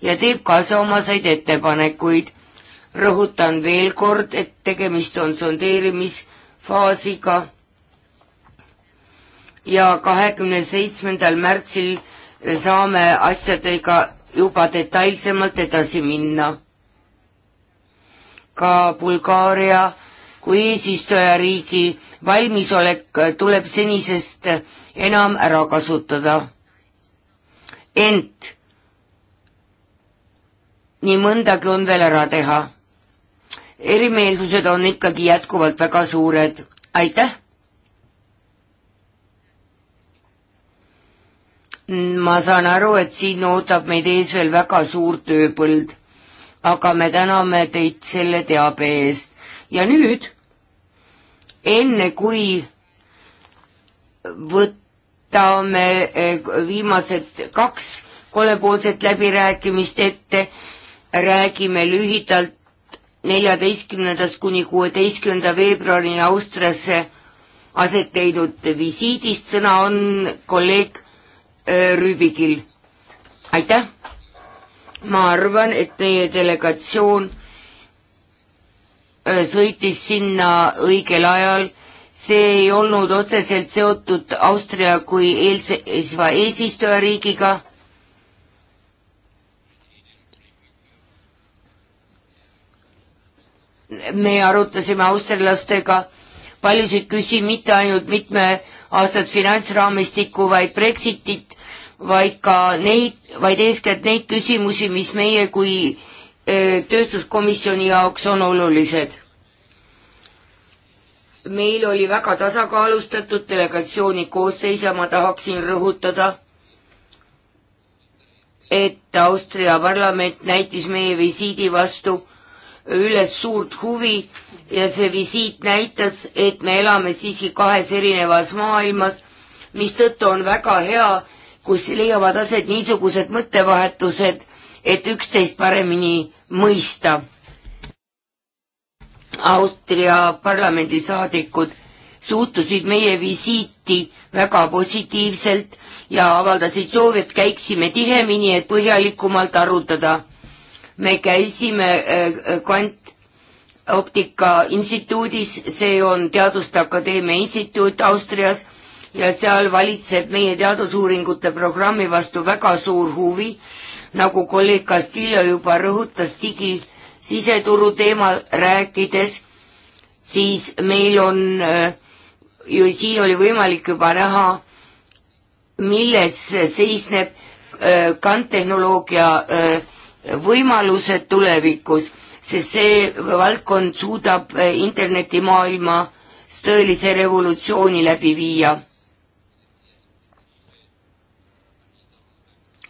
ja teeb kaasoomaseid ettepanekuid. rõhutan veel kord, et tegemist on sondeerimisfaasiga ja kahekümne seitsmendal märtsil saame asjadega juba detailsemalt edasi minna. ka Bulgaaria kui eesistujariigi valmisolek tuleb senisest enam ära kasutada. ent nii mõndagi on veel ära teha. erimeelsused on ikkagi jätkuvalt väga suured. aitäh! ma saan aru, et siin ootab meid ees veel väga suur tööpõld, aga me täname teid selle teabe eest. ja nüüd, enne kui võtame eh, viimased kaks kolmepoolset läbirääkimist ette, räägime lühidalt neljateistkümnendast kuni kuueteistkümnenda veebruarini Austriasse aset leidnud visiidist, sõna on kolleeg Rüübigil. aitäh! ma arvan, et teie delegatsioon sõitis sinna õigel ajal, see ei olnud otseselt seotud Austria kui eelseisva eesistujariigiga me arutasime austerlastega paljusid küsimusi, mitte ainult mitmeaastast finantsraamistikku, vaid Brexitit vaid ka neid, vaid eeskätt neid küsimusi, mis meie kui äh, tööstuskomisjoni jaoks on olulised. meil oli väga tasakaalustatud delegatsiooni koosseis ja ma tahaksin rõhutada, et Austria parlament näitis meie visiidi vastu üles suurt huvi ja see visiit näitas, et me elame siiski kahes erinevas maailmas, mistõttu on väga hea, kus leiavad aset niisugused mõttevahetused, et üksteist paremini mõista. Austria parlamendisaadikud suhtusid meie visiiti väga positiivselt ja avaldasid soovi, et käiksime tihemini, et põhjalikumalt arutada. me käisime äh, kvantoptika instituudis, see on Teaduste Akadeemia instituut Austrias ja seal valitseb meie teadusuuringute programmi vastu väga suur huvi, nagu kolleeg Castillo juba rõhutas digi siseturu teemal rääkides, siis meil on äh, ju siin oli võimalik juba näha, milles seisneb äh, kanttehnoloogia äh, võimalused tulevikus, sest see valdkond suudab internetimaailma tõelise revolutsiooni läbi viia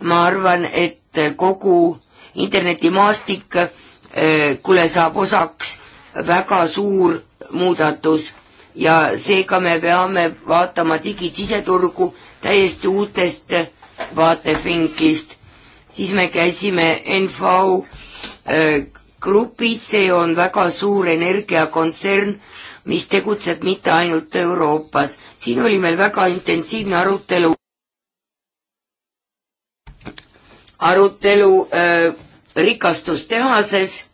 ma arvan, et kogu internetimaastik eh, kule saab osaks väga suur muudatus ja seega me peame vaatama digisiseturgu täiesti uutest vaatevinklist. siis me käisime NV eh, grupis, see on väga suur energiakontsern, mis tegutseb mitte ainult Euroopas. siin oli meil väga intensiivne arutelu. arutelu äh, rikastustehases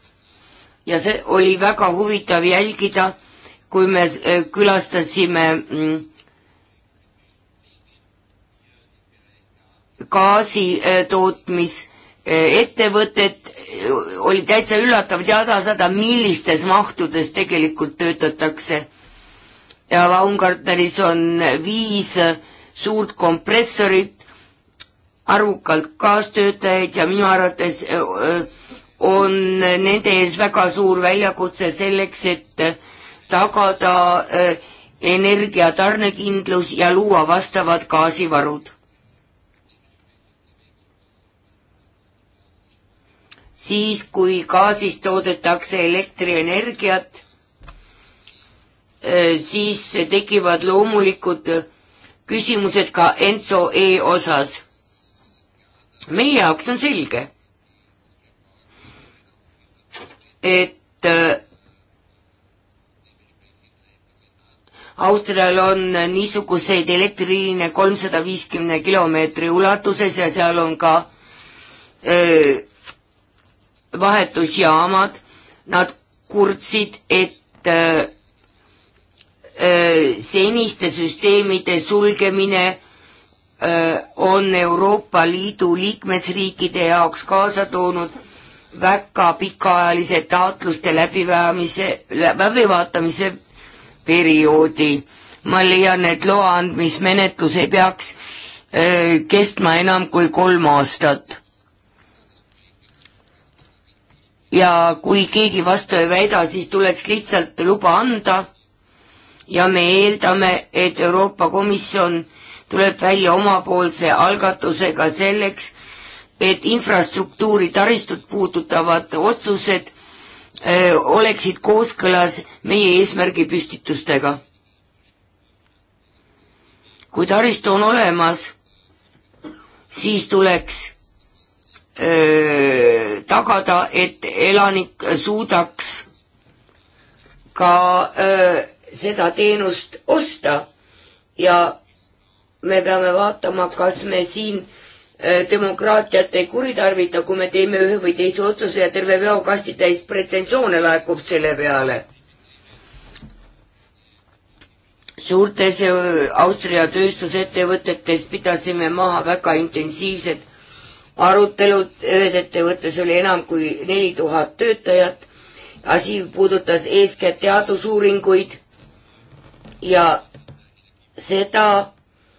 ja see oli väga huvitav jälgida, kui me äh, külastasime mm, gaasitootmisettevõtet äh,, äh oli täitsa üllatav teada saada, millistes mahtudes tegelikult töötatakse. ja Baumgartneris on viis suurt kompressorit, arvukalt kaastöötajaid ja minu arvates äh, äh, on nende ees väga suur väljakutse selleks, et äh, tagada energia tarnekindlus ja luua vastavad gaasivarud. siis, kui gaasist toodetakse elektrienergiat, siis tekivad loomulikud küsimused ka ENSO E osas meie jaoks on selge, et äh, Austrial on niisuguseid elektriliine kolmsada viiskümne kilomeetri ulatuses ja seal on ka öö, äh, vahetusjaamad, nad kurtsid, et öö, äh, seniste süsteemide sulgemine on Euroopa Liidu liikmesriikide jaoks kaasa toonud väga pikaajalise taotluste läbivaatamise, läbivaatamise perioodi. ma leian, et loa andmismenetlus ei peaks öö, kestma enam kui kolm aastat. ja kui keegi vastu ei väida, siis tuleks lihtsalt luba anda ja me eeldame, et Euroopa Komisjon öö, tuleb välja omapoolse algatusega selleks, et infrastruktuuri taristut puudutavad otsused öö, äh, oleksid kooskõlas meie eesmärgi püstitustega. kui taristu on olemas, siis tuleks öö, äh, tagada, et elanik suudaks ka öö, äh, seda teenust osta ja me peame vaatama, kas me siin äh, demokraatiat ei kuritarvita, kui me teeme ühe või teise otsuse ja terve veokasti täis pretensioone laekub selle peale. suurtes äh, Austria tööstusettevõtetes pidasime maha väga intensiivsed arutelud, ühes ettevõttes oli enam kui neli tuhat töötajat, asi puudutas eeskätt teadusuuringuid ja seda,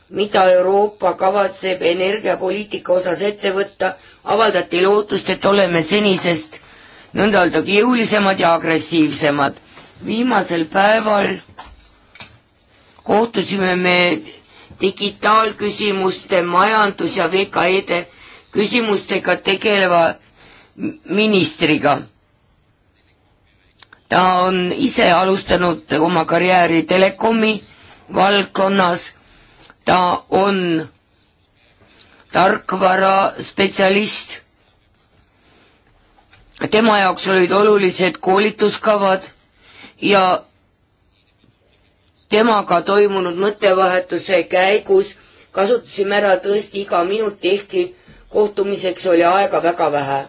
mida Euroopa kavatseb energiapoliitika osas ette võtta, avaldati lootust, et oleme senisest nõnda öelda jõulisemad ja agressiivsemad. viimasel päeval kohtusime me digitaalküsimuste, majandus- ja VKE-de küsimustega tegeleva ministriga. ta on ise alustanud oma karjääri telekomi valdkonnas ta on tarkvaraspetsialist. tema jaoks olid olulised koolituskavad ja temaga toimunud mõttevahetuse käigus kasutasime ära tõesti iga minut, ehkki kohtumiseks oli aega väga vähe.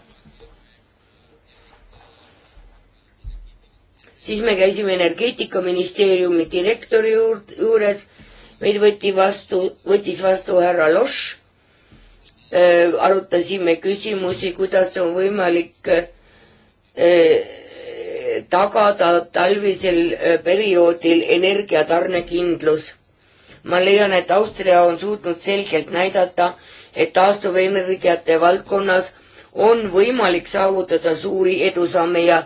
siis me käisime energeetikaministeeriumi direktori juurde, juures meid võeti vastu, võttis vastu härra Loš. Äh, arutasime küsimusi, kuidas on võimalik äh, tagada talvisel äh, perioodil energiatarnekindlus. ma leian, et Austria on suutnud selgelt näidata, et taastuvenergiate valdkonnas on võimalik saavutada suuri edusamme ja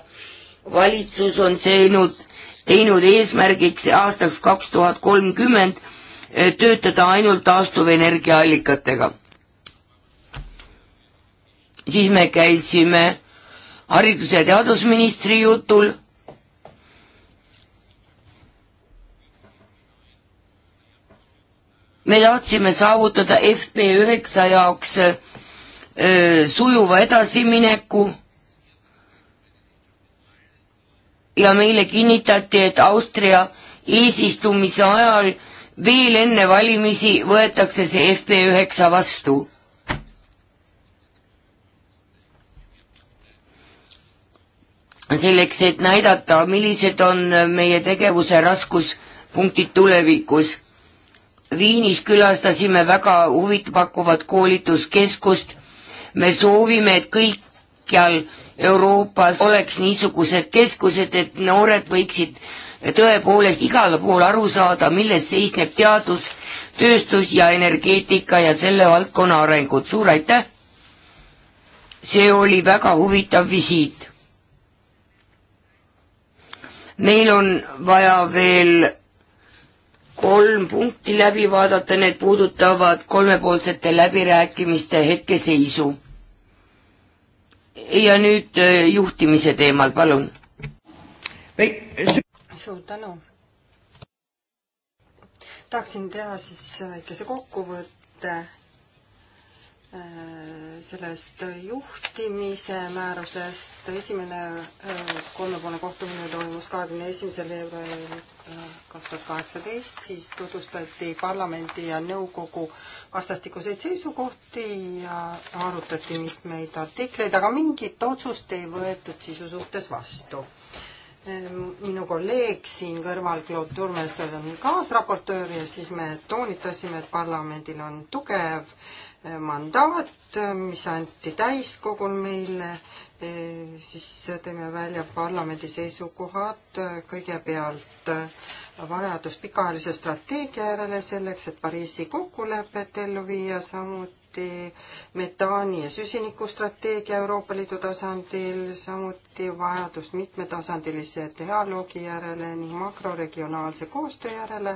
valitsus on teinud, teinud eesmärgiks aastaks kaks tuhat kolmkümmend Eh, töötada ainult taastuvenergiaallikatega. siis me käisime haridus- ja teadusministri jutul me tahtsime saavutada FP9 jaoks öö, eh, sujuva edasimineku ja meile kinnitati, et Austria eesistumise ajal veel enne valimisi võetakse see FP9 vastu. selleks, et näidata, millised on meie tegevuse raskuspunktid tulevikus. Viinis külastasime väga huvitpakkuvat koolituskeskust. me soovime, et kõikjal Euroopas oleks niisugused keskused, et noored võiksid äh, tõepoolest igal pool aru saada, milles seisneb teadus, tööstus ja energeetika ja selle valdkonna arengud. suur aitäh! see oli väga huvitav visiit. meil on vaja veel kolm punkti läbi vaadata, need puudutavad kolmepoolsete läbirääkimiste hetkeseisu. ja nüüd eh, juhtimise teemal, palun suur tänu. tahaksin teha siis väikese kokkuvõtte äh, sellest juhtimise määrusest. esimene äh, kolmepoolne kohtumine toimus kahekümne esimesel veebruaril äh, kaks tuhat kaheksateist, siis tutvustati parlamendi ja nõukogu vastastikuseid seisukohti ja arutati mitmeid artikleid, aga mingit otsust ei võetud sisu suhtes vastu minu kolleeg siin kõrval, Claude Turmes, on kaasraportöör ja siis me toonitasime, et parlamendil on tugev eh, mandaat, eh, mis anti täiskogul meile, eh, siis tõime välja parlamendi seisukohad kõigepealt vajadus pikaajalise strateegia järele selleks, et Pariisi kokkulepet ellu viia, samuti samuti metaani ja süsinikustrateegia Euroopa Liidu tasandil, samuti vajadus mitmetasandilise dialoogi järele ning makroregionaalse koostöö järele,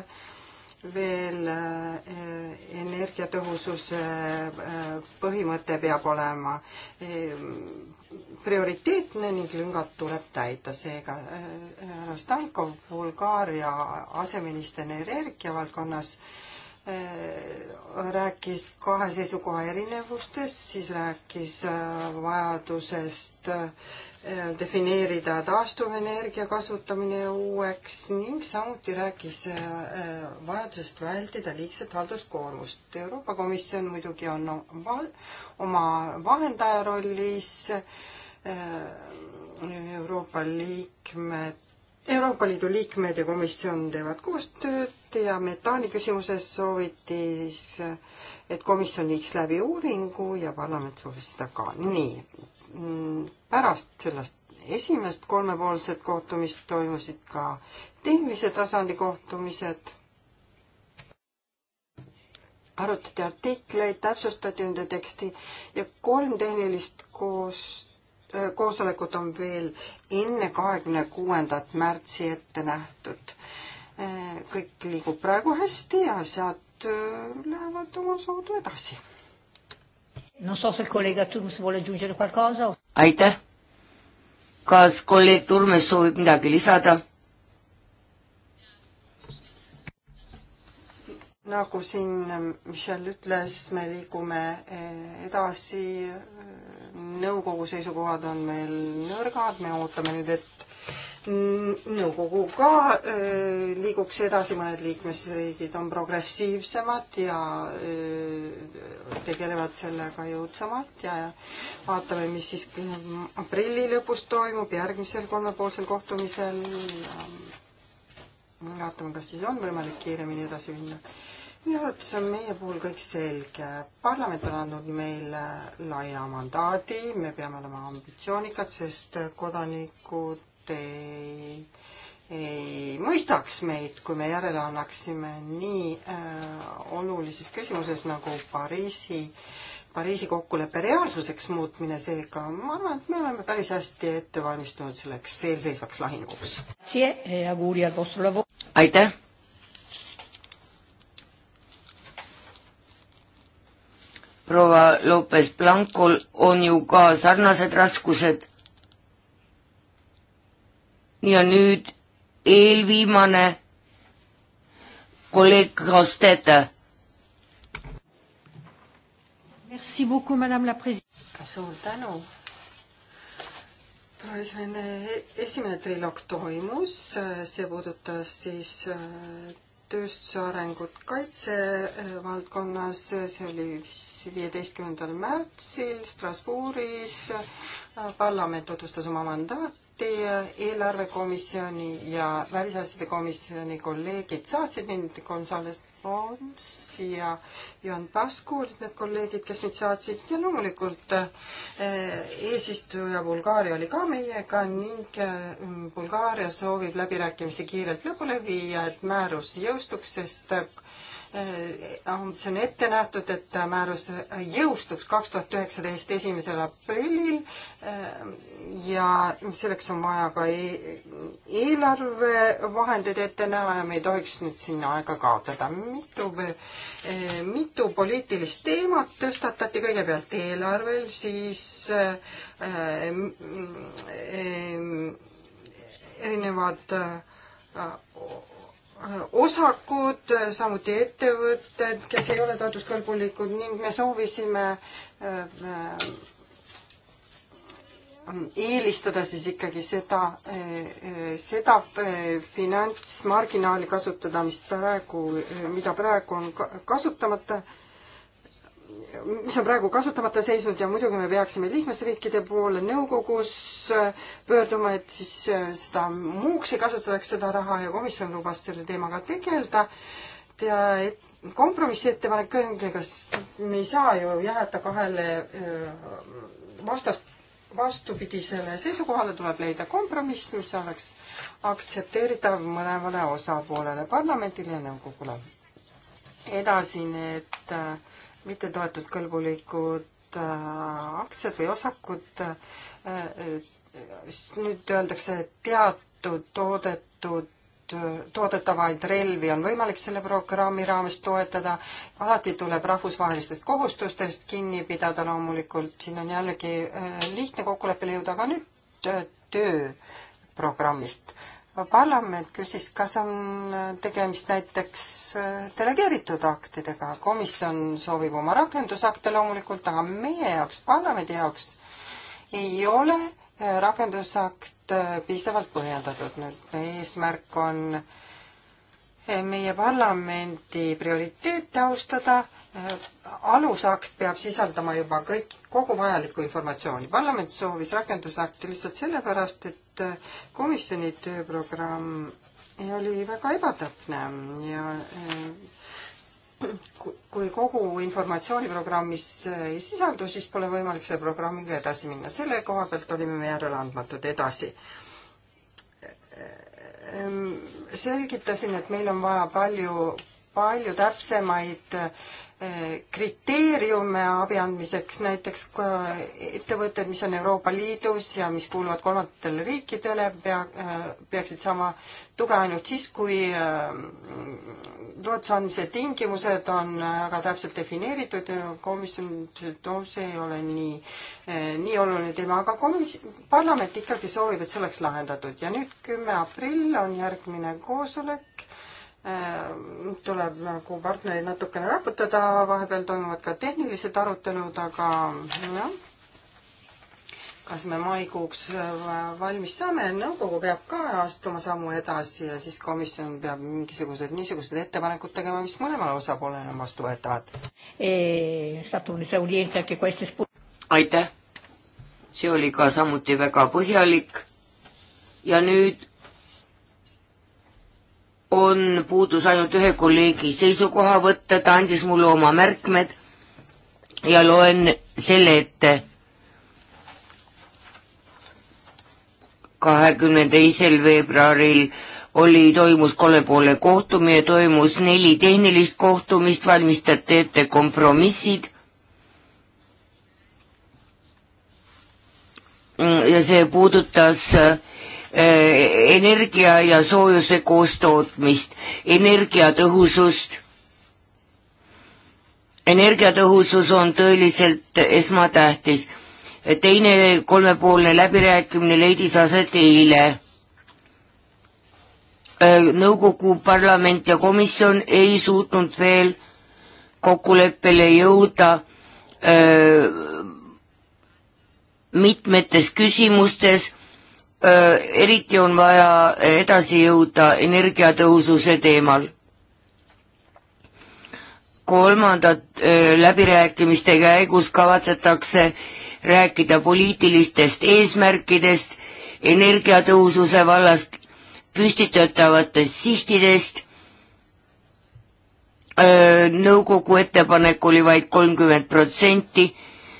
veel eh, energiatõhususe eh, põhimõte peab olema eh, prioriteetne ning lüngad tuleb täita, seega härra Stankov, Bulgaaria aseminister energia valdkonnas äh, Äh, rääkis kahe seisukoha erinevustest, siis rääkis äh, vajadusest äh, defineerida taastuvenergia kasutamine uueks ning samuti rääkis vajadusest vältida liigset halduskoormust. Euroopa Komisjon muidugi on oma vahendaja rollis Euroopa liikmed Euroopa Liidu liikmed ja komisjon teevad koostööd ja metaani küsimuses sooviti siis, et komisjon viiks läbi uuringu ja parlament soovis seda ka. nii, mm, pärast sellest esimest kolmepoolset kohtumist toimusid ka tehnilise tasandi kohtumised arutati artikleid, täpsustati nende teksti ja kolm tehnilist koos koosolekut on veel enne kahekümne kuuendat märtsi ette nähtud. Eh, kõik liigub praegu hästi ja asjad eh, lähevad oma soodu edasi. Non so se kolleeg Turms vuole aggiungere qualcosa. aitäh. kas kolleeg Turmes soovib midagi lisada? nagu siin Michel ütles, me liigume eh, edasi nõukogu seisukohad on meil nõrgad, me ootame nüüd, et nõukogu ka öö, äh, liiguks edasi, mõned liikmesriigid on progressiivsemad ja öö, äh, tegelevad sellega jõudsamalt ja, ja vaatame, mis siis aprilli lõpus toimub, järgmisel kolmepoolsel kohtumisel. vaatame, kas siis on võimalik kiiremini edasi minna minu arvates on meie puhul kõik selge. parlament on andnud meile laia mandaadi, me peame olema ambitsioonikad, sest kodanikud ei, ei mõistaks meid, kui me järele annaksime nii äh, olulises küsimuses nagu Pariisi, Pariisi kokkuleppe reaalsuseks muutmine, seega ma arvan, et me oleme päris hästi ette valmistunud selleks eelseisvaks lahinguks. E aitäh proua Lopez Blankol on ju ka sarnased raskused. ja nüüd eelviimane kolleeg Rosteta. suur tänu. esimene triloog toimus, see puudutas siis äh, tööstuse arengut kaitsevaldkonnas, see oli siis viieteistkümnendal märtsil Strasbourgis. parlament tutvustas oma mandaati, eelarvekomisjoni ja välisasjade komisjoni kolleegid saatsid mind Gonzales Pons ja Juhan Pasku olid need kolleegid, kes meid saatsid ja loomulikult eh, eesistuja Bulgaaria oli ka meiega ning eh, Bulgaaria soovib läbirääkimisi kiirelt lõpule viia, et määrus jõustuks, sest Äh, see on ette nähtud, et määrus jõustuks kaks tuhat üheksateist esimesel aprillil äh, ja selleks on vaja ka e-, eelarvevahendeid ette näha ja me ei tohiks nüüd sinna aega kaotada. mitu, äh, mitu poliitilist teemat tõstatati, kõigepealt eelarvel, siis erinevad osakud, samuti ettevõtted, kes ei ole toetuskõlbulikud ning me soovisime äh, äh, eelistada siis ikkagi seda, äh, seda finantsmarginaali kasutada, mis praegu, mida praegu on kasutamata mis on praegu kasutamata seisnud ja muidugi me peaksime liikmesriikide poole nõukogus pöörduma, et siis äh, seda muuks ei kasutataks, seda raha ja komisjon lubas selle teemaga tegeleda. ja et kompromissettepanek on, kas me ei saa ju jääda kahele äh, vastast, vastupidisele seisukohale, tuleb leida kompromiss, mis oleks aktsepteeritav mõlemale osapoolele, parlamendile ja nõukogule. edasi need äh, mittetoetuskõlbulikud äh, aktsiad või osakud, äh, äh, nüüd öeldakse, et teatud toodetud toodetavaid relvi on võimalik selle programmi raames toetada, alati tuleb rahvusvahelistest kohustustest kinni pidada loomulikult, siin on jällegi lihtne kokkuleppele jõuda, aga nüüd tööprogrammist parlament küsis, kas on tegemist näiteks delegeeritud aktidega. komisjon soovib oma rakendusakte loomulikult, aga meie jaoks, parlamendi jaoks ei ole rakendusakt piisavalt põhjendatud. nüüd eesmärk on meie parlamendi prioriteete austada. alusakt peab sisaldama juba kõik, kogu vajalikku informatsiooni. parlament soovis rakendusakti lihtsalt sellepärast, et et komisjoni tööprogramm oli väga ebatäpne ja eh, kui kogu informatsiooniprogrammis ei sisaldu, siis pole võimalik selle programmiga edasi minna. selle koha pealt olime me järeleandmatud edasi. Ehm, selgitasin, et meil on vaja palju, palju täpsemaid kriteeriume abi andmiseks, näiteks äh, ettevõtted, mis on Euroopa Liidus ja mis kuuluvad kolmandatele riikidele, pea, äh, peaksid saama tuge ainult siis, kui äh, toetuse andmise tingimused on väga täpselt defineeritud ja komisjon ütles, et noh, see ei ole nii, nii oluline teema, aga komis-, parlament ikkagi soovib, et see oleks lahendatud ja nüüd kümme aprill on järgmine koosolek Äh, tuleb nagu partnerid natukene raputada, vahepeal toimuvad ka tehnilised arutelud, aga jah, kas me maikuuks äh, valmis saame, nõukogu peab ka astuma sammu edasi ja siis komisjon peab mingisugused niisugused ettepanekud tegema, mis mõlemale osapoolele on vastuvõetavad. E, aitäh, see oli ka samuti väga põhjalik ja nüüd on puudus ainult ühe kolleegi seisukohavõtt, ta andis mulle oma märkmed ja loen selle ette. kahekümne teisel veebruaril oli, toimus kolmepoolne kohtumine, toimus neli tehnilist kohtumist, valmistati ette kompromissid. ja see puudutas äh, Äh, energia ja soojuse koostootmist, energiatõhusust. energiatõhusus on tõeliselt esmatähtis. teine kolmepoolne läbirääkimine leidis aset eile. Äh, nõukogu parlament ja komisjon ei suutnud veel kokkuleppele jõuda öö, äh, mitmetes küsimustes eriti on vaja edasi jõuda energiatõhususe teemal. kolmandat läbirääkimiste käigus kavatsetakse rääkida poliitilistest eesmärkidest, energiatõhususe vallas püstitatavatest sihtidest, nõukogu ettepanek oli vaid kolmkümmend protsenti,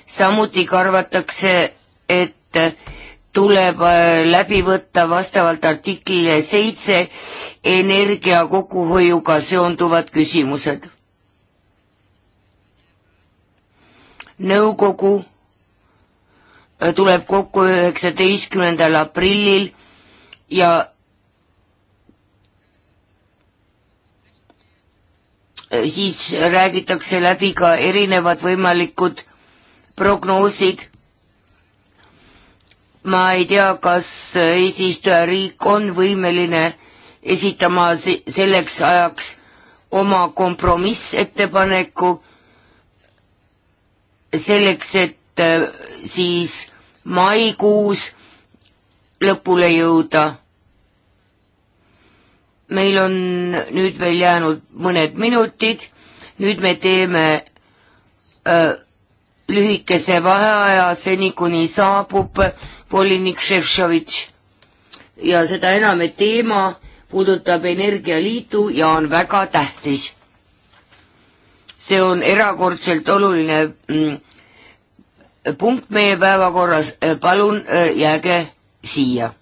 samuti karvatakse, et tuleb äh, läbi võtta vastavalt artiklile seitse energia kokkuhoiuga seonduvad küsimused. nõukogu äh, tuleb kokku üheksateistkümnendal aprillil ja äh, siis räägitakse läbi ka erinevad võimalikud prognoosid ma ei tea, kas eesistujariik on võimeline esitama selleks ajaks oma kompromissettepaneku, selleks, et äh, siis maikuus lõpule jõuda. meil on nüüd veel jäänud mõned minutid, nüüd me teeme öö, äh, lühikese vaheaja seni, kuni saabub volinik Šefšovitš. ja seda enam, et teema puudutab Energialiitu ja on väga tähtis. see on erakordselt oluline mm, punkt meie päevakorras, palun äh, jääge siia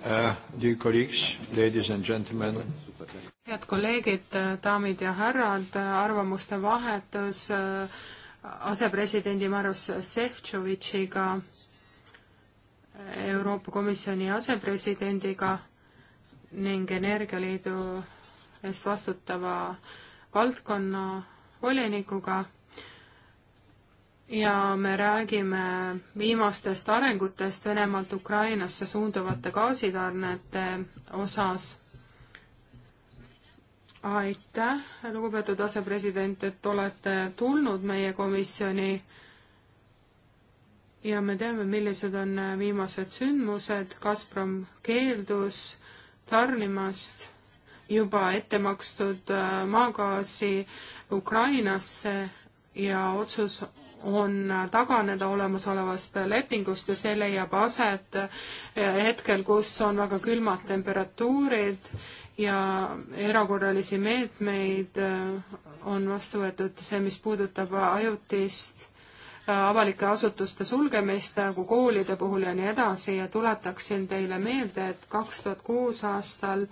Uh, dear colleagues, ladies and gentlemen. head kolleegid, uh, daamid ja härrad, uh, arvamuste vahetus uh, asepresidendi Maros Šefčovitšiga, Euroopa Komisjoni asepresidendiga ning Energialiidu eest vastutava valdkonna volinikuga ja me räägime viimastest arengutest Venemaalt Ukrainasse suunduvate gaasitarnete osas. aitäh, lugupeetud asepresident, et olete tulnud meie komisjoni. ja me teame, millised on viimased sündmused, Gazprom keeldus tarnimast juba ette makstud äh, maagaasi Ukrainasse ja otsus on taganeda olemasolevast lepingust ja see leiab aset hetkel, kus on väga külmad temperatuurid ja erakorralisi meetmeid on vastu võetud, see, mis puudutab ajutist äh, avalike asutuste sulgemist äh, nagu koolide puhul ja nii edasi ja tuletaksin teile meelde, et kaks tuhat kuus aastal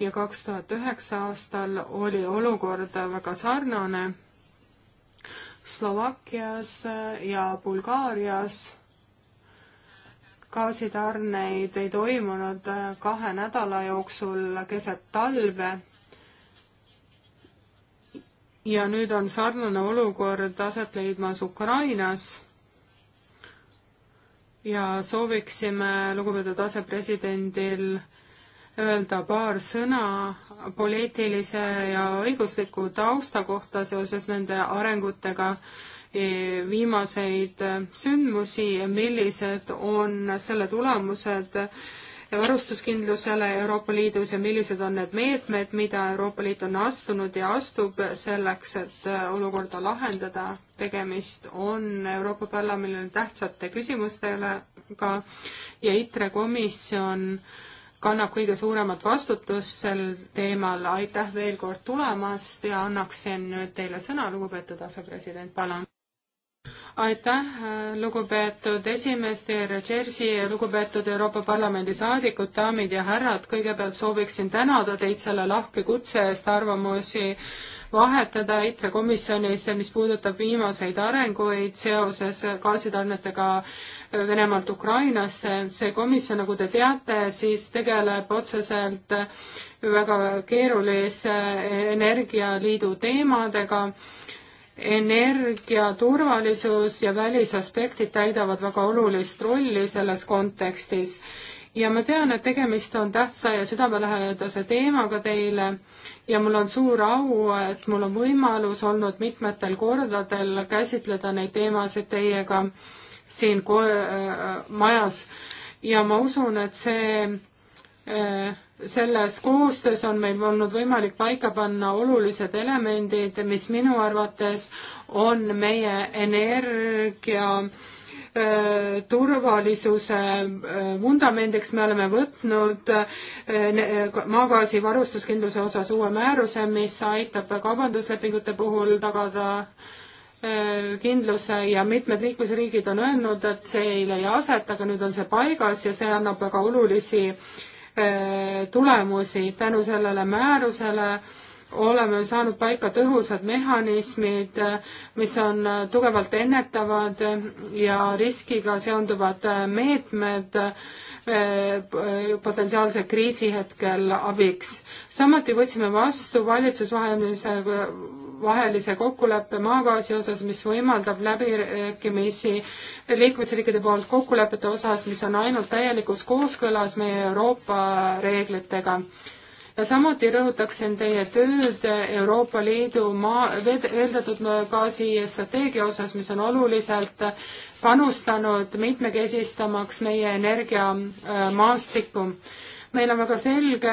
ja kaks tuhat üheksa aastal oli olukord väga sarnane Slovakkias ja Bulgaarias gaasitarneid ei toimunud kahe nädala jooksul keset talve. ja nüüd on sarnane olukord aset leidmas Ukrainas. ja sooviksime lugupeetud asepresidendil öelda paar sõna poliitilise ja õigusliku tausta kohta seoses nende arengutega, e, viimaseid e, sündmusi, millised on selle tulemused varustuskindlusele Euroopa Liidus ja millised on need meetmed, mida Euroopa Liit on astunud ja astub selleks, et e, olukorda lahendada. tegemist on Euroopa Parlamendile tähtsate küsimustega ja ITRE komisjon äh, kannab kõige suuremat vastutust sel teemal. aitäh veel kord tulemast ja annaksin nüüd teile sõna, lugupeetud asepresident, palun. aitäh, lugupeetud esimees, teie Jersey ja lugupeetud Euroopa Parlamendi saadikud, daamid ja härrad, kõigepealt sooviksin tänada teid selle lahke kutse eest arvamusi vahetada ITRE komisjonis, mis puudutab viimaseid arenguid seoses gaasitarnetega Venemaalt Ukrainasse. see komisjon, nagu te teate, siis tegeleb otseselt väga keerulise energialiidu teemadega energiaturvalisus ja välisaspektid täidavad väga olulist rolli selles kontekstis ja ma tean, et tegemist on tähtsa ja südamelähedase teemaga teile ja mul on suur au, et mul on võimalus olnud mitmetel kordadel käsitleda neid teemasid teiega siin ko-, äh, majas ja ma usun, et see äh, selles koostöös on meil olnud võimalik paika panna olulised elemendid, mis minu arvates on meie energia äh, Äh, turvalisuse äh, vundamendiks me oleme võtnud äh, maagaasi varustuskindluse osas uue määruse, mis aitab kaubanduslepingute puhul tagada kindluse ja mitmed liikmesriigid on öelnud, et see ei leia aset, aga nüüd on see paigas ja see annab väga olulisi tulemusi tänu sellele määrusele oleme saanud paika tõhusad mehhanismid, mis on tugevalt ennetavad ja riskiga seonduvad meetmed eh, potentsiaalse kriisi hetkel abiks. samuti võtsime vastu valitsusvahelise vahelise kokkuleppe maagaasi osas, mis võimaldab läbirääkimisi liikmesriikide poolt kokkulepete osas, mis on ainult täielikus kooskõlas meie Euroopa reeglitega ja samuti rõhutaksin teie tööd Euroopa Liidu maa, veeldatud gaasi strateegia osas, mis on oluliselt panustanud mitmekesistamaks meie energiamaastikku äh, meil on väga selged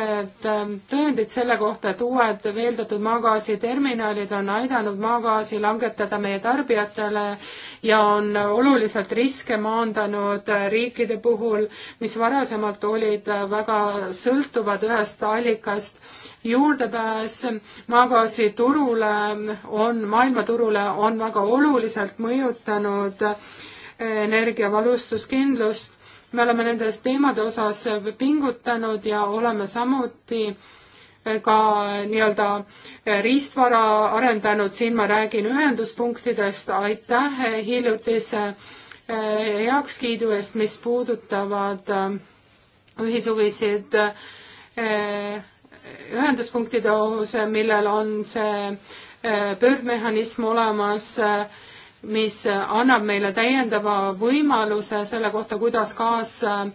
ähm, tõendid selle kohta, et uued veeldatud maagaasiterminalid on aidanud maagaasi langetada meie tarbijatele ja on oluliselt riske maandanud äh, riikide puhul, mis varasemalt olid äh, väga sõltuvad ühest allikast juurdepääs maagaasi turule on, maailmaturule on väga oluliselt mõjutanud äh, energiavalustuskindlust me oleme nendes teemade osas pingutanud ja oleme samuti eh, ka nii-öelda eh, riistvara arendanud, siin ma räägin ühenduspunktidest, aitäh hiljutise eh, heakskiidu eest, mis puudutavad ühishuvisid ühenduspunktide osas, millel on see pöördmehhanism olemas äh, mis äh, annab meile täiendava võimaluse selle kohta, kuidas gaas äh,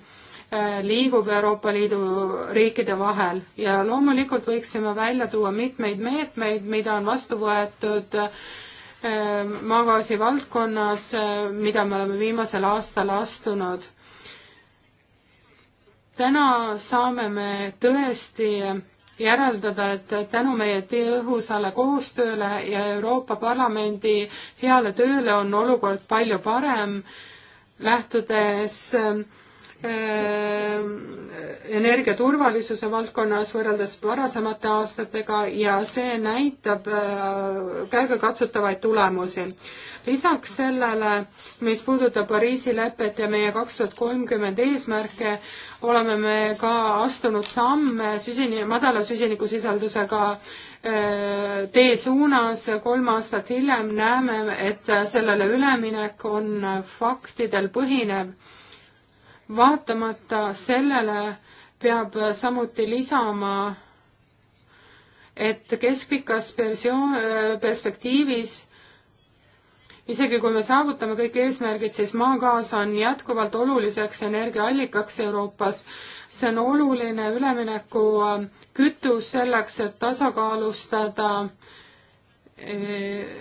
liigub Euroopa Liidu riikide vahel ja loomulikult võiksime välja tuua mitmeid meetmeid, mida on vastu võetud äh, maagaasi valdkonnas, mida me oleme viimasel aastal astunud. täna saame me tõesti järeldada, et tänu meie tõhusale koostööle ja Euroopa Parlamendi heale tööle on olukord palju parem, lähtudes äh, energiaturvalisuse valdkonnas võrreldes varasemate aastatega ja see näitab äh, käegakatsutavaid tulemusi lisaks sellele, mis puudutab Pariisi lepet ja meie kaks tuhat kolmkümmend eesmärke, oleme me ka astunud samme süsini, madala süsinikusisaldusega äh, tee suunas, kolm aastat hiljem näeme, et sellele üleminek on faktidel põhinev. vaatamata sellele peab samuti lisama et keskpikas persioon, äh, perspektiivis isegi kui me saavutame kõik eesmärgid, siis maagaas on jätkuvalt oluliseks energiaallikaks Euroopas. see on oluline üleminekukütus ähm, selleks, et tasakaalustada äh,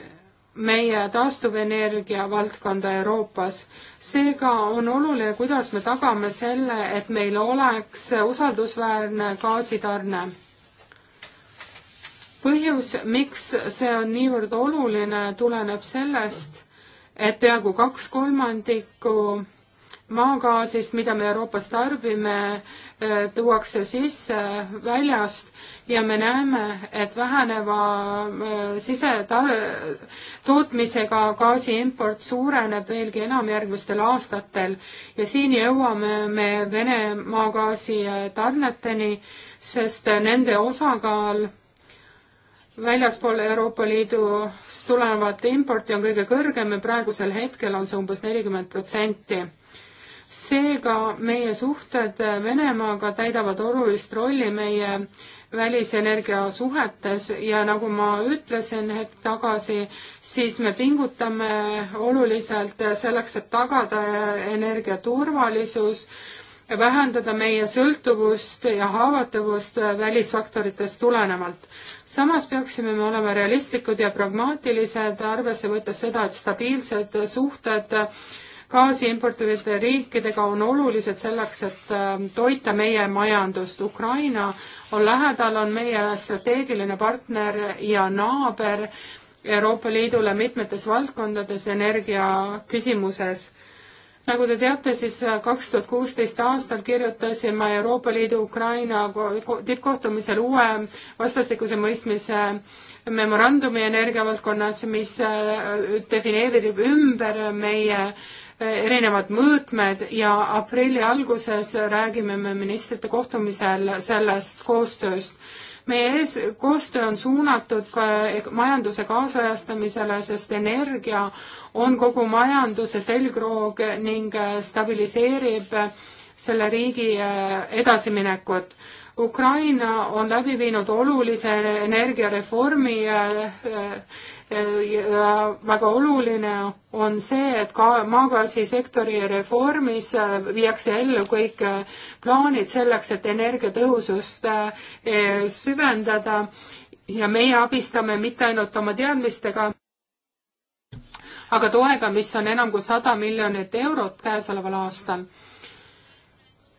meie taastuvenergia valdkonda Euroopas. seega on oluline, kuidas me tagame selle, et meil oleks usaldusväärne gaasitarne põhjus, miks see on niivõrd oluline, tuleneb sellest, et peaaegu kaks kolmandikku maagaasist, mida me Euroopas tarbime, tuuakse sisse väljast ja me näeme, et väheneva äh, sisetootmisega gaasi import suureneb veelgi enam järgmistel aastatel ja siin jõuame me Vene maagaasi äh, tarneteni, sest äh, nende osakaal väljaspool Euroopa Liidust tulevat importi on kõige kõrgem ja praegusel hetkel on see umbes nelikümmend protsenti. seega meie suhted Venemaaga täidavad olulist rolli meie välisenergia suhetes ja nagu ma ütlesin hetk tagasi, siis me pingutame oluliselt selleks, et tagada energia turvalisus vähendada meie sõltuvust ja haavatavust välisfaktoritest tulenevalt. samas peaksime me olema realistlikud ja pragmaatilised, arvesse võttes seda, et stabiilsed suhted gaasi importivate riikidega on olulised selleks, et ähm, toita meie majandust. Ukraina on lähedal, on meie strateegiline partner ja naaber Euroopa Liidule mitmetes valdkondades energiaküsimuses nagu te teate, siis äh, kaks tuhat kuusteist aastal kirjutasime Euroopa Liidu Ukraina tippkohtumisel uue vastastikuse mõistmise äh, memorandumi energiavaldkonnas, mis äh, defineerib ümber meie erinevad mõõtmed ja aprilli alguses räägime me ministrite kohtumisel sellest koostööst meie ees, koostöö on suunatud ka majanduse kaasajastamisele, sest energia on kogu majanduse selgroog ning stabiliseerib selle riigi eh, edasiminekut Ukraina on läbi viinud olulise energiareformi ja, äh, äh, ja väga oluline on see, et ka maagaasisektori reformis äh, viiakse ellu kõik plaanid selleks, et energiatõhusust süvendada ja meie abistame mitte ainult oma teadmistega, aga toega, mis on enam kui sada miljonit eurot käesoleval aastal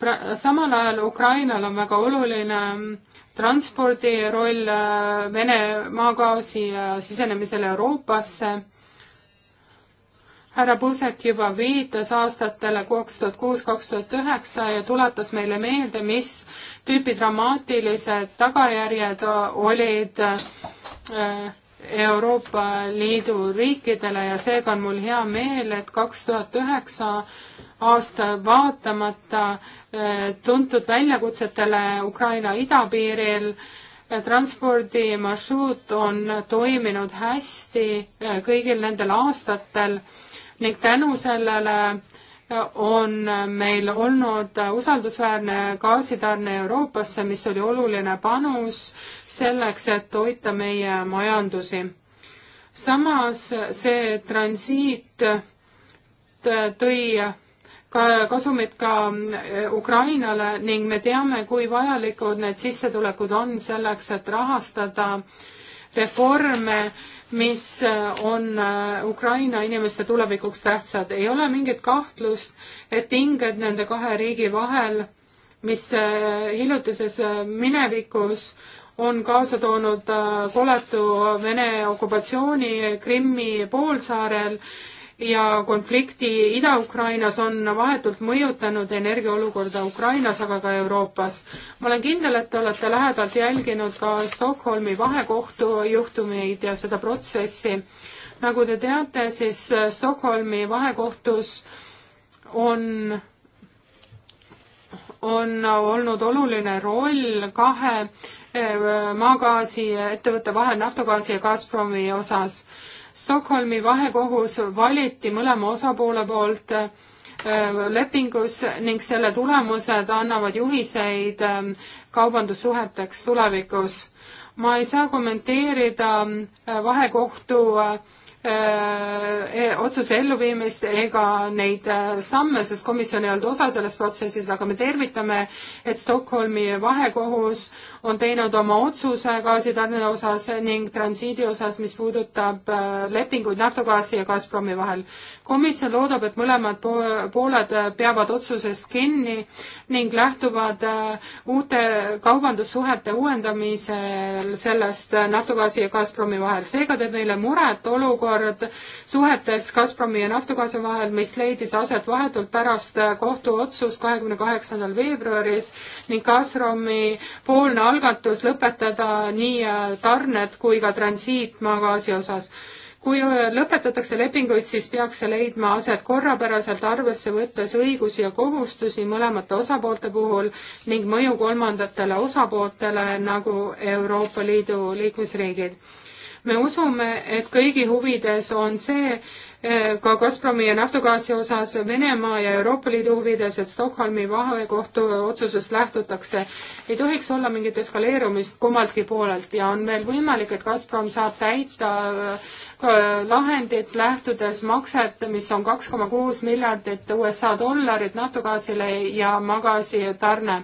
pra-, samal ajal Ukrainal on väga oluline mm, transpordi roll äh, Vene maagaasi äh, sisenemisel Euroopasse härra Pusek juba viitas aastatele kaks tuhat kuus, kaks tuhat üheksa ja tuletas meile meelde, mis tüüpi dramaatilised tagajärjed olid äh, Euroopa Liidu riikidele ja seega on mul hea meel, et kaks tuhat üheksa aasta vaatamata eh, tuntud väljakutsetele Ukraina idapiiril eh, transpordimarsruut on toiminud hästi eh, kõigil nendel aastatel ning tänu sellele on meil olnud usaldusväärne gaasitarne Euroopasse, mis oli oluline panus selleks, et hoida meie majandusi. samas see transiit tõi ka kasumit ka äh, Ukrainale ning me teame, kui vajalikud need sissetulekud on selleks, et rahastada reforme, mis äh, on äh, Ukraina inimeste tulevikuks tähtsad. ei ole mingit kahtlust, et pinged nende kahe riigi vahel, mis hiljutises minevikus on kaasa toonud koletu Vene okupatsiooni Krimmi poolsaarel ja konflikti Ida-Ukrainas on vahetult mõjutanud energiaolukorda Ukrainas, aga ka Euroopas. ma olen kindel, et te olete lähedalt jälginud ka Stockholmi vahekohtu juhtumeid ja seda protsessi. nagu te teate, siis Stockholmi vahekohtus on on olnud oluline roll kahe eh, maagaasi ettevõtte vahel, naftogaasi ja Gazpromi osas Stockholmi vahekohus valiti mõlema osapoole poolt äh, lepingus ning selle tulemused annavad juhiseid ähm, kaubandussuheteks tulevikus. ma ei saa kommenteerida äh, vahekohtu äh, Äh, e, otsuse elluviimist ega neid äh, samme, sest komisjon ei olnud osa selles protsessis, aga me tervitame, et Stockholmi vahekohus on teinud oma otsuse gaasitarne osas ning transiidi osas, mis puudutab äh, lepinguid Naftogaasi ja Gazpromi vahel. komisjon loodab, et mõlemad pooled peavad otsusest kinni ning lähtuvad uute kaubandussuhete uuendamisel sellest Naftogaasi ja Gazpromi vahel. seega teeb meile muret olukord, olukord suhetes Gazpromi ja Naftogase vahel, mis leidis aset vahetult pärast kohtuotsust kahekümne kaheksandal veebruaris ning Gazpromi poolne algatus lõpetada nii äh, tarned kui ka transiit maagaasi osas kui äh, lõpetatakse lepinguid, siis peaks see leidma aset korrapäraselt, arvesse võttes õigusi ja kohustusi mõlemate osapoolte puhul ning mõju kolmandatele osapooltele nagu Euroopa Liidu liikmesriigid me usume, et kõigi huvides on see, eh, ka Gazpromi ja naftogaasi osas Venemaa ja Euroopa Liidu huvides, et Stockholmi vahekohtu otsusest lähtutakse. ei tohiks olla mingit eskaleerumist kummaltki poolelt ja on veel võimalik, et Gazprom saab täita eh, lahendit lähtudes makset, mis on kaks koma kuus miljardit USA dollarit naftogaasile ja magaasitarne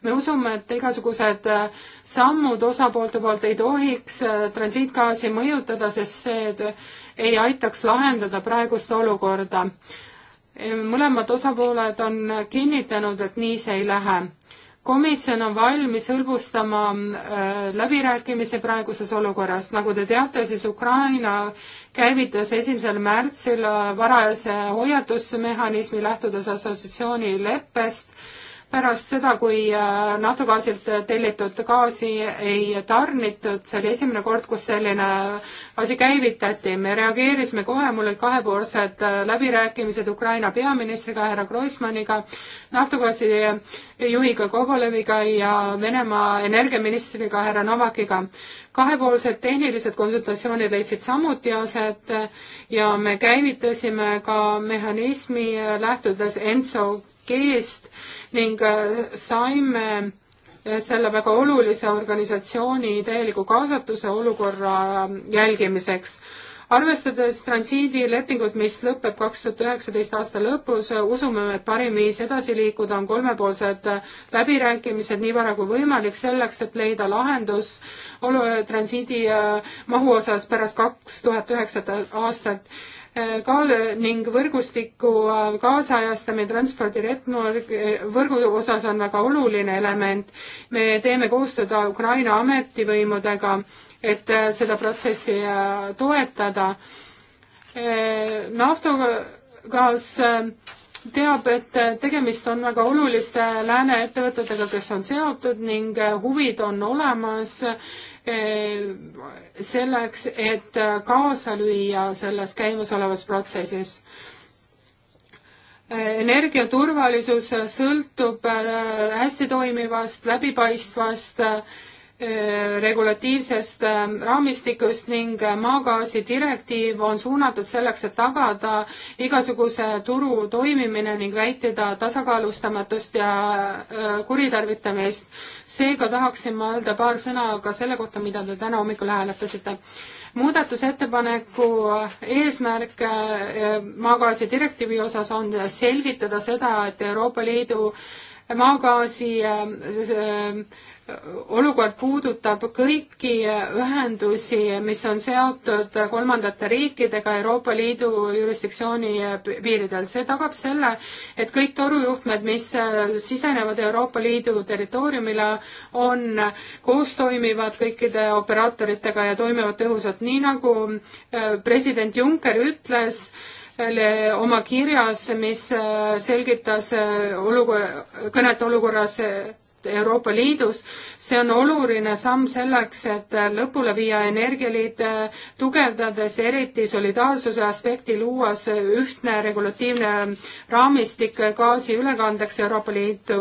me usume, et igasugused äh, sammud osapoolte poolt ei tohiks äh, transiitgaasi mõjutada, sest see ei aitaks lahendada praegust olukorda. Äh, mõlemad osapooled on kinnitanud, et nii see ei lähe komisjon on valmis hõlbustama läbirääkimisi praeguses olukorras. nagu te teate, siis Ukraina käivitas esimesel märtsil varajase hoiatusmehhanismi lähtudes assotsiatsiooni leppest pärast seda, kui äh, naftogaasilt tellitud gaasi ei tarnitud, see oli esimene kord, kus selline asi käivitati. me reageerisime kohe, mul olid kahepoolsed äh, läbirääkimised Ukraina peaministriga, härra Groismaniga, naftogaasi juhiga Koboleviga ja Venemaa energiaministriga, härra Novakiga. kahepoolsed tehnilised konsultatsioonid leidsid samuti aset äh, ja me käivitasime ka mehhanismi lähtudes ENSO G-st ning äh, saime äh, selle väga olulise organisatsiooni täieliku kaasatuse olukorra ähm, jälgimiseks. arvestades transiidilepingut, mis lõpeb kaks tuhat üheksateist aasta lõpus, äh, usume, et parim viis edasi liikuda on kolmepoolsed läbirääkimised nii vara kui võimalik, selleks et leida lahendus olu-, transiidi mahu osas pärast kaks tuhat üheksat aastat kaal- ning võrgustiku äh, kaasajastamine transpordi network äh, võrgu osas on väga oluline element. me teeme koostööd Ukraina ametivõimudega, et äh, seda protsessi toetada. naftogaas teab, et tegemist on väga oluliste lääne ettevõtetega, kes on seotud ning huvid on olemas Eh, selleks, et äh, kaasa lüüa selles käimasolevas protsessis. Eh, energiaturvalisus sõltub äh, hästi toimivast, läbipaistvast Äh, regulatiivsest äh, raamistikust ning äh, maagaasi direktiiv on suunatud selleks, et tagada igasuguse turu toimimine ning vältida tasakaalustamatust ja kuritarvitamist. seega tahaksin ma öelda paar sõna ka selle kohta, mida te täna hommikul hääletasite. muudatusettepaneku eesmärk maagaasi direktiivi osas on selgitada seda, et Euroopa Liidu maagaasi äh, olukord puudutab kõiki ühendusi, mis on seotud kolmandate riikidega Euroopa Liidu jurisdiktsiooni piiridel. see tagab selle, et kõik torujuhtmed, mis sisenevad Euroopa Liidu territooriumile, on koos toimivad kõikide operaatoritega ja toimivad tõhusalt, nii nagu äh, president Juncker ütles, oma kirjas, mis äh, selgitas äh, olukorra, kõnet olukorras Euroopa Liidus, see on oluline samm selleks, et lõpule viia Energialiit, tugevdades eriti solidaarsuse aspekti, luues ühtne regulatiivne raamistik gaasi ülekandeks Euroopa Liitu,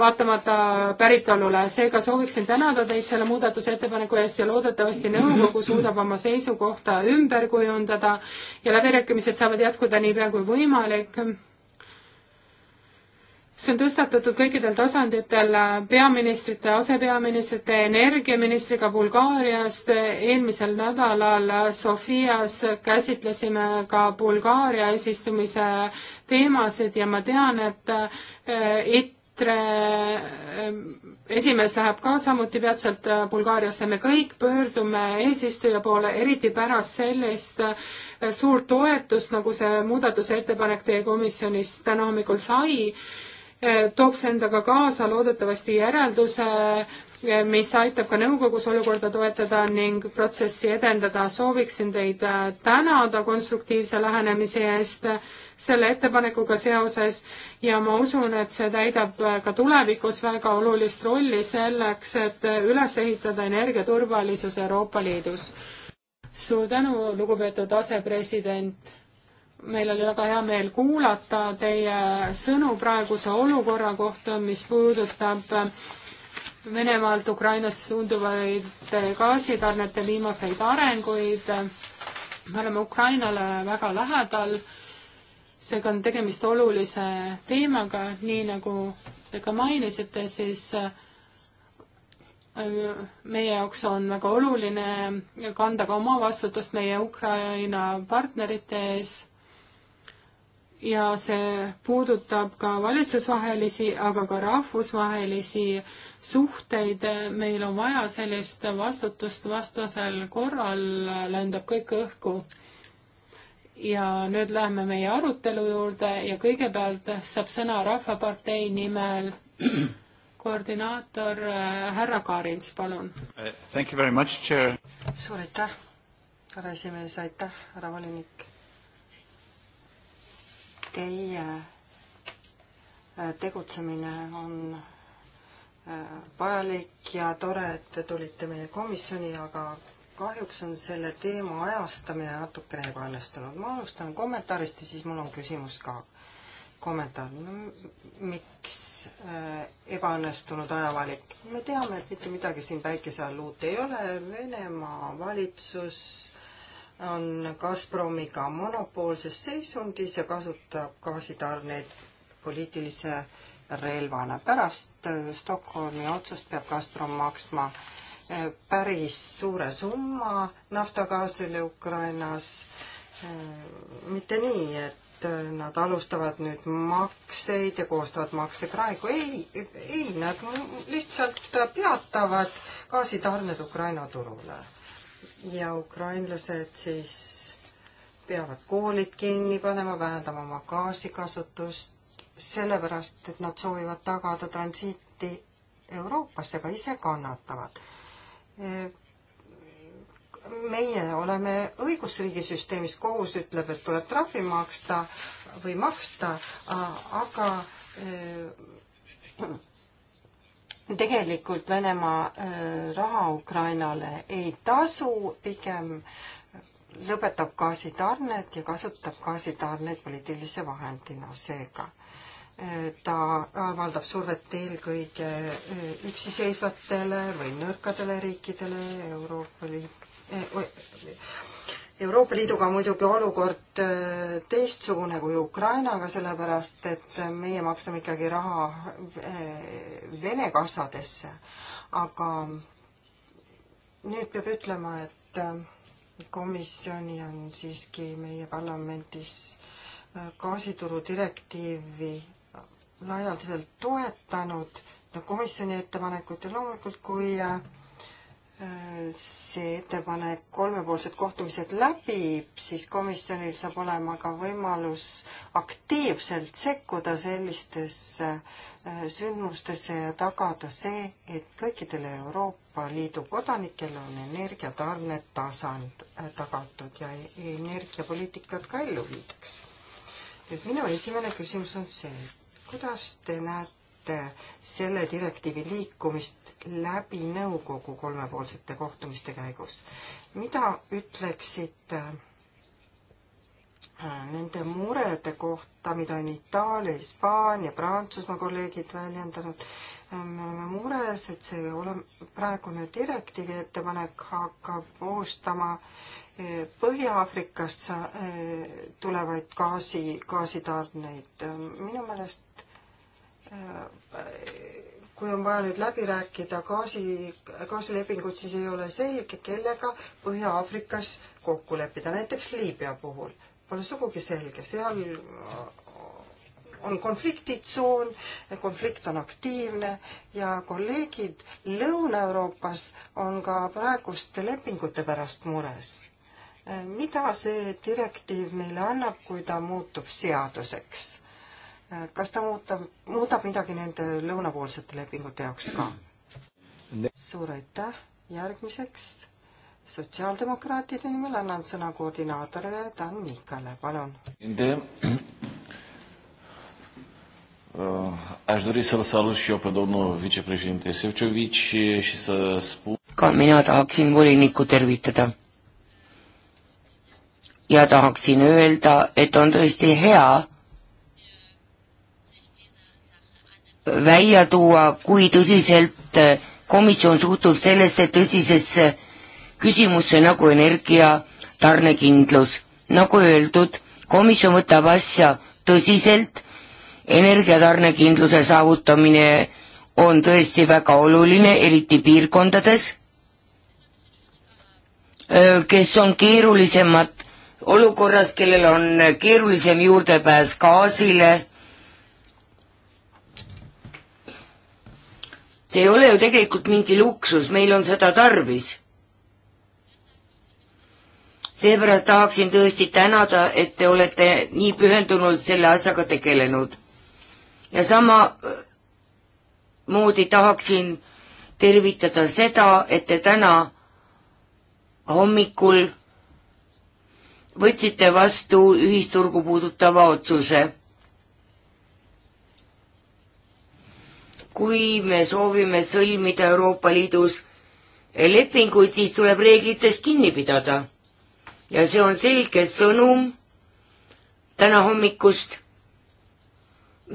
vaatamata päritolule. seega sooviksin tänada teid selle muudatusettepaneku eest ja loodetavasti nõukogu suudab oma seisukohta ümber kujundada ja läbirääkimised saavad jätkuda niipea kui võimalik see on tõstatatud kõikidel tasanditel äh, peaministrite, asepeaministrite, energiaministriga Bulgaariast, eelmisel nädalal äh, Sofias käsitlesime ka Bulgaaria eesistumise teemasid ja ma tean, et äh, ITRE esimees läheb ka samuti peatselt Bulgaariasse, me kõik pöördume eesistuja poole, eriti pärast sellist suurt toetust, nagu see muudatusettepanek teie komisjonist täna hommikul sai Äh, toob see endaga kaasa loodetavasti järelduse, äh, mis aitab ka nõukogus olukorda toetada ning protsessi edendada. sooviksin teid äh, tänada konstruktiivse lähenemise eest selle ettepanekuga seoses ja ma usun, et see täidab ka tulevikus väga olulist rolli selleks, et üles ehitada energiaturvalisus Euroopa Liidus. suur tänu, lugupeetud asepresident meil oli väga hea meel kuulata teie sõnu praeguse olukorra kohta, mis puudutab Venemaalt Ukrainasse suunduvaid gaasitarnete viimaseid arenguid. me oleme Ukrainale väga lähedal, seega on tegemist olulise teemaga, nii nagu te ka mainisite, siis äh, meie jaoks on väga oluline kanda ka oma vastutust meie Ukraina partnerite ees ja see puudutab ka valitsusvahelisi, aga ka rahvusvahelisi suhteid. meil on vaja sellist vastutust, vastasel korral lendab kõik õhku. ja nüüd läheme meie arutelu juurde ja kõigepealt saab sõna Rahvapartei nimel koordinaator äh, härra Kaarins, palun. Uh, thank you very much, chair. suur aitäh, härra esimees, aitäh, härra volinik teie äh, tegutsemine on äh, vajalik ja tore, et te tulite meie komisjoni, aga kahjuks on selle teema ajastamine natukene ebaõnnestunud. ma alustan kommentaarist ja siis mul on küsimus ka. kommentaar no,, miks äh, ebaõnnestunud ajavalik? me teame, et mitte midagi siin päikese all uut ei ole, Venemaa valitsus on Gazpromiga monopoolses seisundis ja kasutab gaasitarneid poliitilise relvana. pärast äh, Stockholmi otsust peab Gazprom maksma äh, päris suure summa naftagaasile Ukrainas. Äh, mitte nii, et nad alustavad nüüd makseid ja koostavad maksekraegu. ei, ei, nad lihtsalt peatavad gaasitarned Ukraina turule ja ukrainlased siis peavad koolid kinni panema, vähendama oma gaasikasutust, sellepärast et nad soovivad tagada transiiti Euroopasse, aga ise kannatavad. meie oleme õigusriigi süsteemis, kohus ütleb, et tuleb trahvi maksta või maksta, aga tegelikult Venemaa äh, raha Ukrainale ei tasu, pigem lõpetab gaasitarned ja kasutab gaasitarneid poliitilise vahendina, seega äh, ta avaldab survet eelkõige äh, üksiseisvatele või nõrkadele riikidele Euroopa Liit Euroopa Liiduga on muidugi olukord äh, teistsugune kui Ukrainaga, sellepärast et meie maksame ikkagi raha äh, Vene kassadesse. aga nüüd peab ütlema, et äh, komisjoni on siiski meie parlamendis gaasituru direktiivi laialdaselt toetanud, no komisjoni ettepanekut ja loomulikult, kui see ettepanek, kolmepoolsed kohtumised läbib, siis komisjonil saab olema ka võimalus aktiivselt sekkuda sellistesse äh, sündmustesse ja tagada see, et kõikidele Euroopa Liidu kodanikele on energiatarned tasand äh, tagatud ja energiapoliitikat ka ellu viidaks. nüüd minu esimene küsimus on see, et kuidas te näete selle direktiivi liikumist läbi nõukogu kolmepoolsete kohtumiste käigus. mida ütleksite äh, nende murede kohta, mida on Itaalia, Hispaania, Prantsusmaa kolleegid väljendanud, äh, me oleme mures, et see ole, praegune direktiivi ettepanek hakkab koostama äh, Põhja-Aafrikast tulevaid gaasi, gaasitarneid. minu meelest kui on vaja nüüd läbi rääkida gaasi, gaasilepingut, siis ei ole selge, kellega Põhja-Aafrikas kokku leppida, näiteks Liibüa puhul. Pole sugugi selge, seal on konfliktitsoon, konflikt on aktiivne ja kolleegid Lõuna-Euroopas on ka praeguste lepingute pärast mures. mida see direktiiv meile annab, kui ta muutub seaduseks? kas ta muutab, muudab midagi nende lõunapoolsete lepingute jaoks ka? suur aitäh, järgmiseks sotsiaaldemokraatide nimel annan sõna koordinaatorile Dan Mikale, palun. Eh, aș dori să-l salut și eu pe domnul vicepreședinte Sefcovici și să spun... Ka mina tahaksin volinikku tervitada. Ja tahaksin öelda, et on tõesti hea, välja tuua, kui tõsiselt äh, komisjon suhtub sellesse tõsisesse küsimusse nagu energia tarnekindlus. nagu öeldud, komisjon võtab asja tõsiselt, energiatarnekindluse saavutamine on tõesti väga oluline, eriti piirkondades, äh, kes on keerulisemad olukorras, kellel on keerulisem juurdepääs gaasile see ei ole ju tegelikult mingi luksus, meil on seda tarvis. seepärast tahaksin tõesti tänada, et te olete nii pühendunult selle asjaga tegelenud. ja samamoodi äh, tahaksin tervitada seda, et te täna hommikul võtsite vastu ühisturgu puudutava otsuse kui me soovime sõlmida Euroopa Liidus lepinguid, siis tuleb reeglitest kinni pidada. ja see on selge sõnum täna hommikust,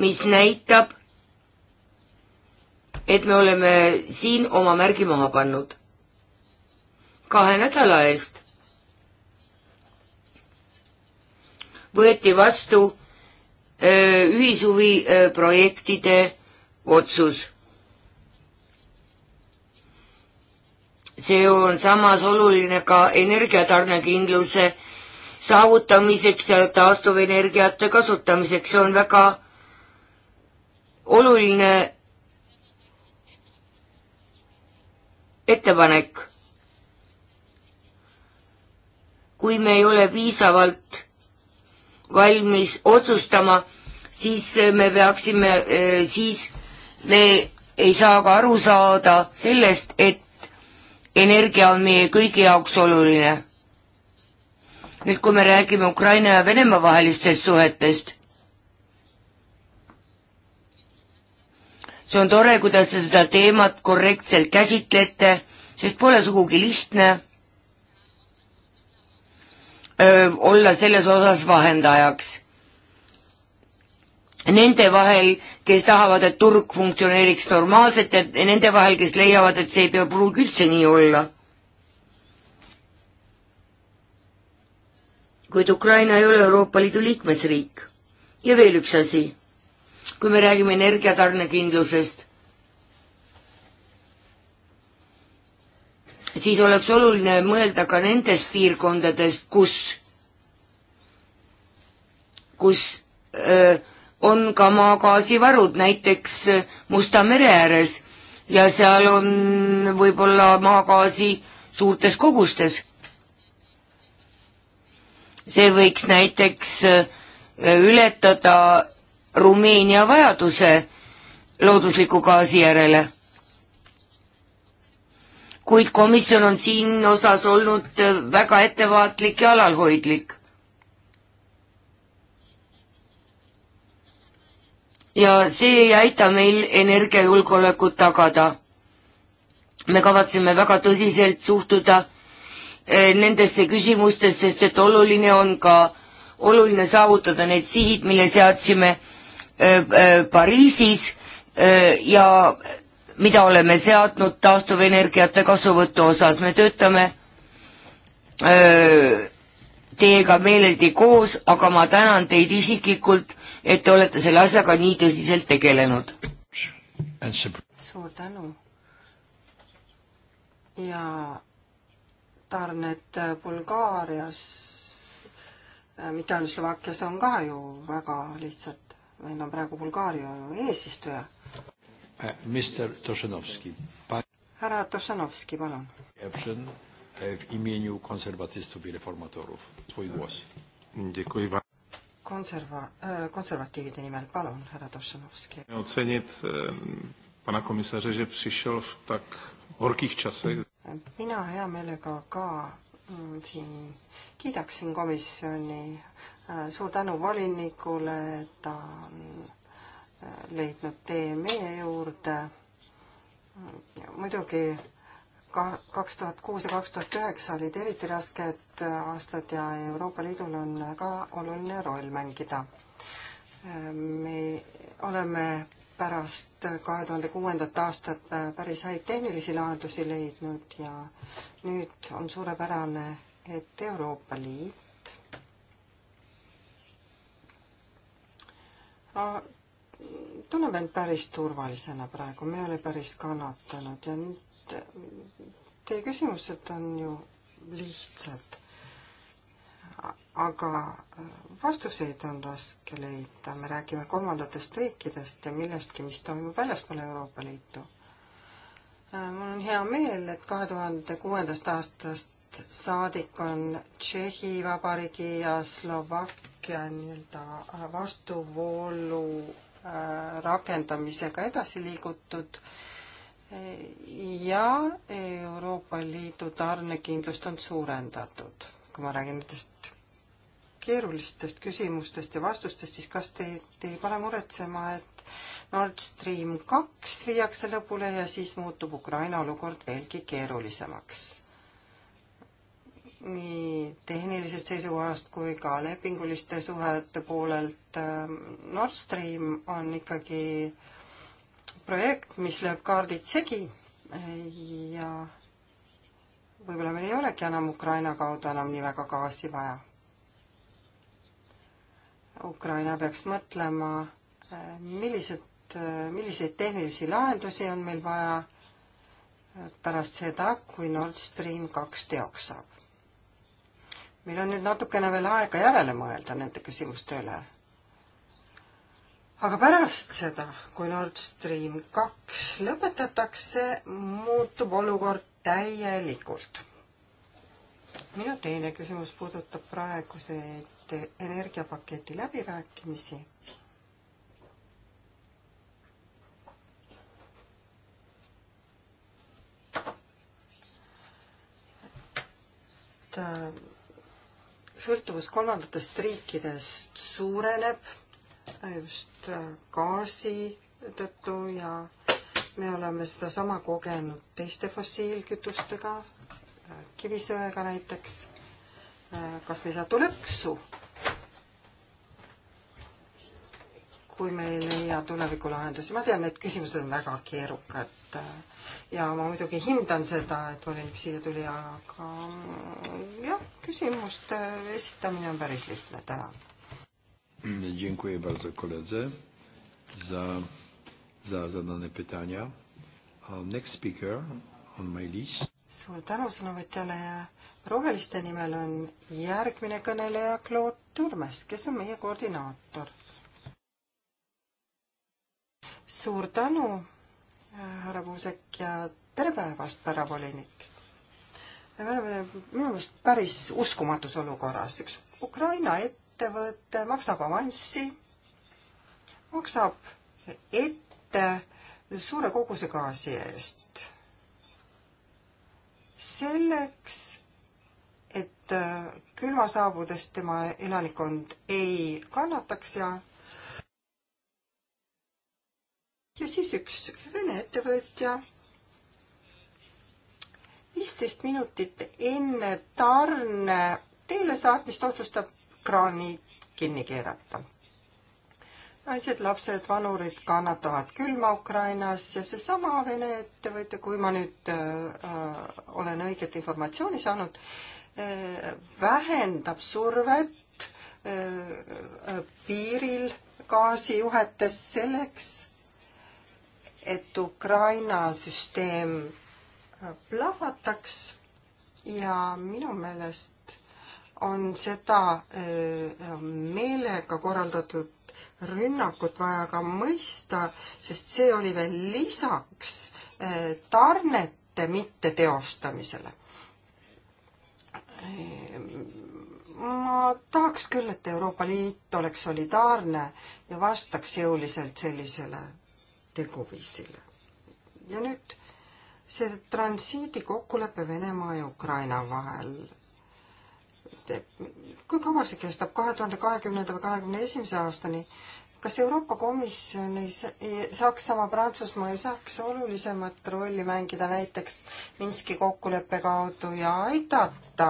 mis näitab, et me oleme siin oma märgi maha pannud. kahe nädala eest võeti vastu äh, ühishuvi äh, projektide otsus. see on samas oluline ka energiatarnekindluse saavutamiseks ja taastuvenergiate kasutamiseks, see on väga oluline ettepanek. kui me ei ole piisavalt valmis otsustama, siis me peaksime, eh, siis me ei saa ka aru saada sellest, et energia on meie kõigi jaoks oluline. nüüd, kui me räägime Ukraina ja Venemaa vahelistest suhetest, see on tore, kuidas te seda teemat korrektselt käsitlete, sest pole sugugi lihtne öö, olla selles osas vahendajaks. Nende vahel öö, kes tahavad, et turg funktsioneeriks normaalselt ja nende vahel, kes leiavad, et see ei pea pruugi üldse nii olla. kuid Ukraina ei ole Euroopa Liidu liikmesriik. ja veel üks asi. kui me räägime energiatarnekindlusest, siis oleks oluline mõelda ka nendest piirkondadest, kus, kus öö, äh, on ka maagaasivarud, näiteks Musta mere ääres ja seal on võib-olla maagaasi suurtes kogustes. see võiks näiteks äh, ületada Rumeenia vajaduse loodusliku gaasi järele. kuid komisjon on siin osas olnud äh, väga ettevaatlik ja alalhoidlik ja see ei aita meil energiajulgeolekut tagada. me kavatseme väga tõsiselt suhtuda eh, nendesse küsimustesse, sest et oluline on ka, oluline saavutada need sihid, mille seadsime eh, eh, Pariisis ja mida oleme seadnud taastuvenergiate kasuvõtu osas, me töötame öö, teiega meeleldi koos, aga ma tänan teid isiklikult, et te olete selle asjaga nii tõsiselt tegelenud. suur tänu. ja tarned Bulgaarias, mitte ainult Slovakkias, on ka ju väga lihtsad. meil on praegu Bulgaaria eesistuja. Äh, mister Tošenovski. härra Tošenovski, palun äh, w imieniu konserwatystów i reformatorów tvoj głos. Děkuji vám. Konserva, e, konservatiivide nimel, palun, härra Tošanovski. Ocenit e, pana komisaře, že přišel v tak horkých časech. Mina hea meelega ka mm, siin kiidaksin komisjoni. E, suur tänu volinikule, ta on leidnud tee meie juurde. Mm, muidugi ka kaks tuhat kuus ja kaks tuhat üheksa olid eriti rasked äh, aastad ja Euroopa Liidul on ka oluline roll mängida. Äh, me oleme pärast kahe tuhande kuuendat aastat äh, päris häid tehnilisi lahendusi leidnud ja nüüd on suurepärane, et Euroopa Liit tunneb end päris turvalisena praegu, me ei ole päris kannatanud ja nüüd et teie küsimused on ju lihtsad, aga vastuseid on raske leida, me räägime kolmandatest riikidest ja millestki, mis toimub väljaspool Euroopa Liitu. mul on hea meel, et kahe tuhande kuuendast aastast saadik on Tšehhi Vabariigi ja Slovakkia nii-öelda vastuvoolu äh, rakendamisega edasi liigutud äh, ja Euroopa Liidu tarnekindlust on suurendatud. kui ma räägin nendest keerulistest küsimustest ja vastustest, siis kas te, te ei pane muretsema, et Nord Stream kaks viiakse lõpule ja siis muutub Ukraina olukord veelgi keerulisemaks? nii tehnilisest seisukohast kui ka lepinguliste suhete poolelt ähm, Nord Stream on ikkagi äh, projekt, mis lööb kaardid segi eh, ja võib-olla meil ei olegi enam Ukraina kaudu enam nii väga gaasi vaja. Ukraina peaks mõtlema, eh, millised, eh, milliseid tehnilisi lahendusi on meil vaja pärast seda, kui Nord Stream kaks teoks saab. meil on nüüd natukene veel aega järele mõelda nende küsimuste üle aga pärast seda, kui Nord Stream kaks lõpetatakse, muutub olukord täielikult. minu teine küsimus puudutab praeguseid energiapaketi läbirääkimisi äh, sõltuvus kolmandatest riikidest suureneb just äh, gaasi tõttu ja me oleme sedasama kogenud teiste fossiilkütustega, äh, kivisöega näiteks. Äh, kas me ei satu lõksu? kui me ei leia tulevikulahendusi, ma tean, need küsimused on väga keerukad ja ma muidugi hindan seda, et volinik siia tuli, aga mm, jah, küsimuste esitamine on päris lihtne, tänan Dziękuję bardzo koledze za, za zadane pytania. Um, next speaker on my list. suur tänu sõnavõtjale ja roheliste nimel on järgmine kõneleja Claude Turmes, kes on meie koordinaator. suur tänu, härra Puusek ja tere päevast, härra volinik. me oleme minu meelest päris uskumatus olukorras, üks Ukraina et-, ettevõte maksab avanssi, maksab ette suure koguse gaasi eest. selleks, et äh, külma saabudes tema elanikkond ei kannataks ja ja siis üks Vene ettevõtja viisteist minutit enne tarne teele saatmist otsustab, ekraani kinni keerata. naised, lapsed, vanurid kannatavad külma Ukrainas ja seesama Vene ettevõte, kui ma nüüd äh, olen õiget informatsiooni saanud äh,, vähendab survet äh, äh piiril gaasijuhetes selleks, et Ukraina süsteem äh, plahvataks ja minu meelest on seda äh, meelega korraldatud rünnakut vaja ka mõista, sest see oli veel lisaks äh, tarnete mitteteostamisele ma tahaks küll, et Euroopa Liit oleks solidaarne ja vastaks jõuliselt sellisele teguviisile. ja nüüd see transiidi kokkulepe Venemaa ja Ukraina vahel kui kaua see kestab, kahe tuhande kahekümnenda või kahekümne esimese aastani? kas Euroopa Komisjon ei Saksamaa, Prantsusmaa ei saaks olulisemat rolli mängida näiteks Minski kokkuleppe kaudu ja aidata,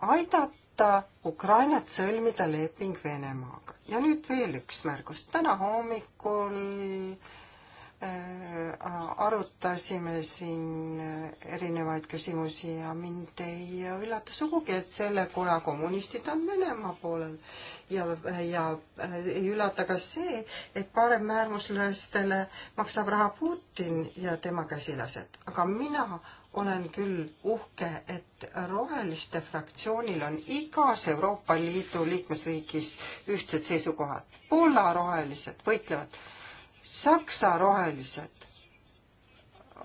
aidata Ukrainat sõlmida leping Venemaaga? ja nüüd veel üks märgus. täna hommikul äh, Äh, arutasime siin äh, erinevaid küsimusi ja mind ei üllata sugugi, et selle koja kommunistid on Venemaa poolel. ja, ja äh, ei üllata ka see, et paremäärmuslastele maksab raha Putin ja tema käsilased, aga mina olen küll uhke, et Roheliste fraktsioonil on igas Euroopa Liidu liikmesriigis ühtsed seisukohad. Poola rohelised võitlevad Saksa rohelised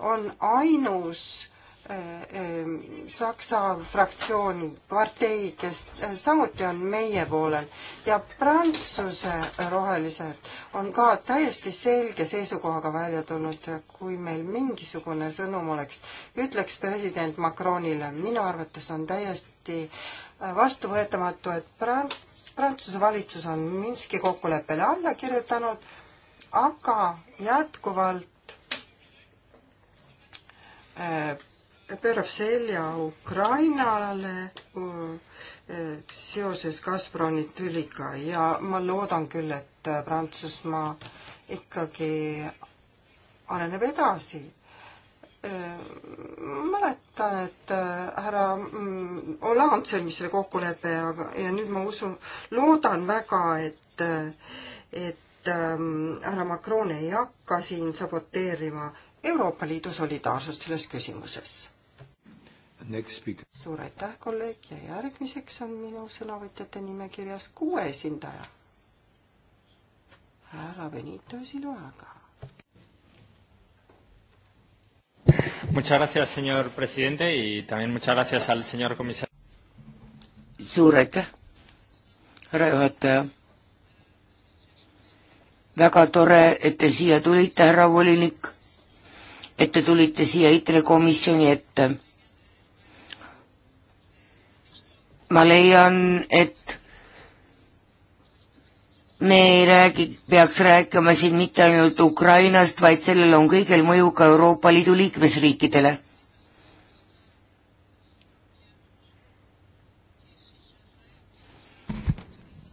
on ainus eh, eh, Saksa fraktsioon, partei, kes eh, samuti on meie poolel ja Prantsuse rohelised on ka täiesti selge seisukohaga välja tulnud. kui meil mingisugune sõnum oleks, ütleks president Macronile, minu arvates on täiesti vastuvõetamatu, et Prant-, Prantsuse valitsus on Minski kokkuleppele alla kirjutanud aga jätkuvalt äh, pöörab selja Ukrainale äh, seoses Gazpromi tüliga ja ma loodan küll, et äh, Prantsusmaa ikkagi areneb edasi. mäletan, et härra mm, Hollande sõlmis selle kokkuleppe, aga, ja nüüd ma usun, loodan väga, et, et Ähm, härra Macron ei hakka siin saboteerima Euroopa Liidu solidaarsust selles küsimuses. suur aitäh, kolleeg, ja järgmiseks on minu sõnavõtjate nimekirjas kuue esindaja. härra Benito Siluaga. Muchas gracias, señor presidente, y también muchas gracias al señor comisario. suur aitäh, härra juhataja väga tore, et te siia tulite, härra volinik, et te tulite siia ITRE komisjoni ette. ma leian, et me ei räägi, peaks rääkima siin mitte ainult Ukrainast, vaid sellel on kõigel mõju ka Euroopa Liidu liikmesriikidele.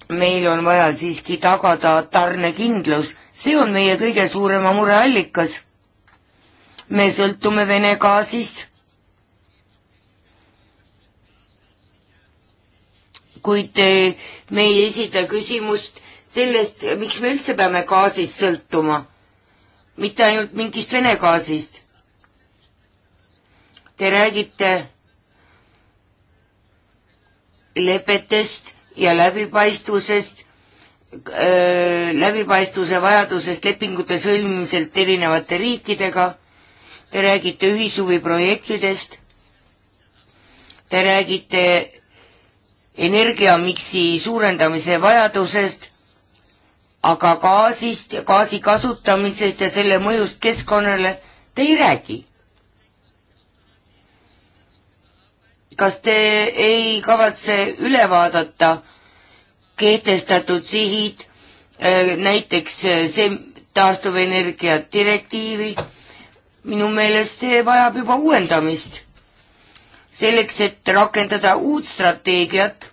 meil on vaja siiski tagada tarnekindlus, see on meie kõige suurema mureallikas. me sõltume Vene gaasist. kuid eh, me ei esita küsimust sellest, eh, miks me üldse peame gaasist sõltuma, mitte ainult mingist Vene gaasist. Te räägite lepetest ja läbipaistvusest, äh, läbipaistvuse vajadusest lepingute sõlmiselt erinevate riikidega, te räägite ühishuviprojektidest, te räägite energiamiksi suurendamise vajadusest, aga gaasist, gaasi kasutamisest ja selle mõjust keskkonnale te ei räägi kas te ei kavatse üle vaadata kehtestatud sihid, äh, näiteks äh, see taastuvenergia direktiivi, minu meelest see vajab juba uuendamist. selleks, et rakendada uut strateegiat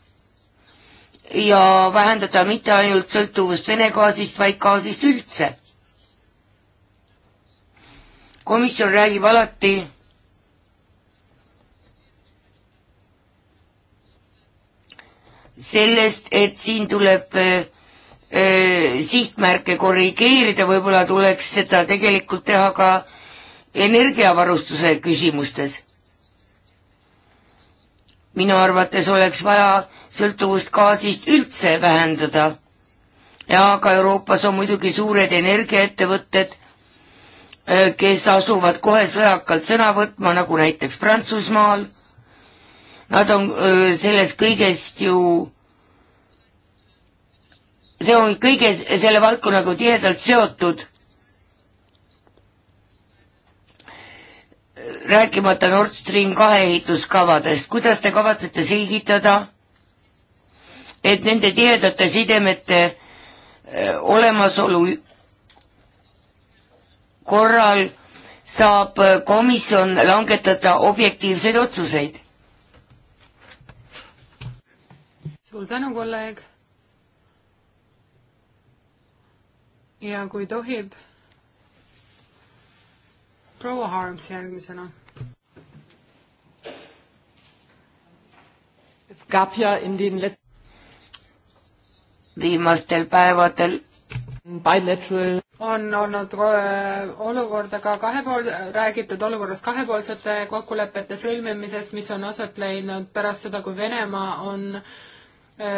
ja vähendada mitte ainult sõltuvust Vene gaasist, vaid gaasist üldse. komisjon räägib alati sellest, et siin tuleb äh, äh, sihtmärke korrigeerida, võib-olla tuleks seda tegelikult teha ka energiavarustuse küsimustes. minu arvates oleks vaja sõltuvust gaasist üldse vähendada. ja ka Euroopas on muidugi suured energiaettevõtted, äh, kes asuvad kohe sõjakalt sõna võtma, nagu näiteks Prantsusmaal Nad on öö, sellest kõigest ju, see on kõige selle valdkonnaga tihedalt seotud. rääkimata Nord Stream kahe ehituskavadest, kuidas te kavatsete selgitada, et nende tihedate sidemete öö, olemasolu korral saab komisjon langetada objektiivseid otsuseid. suur tänu, kolleeg. ja kui tohib, proua Harms järgmisena. viimastel päevadel bilateral on olnud äh, olukorda ka kahepool-, räägitud olukorrast kahepoolsete kokkulepete sõlmimisest, mis on aset leidnud pärast seda, kui Venemaa on äh,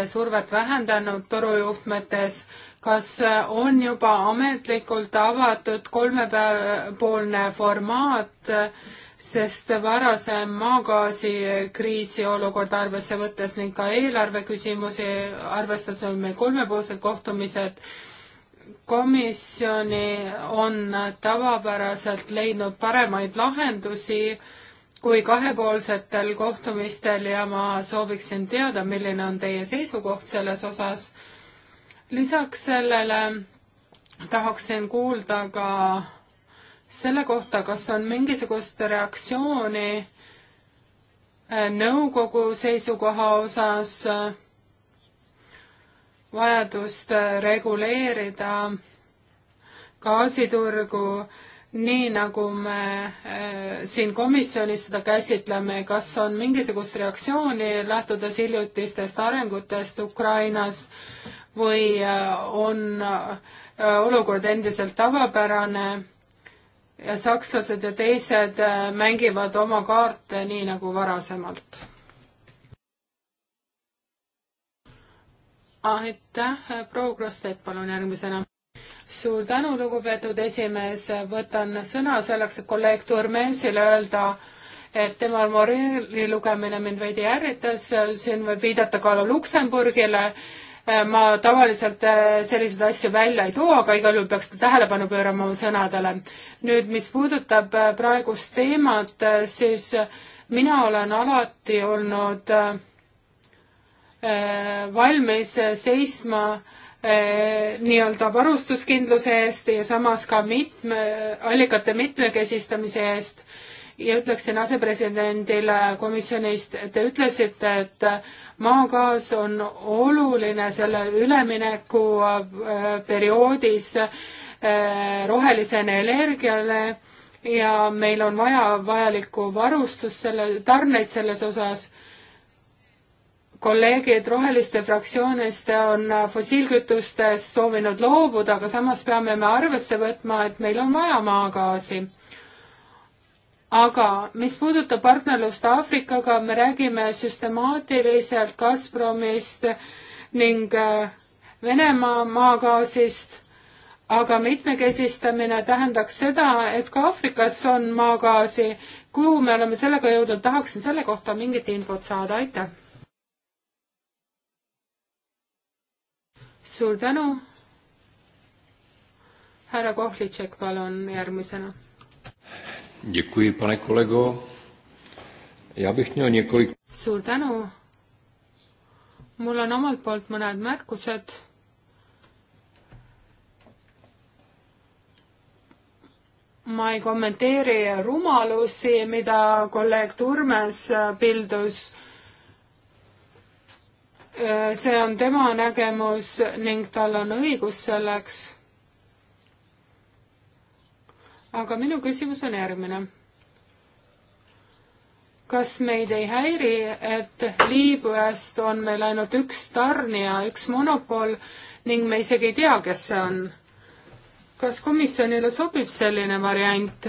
survet vähendanud torujuhtmetes. kas on juba ametlikult avatud kolmepoolne formaat, sest varasem maagaasi kriisiolukorda arvesse võttes ning ka eelarve küsimusi arvestades on meil kolmepoolsed kohtumised komisjoni on tavapäraselt leidnud paremaid lahendusi kui kahepoolsetel kohtumistel ja ma sooviksin teada, milline on teie seisukoht selles osas. lisaks sellele tahaksin kuulda ka selle kohta, kas on mingisugust reaktsiooni äh, nõukogu seisukoha osas vajadust äh, reguleerida gaasiturgu nii nagu me äh, siin komisjonis seda käsitleme, kas on mingisugust reaktsiooni, lähtudes hiljutistest arengutest Ukrainas või äh, on äh, olukord endiselt tavapärane ja sakslased ja teised mängivad oma kaarte nii nagu varasemalt? aitäh, proua Krossett, palun järgmisena suur tänu, lugupeetud esimees, võtan sõna selleks, et kolleeg Turmensile öelda, et tema Morelli lugemine mind veidi ärritas, siin võib viidata ka Luksemburgile, ma tavaliselt eh, selliseid asju välja ei too, aga igal juhul peaks tähelepanu pöörama oma sõnadele. nüüd, mis puudutab eh, praegust teemat, eh, siis mina olen alati olnud valmis seisma Eh, nii-öelda varustuskindluse eest ja samas ka mitme, allikate mitmekesistamise eest ja ütleksin asepresidendile komisjonist, te ütlesite, et maagaas on oluline selle üleminekuperioodis eh, eh, rohelisele energiale ja meil on vaja vajalikku varustust selle, tarneid selles osas kolleegid Roheliste fraktsioonist on fossiilkütustest soovinud loobuda, aga samas peame me arvesse võtma, et meil on vaja maagaasi. aga mis puudutab partnerlust Aafrikaga, me räägime süstemaatiliselt Gazpromist ning äh, Venemaa maagaasist, aga mitmekesistamine tähendaks seda, et ka Aafrikas on maagaasi. kuhu me oleme sellega jõudnud, tahaksin selle kohta mingit infot saada, aitäh! suur tänu. härra Kohlitšek, palun järgmisena. Děkuji, pane kolego. Já bych měl několik... Suur tänu. Mul on omalt poolt mõned märkused. ma ei kommenteeri rumalusi, mida kolleeg Turmes pildus Äh, see on tema nägemus ning tal on õigus selleks. aga minu küsimus on järgmine. kas meid ei häiri, et Liibüast on meil ainult üks tarnija, üks monopol ning me isegi ei tea, kes see on? kas komisjonile sobib selline variant?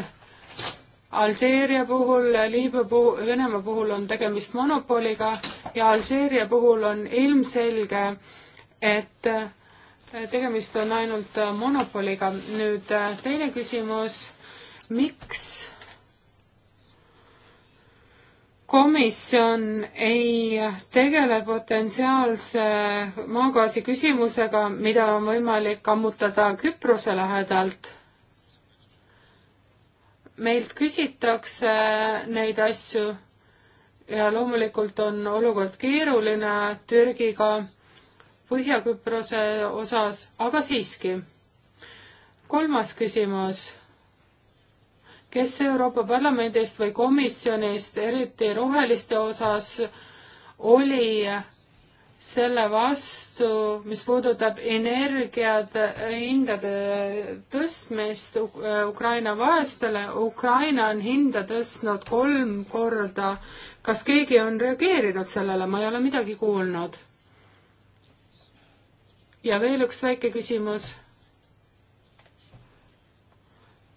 Alžeeria puhul, Liibüa puhul, Venemaa puhul on tegemist monopoliga ja Alžeeria puhul on ilmselge, et äh, tegemist on ainult äh, monopoliga. nüüd äh, teine küsimus, miks komisjon ei tegele potentsiaalse maagaasi küsimusega, mida on võimalik ammutada Küprose lähedalt meilt küsitakse neid asju ja loomulikult on olukord keeruline Türgiga Põhja-Küprose osas, aga siiski. kolmas küsimus. kes Euroopa Parlamendist või komisjonist, eriti roheliste osas, oli selle vastu, mis puudutab energiat, hindade tõstmist äh, Ukraina vaestele. Ukraina on hinda tõstnud kolm korda. kas keegi on reageerinud sellele, ma ei ole midagi kuulnud. ja veel üks väike küsimus.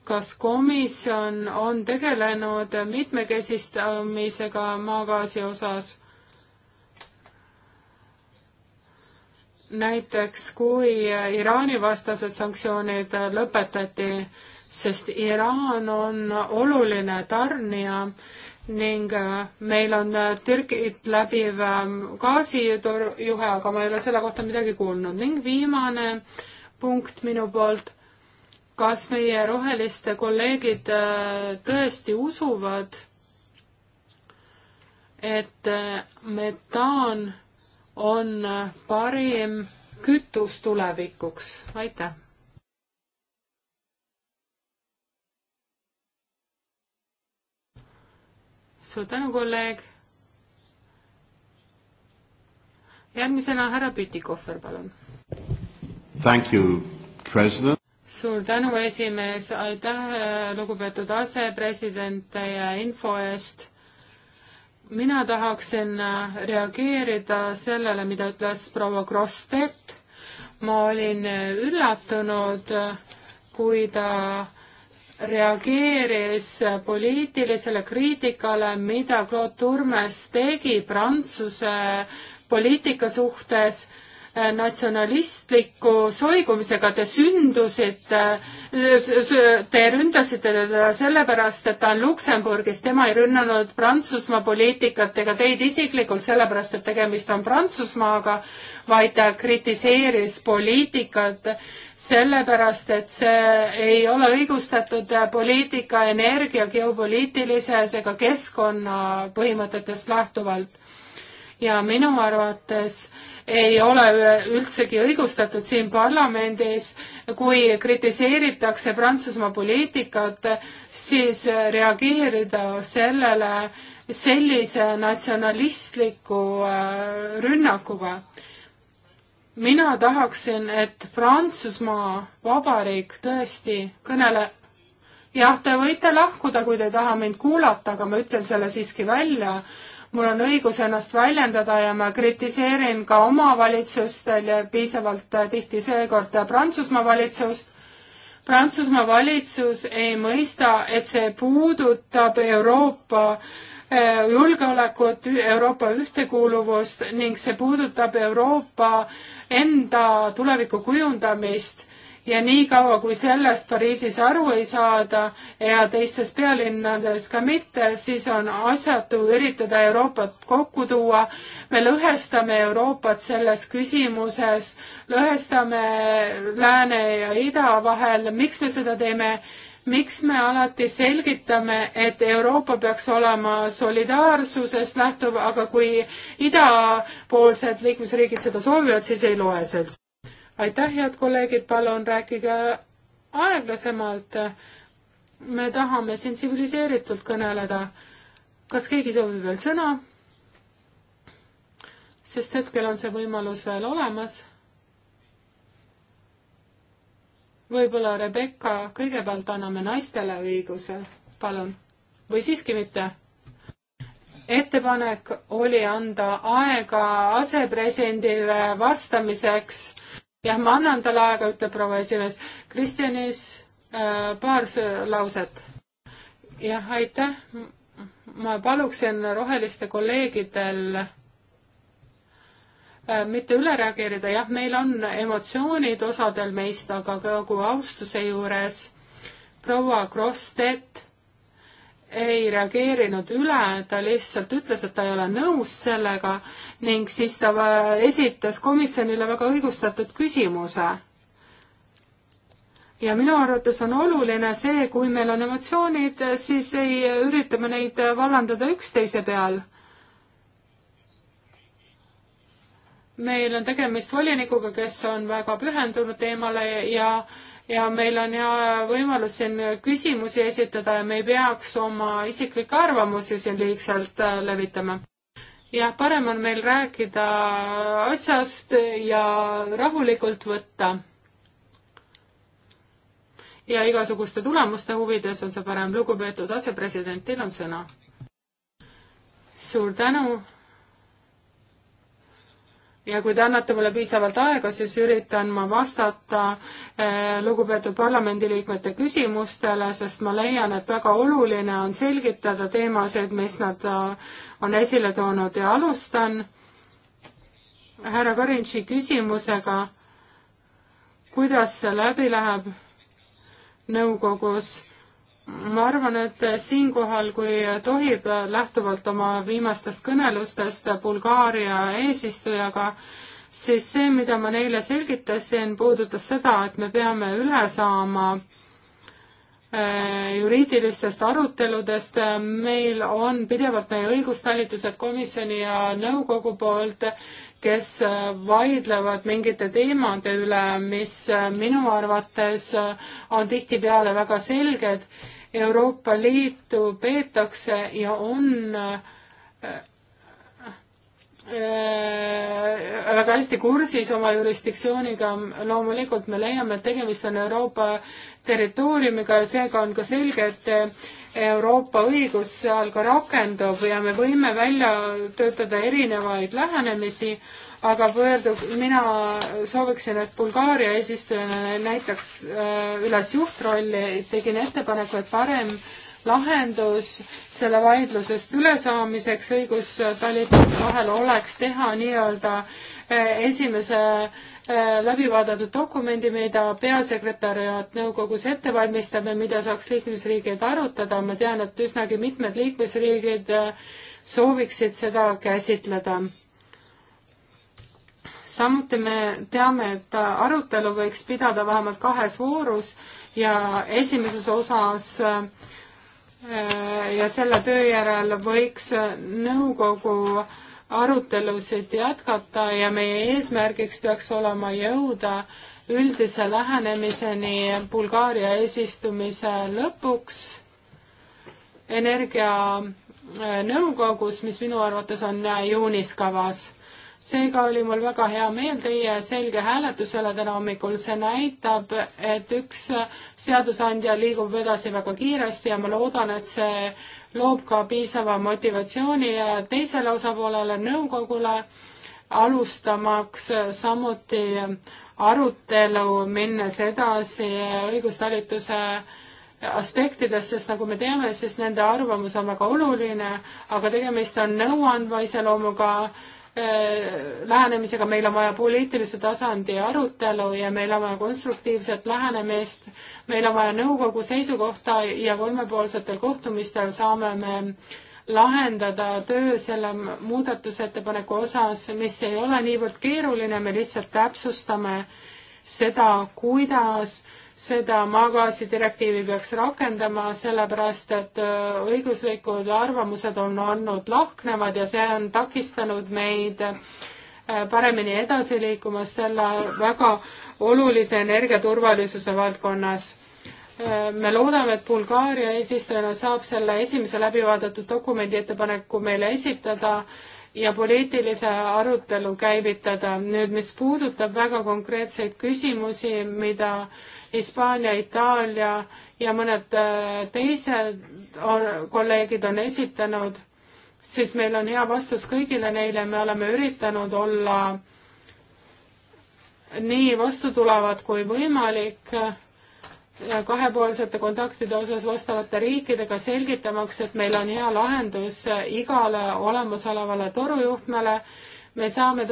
kas komisjon on tegelenud mitmekesistamisega maagaasi osas? näiteks kui Iraani vastased sanktsioonid lõpetati, sest Iraan on oluline tarnija ning äh, meil on äh, Türgit läbiv ähm, gaasijuhe, aga ma ei ole selle kohta midagi kuulnud. ning viimane punkt minu poolt, kas meie roheliste kolleegid äh, tõesti usuvad, et metaan on parim kütus tulevikuks, aitäh! suur tänu, kolleeg! järgmisena härra Pütikohver, palun! Thank you, president! suur tänu, esimees, aitäh, lugupeetud asepresident, teie info eest mina tahaksin äh, reageerida sellele, mida ütles proua Krossett. ma olin äh, üllatunud, äh, kui ta reageeris poliitilisele kriitikale, mida Claude Turmes tegi Prantsuse poliitika suhtes Äh, natsionalistliku soigumisega te sündusite, äh, te ründasite teda sellepärast, et ta on Luksemburgis, tema ei rünnanud Prantsusmaa poliitikat ega teid isiklikult sellepärast, et tegemist on Prantsusmaaga, vaid ta kritiseeris poliitikat sellepärast, et see ei ole õigustatud poliitika, energia, geopoliitilises ega keskkonna põhimõtetest lähtuvalt ja minu arvates ei ole üldsegi õigustatud siin parlamendis, kui kritiseeritakse Prantsusmaa poliitikat, siis reageerida sellele sellise natsionalistliku äh, rünnakuga mina tahaksin, et Prantsusmaa Vabariik tõesti kõnele, jah, te võite lahkuda, kui te ei taha mind kuulata, aga ma ütlen selle siiski välja, mul on õigus ennast väljendada ja ma kritiseerin ka omavalitsust piisavalt äh, tihti seekord äh, Prantsusmaa valitsust. Prantsusmaa valitsus ei mõista, et see puudutab Euroopa äh, julgeolekut, Euroopa ühtekuuluvust ning see puudutab Euroopa enda tuleviku kujundamist ja niikaua, kui sellest Pariisis aru ei saada ja teistes pealinnades ka mitte, siis on asjatu üritada Euroopat kokku tuua. me lõhestame Euroopat selles küsimuses, lõhestame lääne ja ida vahel, miks me seda teeme? miks me alati selgitame, et Euroopa peaks olema solidaarsusest lähtuv, aga kui idapoolsed liikmesriigid seda soovivad, siis ei loe see üldse aitäh, head kolleegid, palun rääkige aeglasemalt. me tahame siin tsiviliseeritult kõneleda. kas keegi soovib veel sõna? sest hetkel on see võimalus veel olemas. võib-olla Rebecca, kõigepealt anname naistele õiguse, palun. või siiski mitte? ettepanek oli anda aega asepresidendile vastamiseks jah, ma annan talle aega, ütleb proua esimees. Kristjanis äh, paar lauset. jah, aitäh. ma paluksin roheliste kolleegidel äh, mitte üle reageerida, jah, meil on emotsioonid osadel meist, aga kogu austuse juures proua Krosstet ei reageerinud üle, ta lihtsalt ütles, et ta ei ole nõus sellega ning siis ta esitas komisjonile väga õigustatud küsimuse. ja minu arvates on oluline see, kui meil on emotsioonid, siis ei üritame neid vallandada üksteise peal. meil on tegemist volinikuga, kes on väga pühendunud teemale ja, ja ja meil on hea võimalus siin küsimusi esitada ja me ei peaks oma isiklikke arvamusi siin liigselt äh, levitama. jah, parem on meil rääkida asjast ja rahulikult võtta. ja igasuguste tulemuste huvides on see parem. lugupeetud asepresident, teil on sõna. suur tänu ja kui te annate mulle piisavalt aega, siis üritan ma vastata eh, lugupeetud parlamendiliikmete küsimustele, sest ma leian, et väga oluline on selgitada teemasid, mis nad eh, on esile toonud ja alustan härra Karinši küsimusega, kuidas see läbi läheb nõukogus ma arvan, et siinkohal, kui tohib, lähtuvalt oma viimastest kõnelustest Bulgaaria eesistujaga, siis see, mida ma neile selgitasin, puudutas seda, et me peame üle saama äh, juriidilistest aruteludest, meil on pidevalt meie õigustalitused komisjoni ja nõukogu poolt, kes äh, vaidlevad mingite teemade üle, mis äh, minu arvates on tihtipeale väga selged Euroopa Liitu peetakse ja on äh, äh, väga hästi kursis oma jurisdiktsiooniga, loomulikult me leiame, et tegemist on Euroopa territooriumiga ja seega on ka selge, et Euroopa õigus seal ka rakendub ja me võime välja töötada erinevaid lähenemisi, aga pöördu-, mina sooviksin, et Bulgaaria eesistujana näitaks äh, üles juhtrolli, tegin ettepaneku, et parem lahendus selle vaidlusest ülesaamiseks õigustalitajate vahel oleks teha nii-öelda äh, esimese äh, läbi vaadatud dokumendi, mida peasekretäriaat nõukogus ette valmistab ja mida saaks liikmesriigid arutada. ma tean, et üsnagi mitmed liikmesriigid sooviksid seda käsitleda samuti me teame, et arutelu võiks pidada vähemalt kahes voorus ja esimeses osas äh, ja selle töö järel võiks nõukogu arutelusid jätkata ja meie eesmärgiks peaks olema jõuda üldise lähenemiseni Bulgaaria eesistumise lõpuks energianõukogus, mis minu arvates on juunis kavas seega oli mul väga hea meel teie selge hääletusele täna hommikul, see näitab, et üks seadusandja liigub edasi väga kiiresti ja ma loodan, et see loob ka piisava motivatsiooni teisele osapoolele, nõukogule, alustamaks samuti arutelu, minnes edasi õigustalituse aspektidest, sest nagu me teame, siis nende arvamus on väga oluline, aga tegemist on nõuandva iseloomuga lähenemisega, meil on vaja poliitilise tasandi arutelu ja meil on vaja konstruktiivset lähenemist, meil on vaja nõukogu seisukohta ja kolmepoolsetel kohtumistel saame me lahendada töö selle muudatusettepaneku osas, mis ei ole niivõrd keeruline, me lihtsalt täpsustame seda, kuidas äh, seda maagaasidirektiivi peaks rakendama, sellepärast et äh, õiguslikud arvamused on olnud lahknevad ja see on takistanud meid äh, paremini edasi liikumas selle väga olulise energiaturvalisuse valdkonnas. Äh, me loodame, et Bulgaaria eesistujana saab selle esimese läbivaadatud dokumendi ettepaneku meile esitada ja poliitilise arutelu käivitada. nüüd, mis puudutab väga konkreetseid küsimusi, mida Hispaania, Itaalia ja mõned äh, teised on, kolleegid on esitanud, siis meil on hea vastus kõigile neile, me oleme üritanud olla nii vastutulevad kui võimalik kahepoolsete kontaktide osas vastavate riikidega, selgitamaks, et meil on hea lahendus igale olemasolevale torujuhtmele. me saame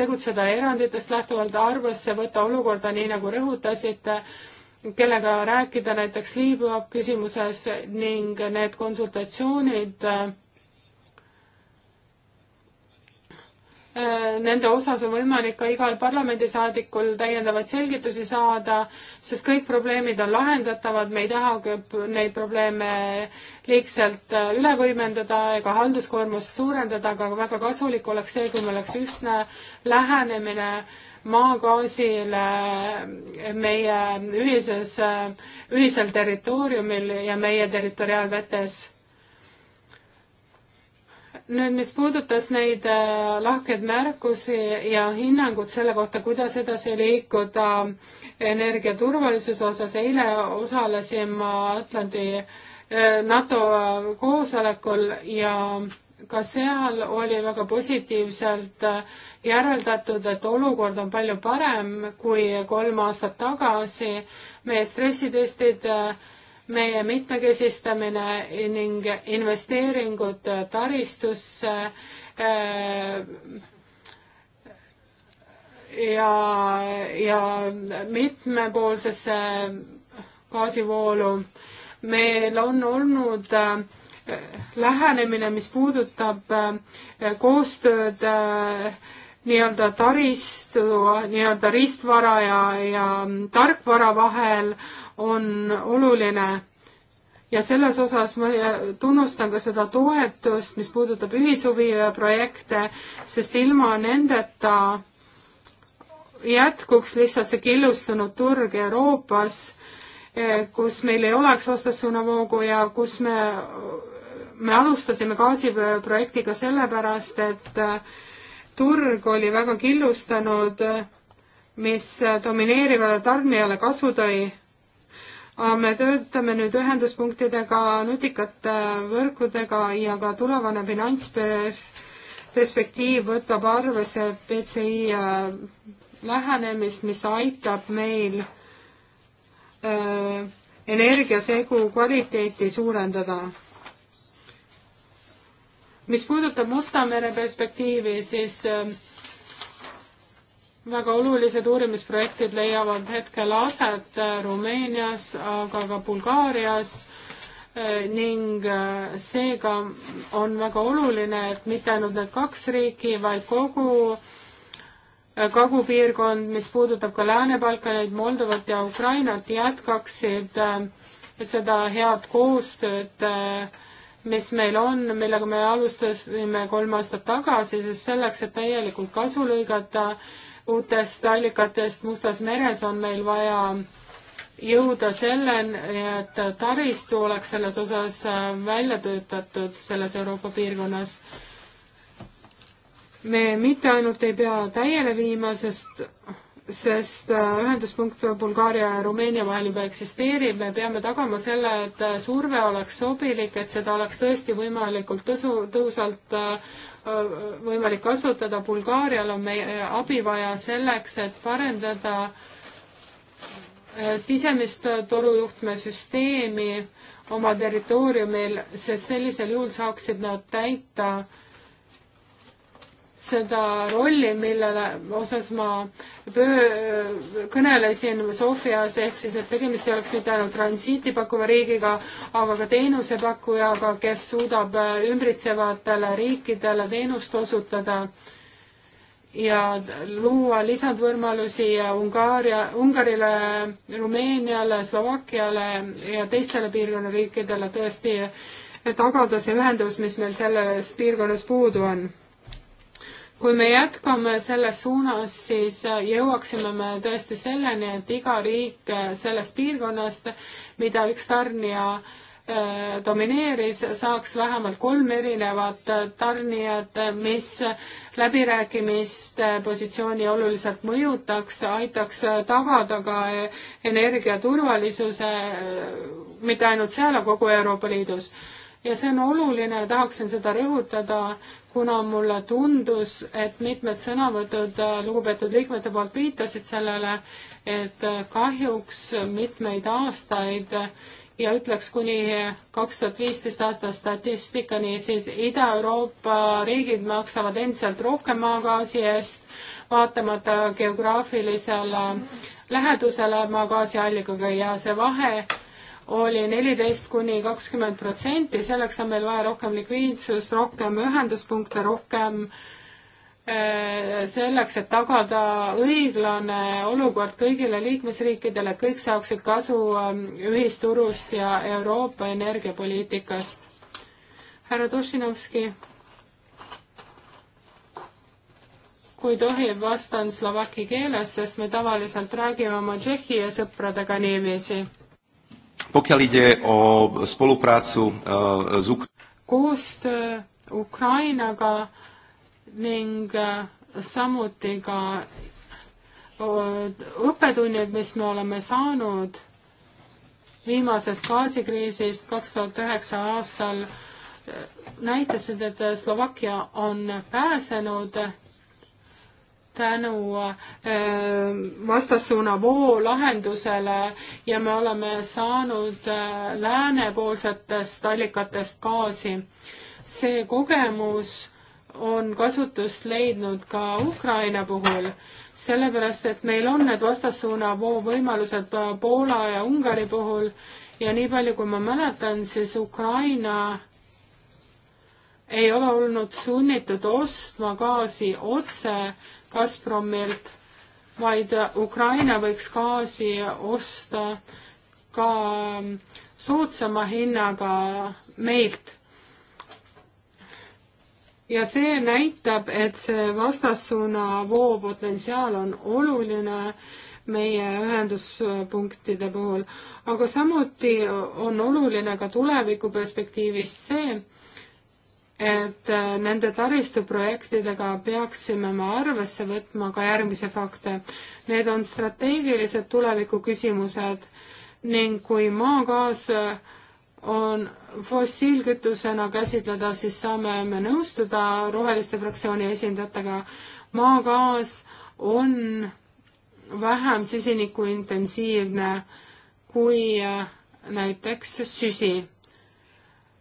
tegutseda eranditest lähtuvalt, arvesse võtta olukorda, nii nagu rõhutasite, kellega rääkida näiteks Liibüa küsimuses ning need konsultatsioonid äh, Äh, nende osas on võimalik ka igal parlamendisaadikul täiendavaid selgitusi saada, sest kõik probleemid on lahendatavad, me ei taha neid probleeme liigselt äh, üle võimendada ega halduskoormust suurendada, aga väga kasulik oleks see, kui meil oleks ühtne lähenemine maagaasile meie ühises, äh, ühisel territooriumil ja meie territoriaalvetes nüüd, mis puudutas neid äh, lahkeid märkusi ja hinnangut selle kohta, kuidas edasi liikuda äh, energiaturvalisuse osas, eile osalesin ma Atlandi äh, NATO koosolekul ja ka seal oli väga positiivselt järeldatud, et olukord on palju parem kui kolm aastat tagasi. meie stressitestid äh, meie mitmekesistamine ning investeeringud taristusse äh, ja, ja mitmepoolsesse gaasivoolu. meil on olnud äh, lähenemine, mis puudutab äh, koostööd nii-öelda taristu, nii-öelda riistvara ja, ja tarkvara vahel, on oluline ja selles osas ma tunnustan ka seda toetust, mis puudutab ühishuviprojekte, sest ilma nendeta jätkuks lihtsalt see killustunud turg Euroopas, eh, kus meil ei oleks vastassuunavoogu ja kus me, me alustasime gaasiprojektiga sellepärast, et eh, turg oli väga killustanud, eh, mis domineerivale tarnijale kasu tõi aga me töötame nüüd ühenduspunktidega, nutikate võrkudega ja ka tulevane finantsperspektiiv võtab arvesse BCI äh, lähenemist, mis aitab meil äh, energiasegu kvaliteeti suurendada. mis puudutab Musta mere perspektiivi, siis äh, väga olulised uurimisprojektid leiavad hetkel aset äh, Rumeenias, aga ka Bulgaarias äh, ning äh, seega on väga oluline, et mitte ainult need kaks riiki, vaid kogu kagupiirkond, mis puudutab ka Lääne-Balkanit, Moldovat ja Ukrainat, jätkaksid seda head koostööd, mis meil on, millega me alustasime kolm aastat tagasi, sest selleks, et täielikult kasu lõigata, uutest allikatest Mustas meres on meil vaja jõuda selleni, et taristu oleks selles osas äh, välja töötatud selles Euroopa piirkonnas. me mitte ainult ei pea täiele viima, sest, sest äh, ühenduspunkt Bulgaaria ja Rumeenia vahel juba eksisteerib, me peame tagama selle, et surve oleks sobilik, et seda oleks tõesti võimalikult tõsu, tõhusalt äh, Äh, võimalik kasutada, Bulgaarial on meie äh, abi vaja selleks, et parendada äh, sisemist torujuhtmesüsteemi oma territooriumil, sest sellisel juhul saaksid nad täita seda rolli, millele osas ma pöö-, kõnelesin Sofias, ehk siis, et tegemist ei oleks mitte ainult transiiti pakkuva riigiga, aga ka teenusepakkujaga, kes suudab ümbritsevatele riikidele teenust osutada ja luua lisandvõimalusi Ungaria, Ungarile, Rumeeniale, Slovakkiale ja teistele piirkonna riikidele tõesti tagada see ühendus, mis meil selles piirkonnas puudu on kui me jätkame selles suunas, siis äh, jõuaksime me tõesti selleni, et iga riik äh, sellest piirkonnast, mida üks tarnija äh, domineeris, saaks vähemalt kolm erinevat tarnijat, mis läbirääkimiste positsiooni oluliselt mõjutaks, aitaks tagada ka energiaturvalisuse mitte ainult seal, aga kogu Euroopa Liidus ja see on oluline ja tahaksin seda rõhutada, kuna mulle tundus, et mitmed sõnavõtud äh, lugupeetud liikmete poolt viitasid sellele, et äh, kahjuks mitmeid aastaid äh, ja ütleks kuni kaks tuhat viisteist aasta statistikani, siis Ida-Euroopa riigid maksavad endiselt rohkem maagaasi eest, vaatamata geograafilisele lähedusele maagaasi allikaga ja see vahe oli neliteist kuni kakskümmend protsenti, selleks on meil vaja rohkem likviidsust, rohkem ühenduspunkte, rohkem eh, selleks, et tagada õiglane olukord kõigile liikmesriikidele, et kõik saaksid kasu ähm, ühisturust ja Euroopa energiapoliitikast. härra Dušinovski, kui tohib, vastan slovaki keeles, sest me tavaliselt räägime oma Tšehhi sõpradega niiviisi Pokiaľ ide o spoluprácu s e, Ukrajinou, koostöö Ukrainaga ning e, samuti ka õppetunnid, mis me oleme saanud viimasest gaasikriisist kaks tuhat üheksa aastal, e, näitasid, et Slovakkia on pääsenud tänu äh, vastassuuna voolahendusele ja me oleme saanud äh, läänepoolsetest allikatest gaasi. see kogemus on kasutust leidnud ka Ukraina puhul, sellepärast et meil on need vastassuuna voo võimalused Poola ja Ungari puhul ja nii palju, kui ma mäletan, siis Ukraina ei ole olnud sunnitud ostma gaasi otse Gazpromilt, vaid Ukraina võiks gaasi osta ka ähm, soodsama hinnaga meilt. ja see näitab, et see vastassuuna voo potentsiaal on oluline meie ühenduspunktide puhul, aga samuti on oluline ka tulevikuperspektiivist see, et äh, nende taristuprojektidega peaksime me arvesse võtma ka järgmisi fakte. Need on strateegilised tulevikuküsimused ning kui maagaas äh, on fossiilkütusena käsitleda, siis saame me nõustuda Roheliste fraktsiooni esindajatega. maagaas on vähem süsinikuintensiivne kui äh, näiteks süsi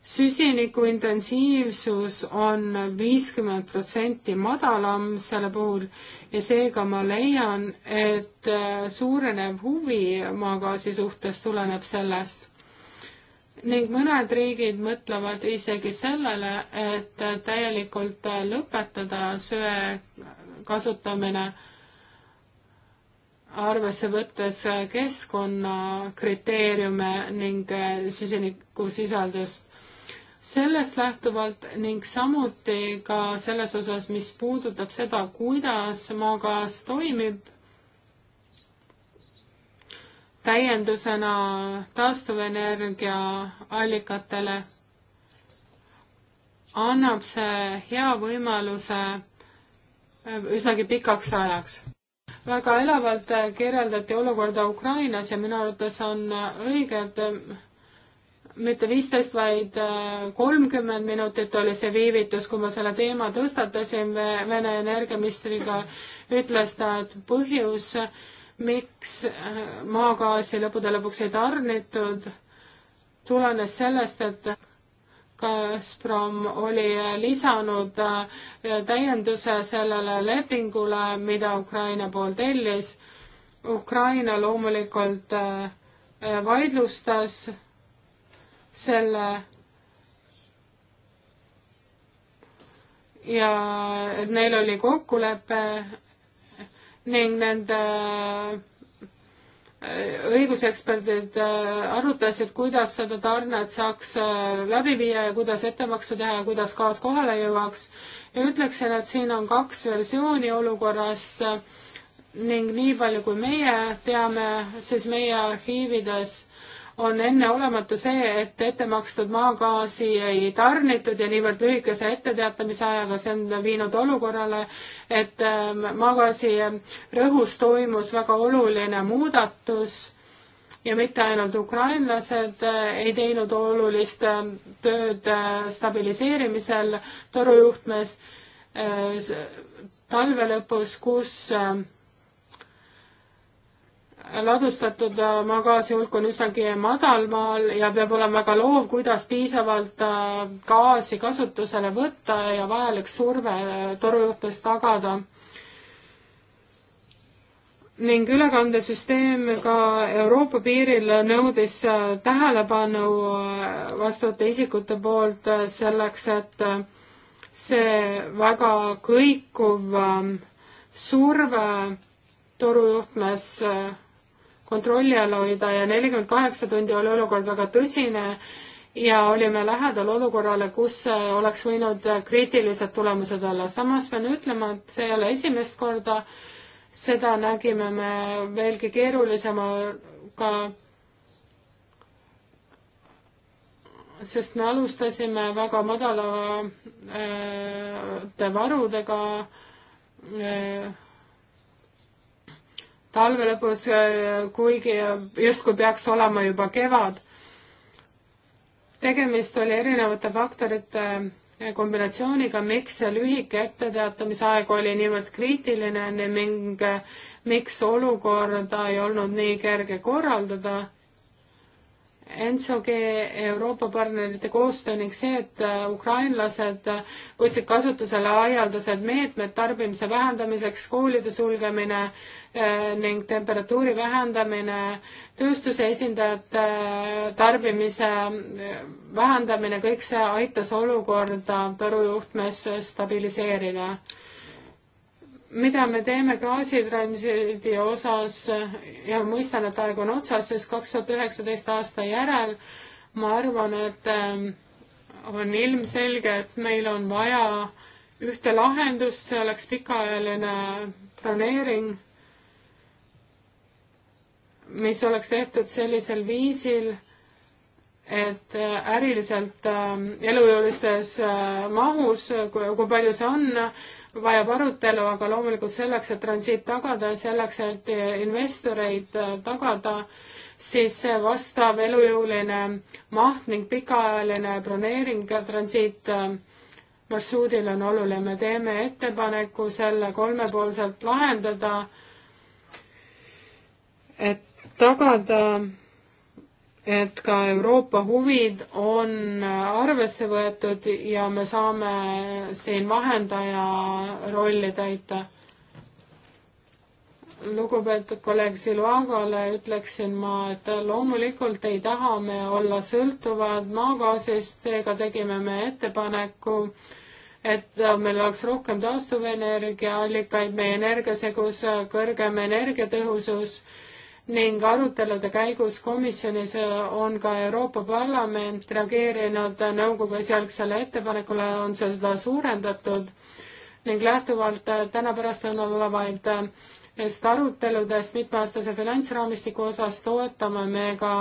süsiniku intensiivsus on viiskümmend protsenti madalam selle puhul ja seega ma leian, et äh, suurenev huvi maagaasi suhtes tuleneb sellest. ning mõned riigid mõtlevad isegi sellele, et täielikult äh, lõpetada söe kasutamine, arvesse võttes äh, keskkonnakriteeriume ning süsinikusisaldust sellest lähtuvalt ning samuti ka selles osas, mis puudutab seda, kuidas maagaas toimib täiendusena taastuvenergia allikatele, annab see hea võimaluse äh, üsnagi pikaks ajaks. väga elavalt äh, kirjeldati olukorda Ukrainas ja minu arvates on äh, õige, et mitte viisteist, vaid äh, kolmkümmend minutit oli see viivitus, kui ma selle teema tõstatasin Vene energiaministriga, ütles ta, et põhjus, miks äh, maagaasi lõppude lõpuks ei tarnitud, tulenes sellest, et Gazprom oli äh, lisanud täienduse sellele lepingule, mida Ukraina pool tellis. Ukraina loomulikult vaidlustas selle ja et neil oli kokkulepe ning nende äh, õiguseksperdid äh, arutasid, kuidas seda tarnet saaks äh, läbi viia ja kuidas ettemaksu teha ja kuidas gaas kohale jõuaks. ja ütleksin, et siin on kaks versiooni olukorrast ning nii palju, kui meie teame, siis meie arhiivides on enneolematu see, et ettemakstud maagaasi ei tarnitud ja niivõrd lühikese etteteatamise ajaga see on viinud olukorrale, et ähm, maagaasi rõhus toimus väga oluline muudatus ja mitte ainult ukrainlased äh, ei teinud olulist ähm, tööd äh, stabiliseerimisel torujuhtmes äh, talve lõpus, kus ähm, ladustatud äh, maagaasi hulk on üsnagi madal maal ja peab olema väga loov, kuidas piisavalt äh, gaasi kasutusele võtta ja vajalik surve äh, torujuhtmes tagada. ning ülekandesüsteem ka Euroopa piiril nõudis tähelepanu vastavate isikute poolt selleks, et see väga kõikuv surve torujuhtmes kontrolli all hoida ja nelikümmend kaheksa tundi oli olukord väga tõsine ja olime lähedal olukorrale, kus äh, oleks võinud äh, kriitilised tulemused olla. samas pean ütlema, et see ei ole esimest korda, seda nägime me veelgi keerulisemaga, sest me alustasime väga madalate äh, varudega äh, talve lõpus, äh, kuigi justkui peaks olema juba kevad. tegemist oli erinevate faktorite äh, kombinatsiooniga, miks see lühike etteteatamise aeg oli niivõrd kriitiline ning äh, miks olukorda ei olnud nii kerge korraldada NSOG Euroopa partnerite koostöö ning see, et äh, ukrainlased äh, võtsid kasutusele laialdased meetmed tarbimise vähendamiseks, koolide sulgemine äh, ning temperatuuri vähendamine, tööstuse esindajate tarbimise vähendamine, kõik see aitas olukorda torujuhtmes stabiliseerida mida me teeme gaasitransiidi osas ja mõistan, et aeg on otsas, sest kaks tuhat üheksateist aasta järel ma arvan, et ähm, on ilmselge, et meil on vaja ühte lahendust, see oleks pikaajaline broneering, mis oleks tehtud sellisel viisil, et äh, äriliselt ähm, elujõulises äh, mahus, kui palju see on, vajab arutelu, aga loomulikult selleks, et transiit tagada, selleks, et investoreid äh, tagada, siis vastav elujõuline maht ning pikaajaline broneering transiit äh, marsruudil on oluline. me teeme ettepaneku selle kolmepoolselt lahendada, et tagada et ka Euroopa huvid on arvesse võetud ja me saame siin vahendaja rolli täita. lugupeetud kolleeg Silvagale ütleksin ma, et loomulikult ei taha me olla sõltuvad maagaasist, seega tegime me ettepaneku, et meil oleks rohkem taastuvenergiaallikaid, meie energiasegus, kõrgem energiatõhusus ning arutelude käigus komisjonis äh, on ka Euroopa Parlament reageerinud nõukogu esialgsele ettepanekule, on seda suurendatud ning lähtuvalt äh, täna pärastlõunal olevaid sest äh, aruteludest mitmeaastase finantsraamistiku osas toetame me ka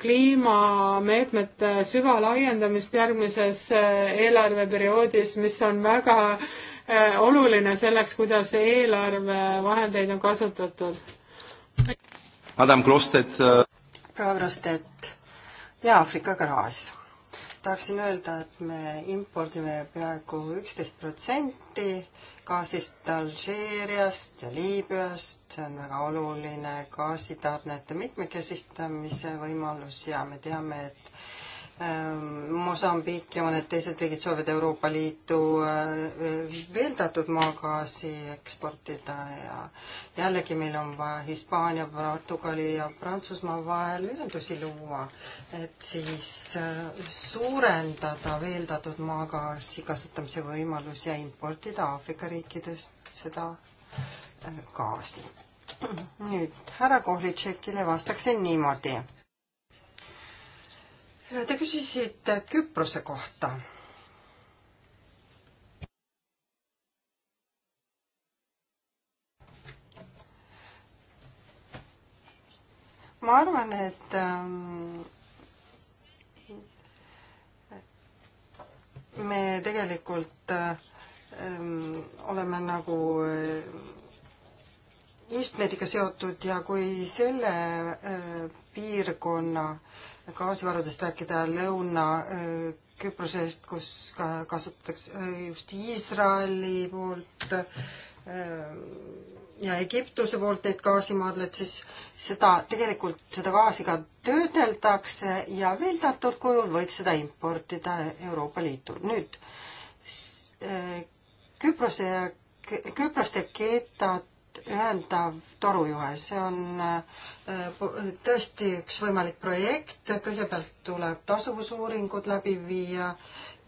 kliimameetmete süvalaiendamist järgmises eelarveperioodis, mis on väga oluline selleks, kuidas eelarvevahendeid on kasutatud Madam Krostet uh.... Äh, proua Krostet ja Aafrika kraas. tahaksin öelda, et me impordime peaaegu üksteist protsenti gaasist Alžeeriast ja Liibüast, see on väga oluline gaasitarnete mitmekesistamise võimalus ja me teame, et Ähm, Mosambiik ja mõned teised riigid soovivad Euroopa Liitu äh, veeldatud maagaasi eksportida ja jällegi meil on vaja Hispaania, Portugali ja Prantsusmaa vahel ühendusi luua, et siis äh, suurendada veeldatud maagaasi kasutamise võimalusi ja importida Aafrika riikidest seda äh, gaasi. nüüd härra Kohlitšekile vastaksin niimoodi Te küsisite Küprose kohta. ma arvan, et ähm, me tegelikult ähm, oleme nagu istmediga äh, seotud ja kui selle äh, piirkonna äh, gaasivarudest rääkida Lõuna-Küprosest, äh, kus ka kasutatakse äh, just Iisraeli poolt äh, ja Egiptuse poolt neid gaasimaadleid, siis seda, tegelikult seda gaasi ka töödeldakse ja veeldatud kujul võiks seda importida Euroopa Liitu. nüüd Küprose ja Küproste Keeta ühendav torujuhe, see on äh, tõesti üks võimalik projekt, kõigepealt tuleb tasuvusuuringud läbi viia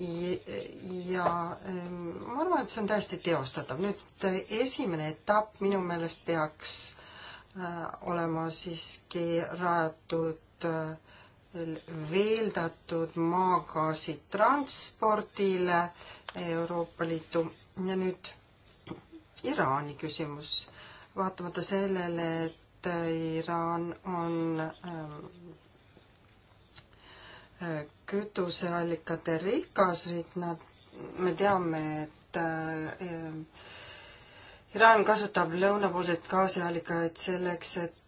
ja ähm, ma arvan, et see on täiesti teostatav. nüüd äh, esimene etapp minu meelest peaks äh, olema siiski rajatud veeldatud maagaasi transpordile Euroopa Liitu ja nüüd Iraani küsimus vaatamata sellele, et äh, Iraan on ähm, äh, kütuseallikate rikas riik, nad, me teame, et äh, ähm, Iraan kasutab lõunapoolseid gaasiallikaid selleks, et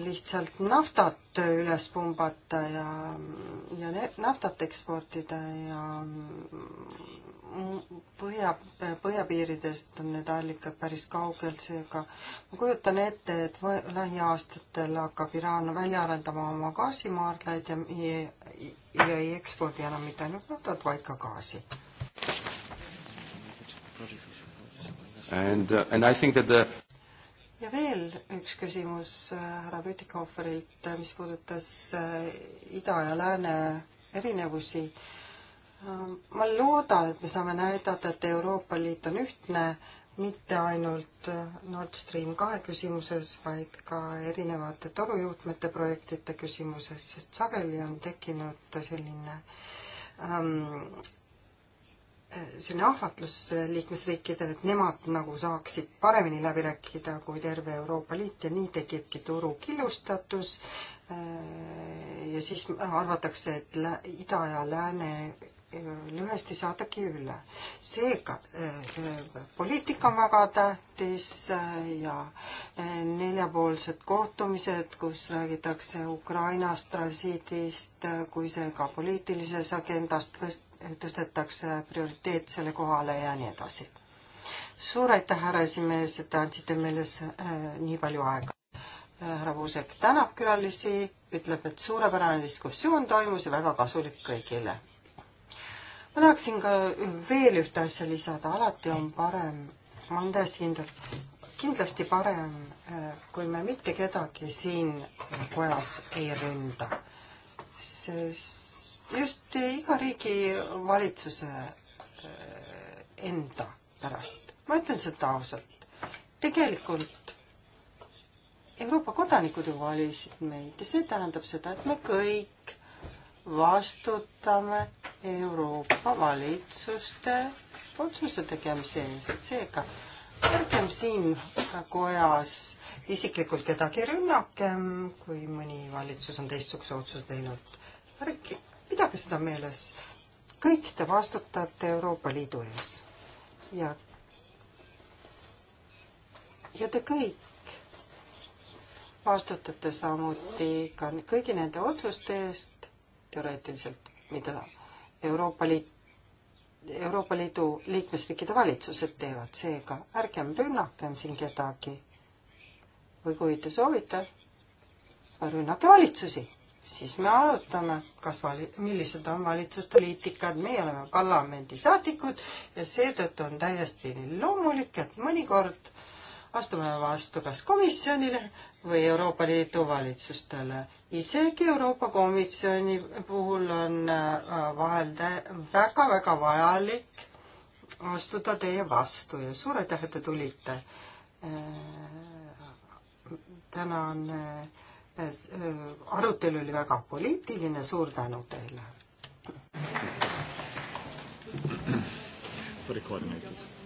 lihtsalt naftat üles pumbata ja, ja naftat eksportida ja põhja, põhjapiiridest on need allikad päris kaugel, seega ma kujutan ette, et lähiaastatel hakkab Iraan välja arendama oma gaasimaardlaid ja, ja, ja ei ekspordi enam mitte ainult naftat, vaid ka gaasi. And, uh, and I think that the ja veel üks küsimus äh, härra Pütikoferilt, äh, mis puudutas äh, ida ja lääne erinevusi äh, ma loodan, et me saame näidata, et Euroopa Liit on ühtne mitte ainult Nord Stream kahe küsimuses, vaid ka erinevate torujuhtmete projektide küsimuses, sest sageli on tekkinud selline ähm, selline ahvatlus liikmesriikidel, et nemad nagu saaksid paremini läbi rääkida kui terve Euroopa Liit ja nii tekibki turu killustatus äh, ja siis arvatakse, et Ida ja Lääne lõhest ei saadagi üle. seega poliitika on väga tähtis äh, ja äh, neljapoolsed kohtumised, kus räägitakse Ukrainast, transiidist, äh, kui see ka poliitilises agendas tõstetakse prioriteetsele kohale ja nii edasi. suur aitäh, härra esimees, et te andsite meile nii palju aega. härra Puusek tänab külalisi, ütleb, et suurepärane diskussioon toimus ja väga kasulik kõigile ma tahaksin ka veel ühte asja lisada, alati on parem, ma olen täiesti kindel, kindlasti parem, eh, kui me mitte kedagi siin kojas ei ründa. sest just iga riigi valitsuse eh, enda pärast, ma ütlen seda ausalt, tegelikult Euroopa kodanikud ju valisid meid ja see tähendab seda, et me kõik vastutame Euroopa valitsuste otsuse tegemise eest, seega ärgem siin kojas isiklikult kedagi rünnakem, kui mõni valitsus on teistsuguse otsuse teinud. ärge, pidage seda meeles, kõik te vastutate Euroopa Liidu ees ja, ja te kõik vastutate samuti ka kõigi nende otsuste eest teoreetiliselt, mida Euroopa Liit, Euroopa Liidu liikmesriikide valitsused teevad, seega ärgem rünnakem siin kedagi. või kui te soovite, rünnake valitsusi, siis me arutame, kas vali-, millised on valitsuspoliitikad, meie oleme parlamendisaadikud ja seetõttu on täiesti loomulik, et mõnikord astume vastu kas komisjonile või Euroopa Liidu valitsustele isegi Euroopa Komisjoni puhul on äh, vahel väga-väga vajalik astuda teie vastu ja suur aitäh, et te tulite. Äh, tänane äh, arutelu oli väga poliitiline, suur tänu teile. for the coordinators.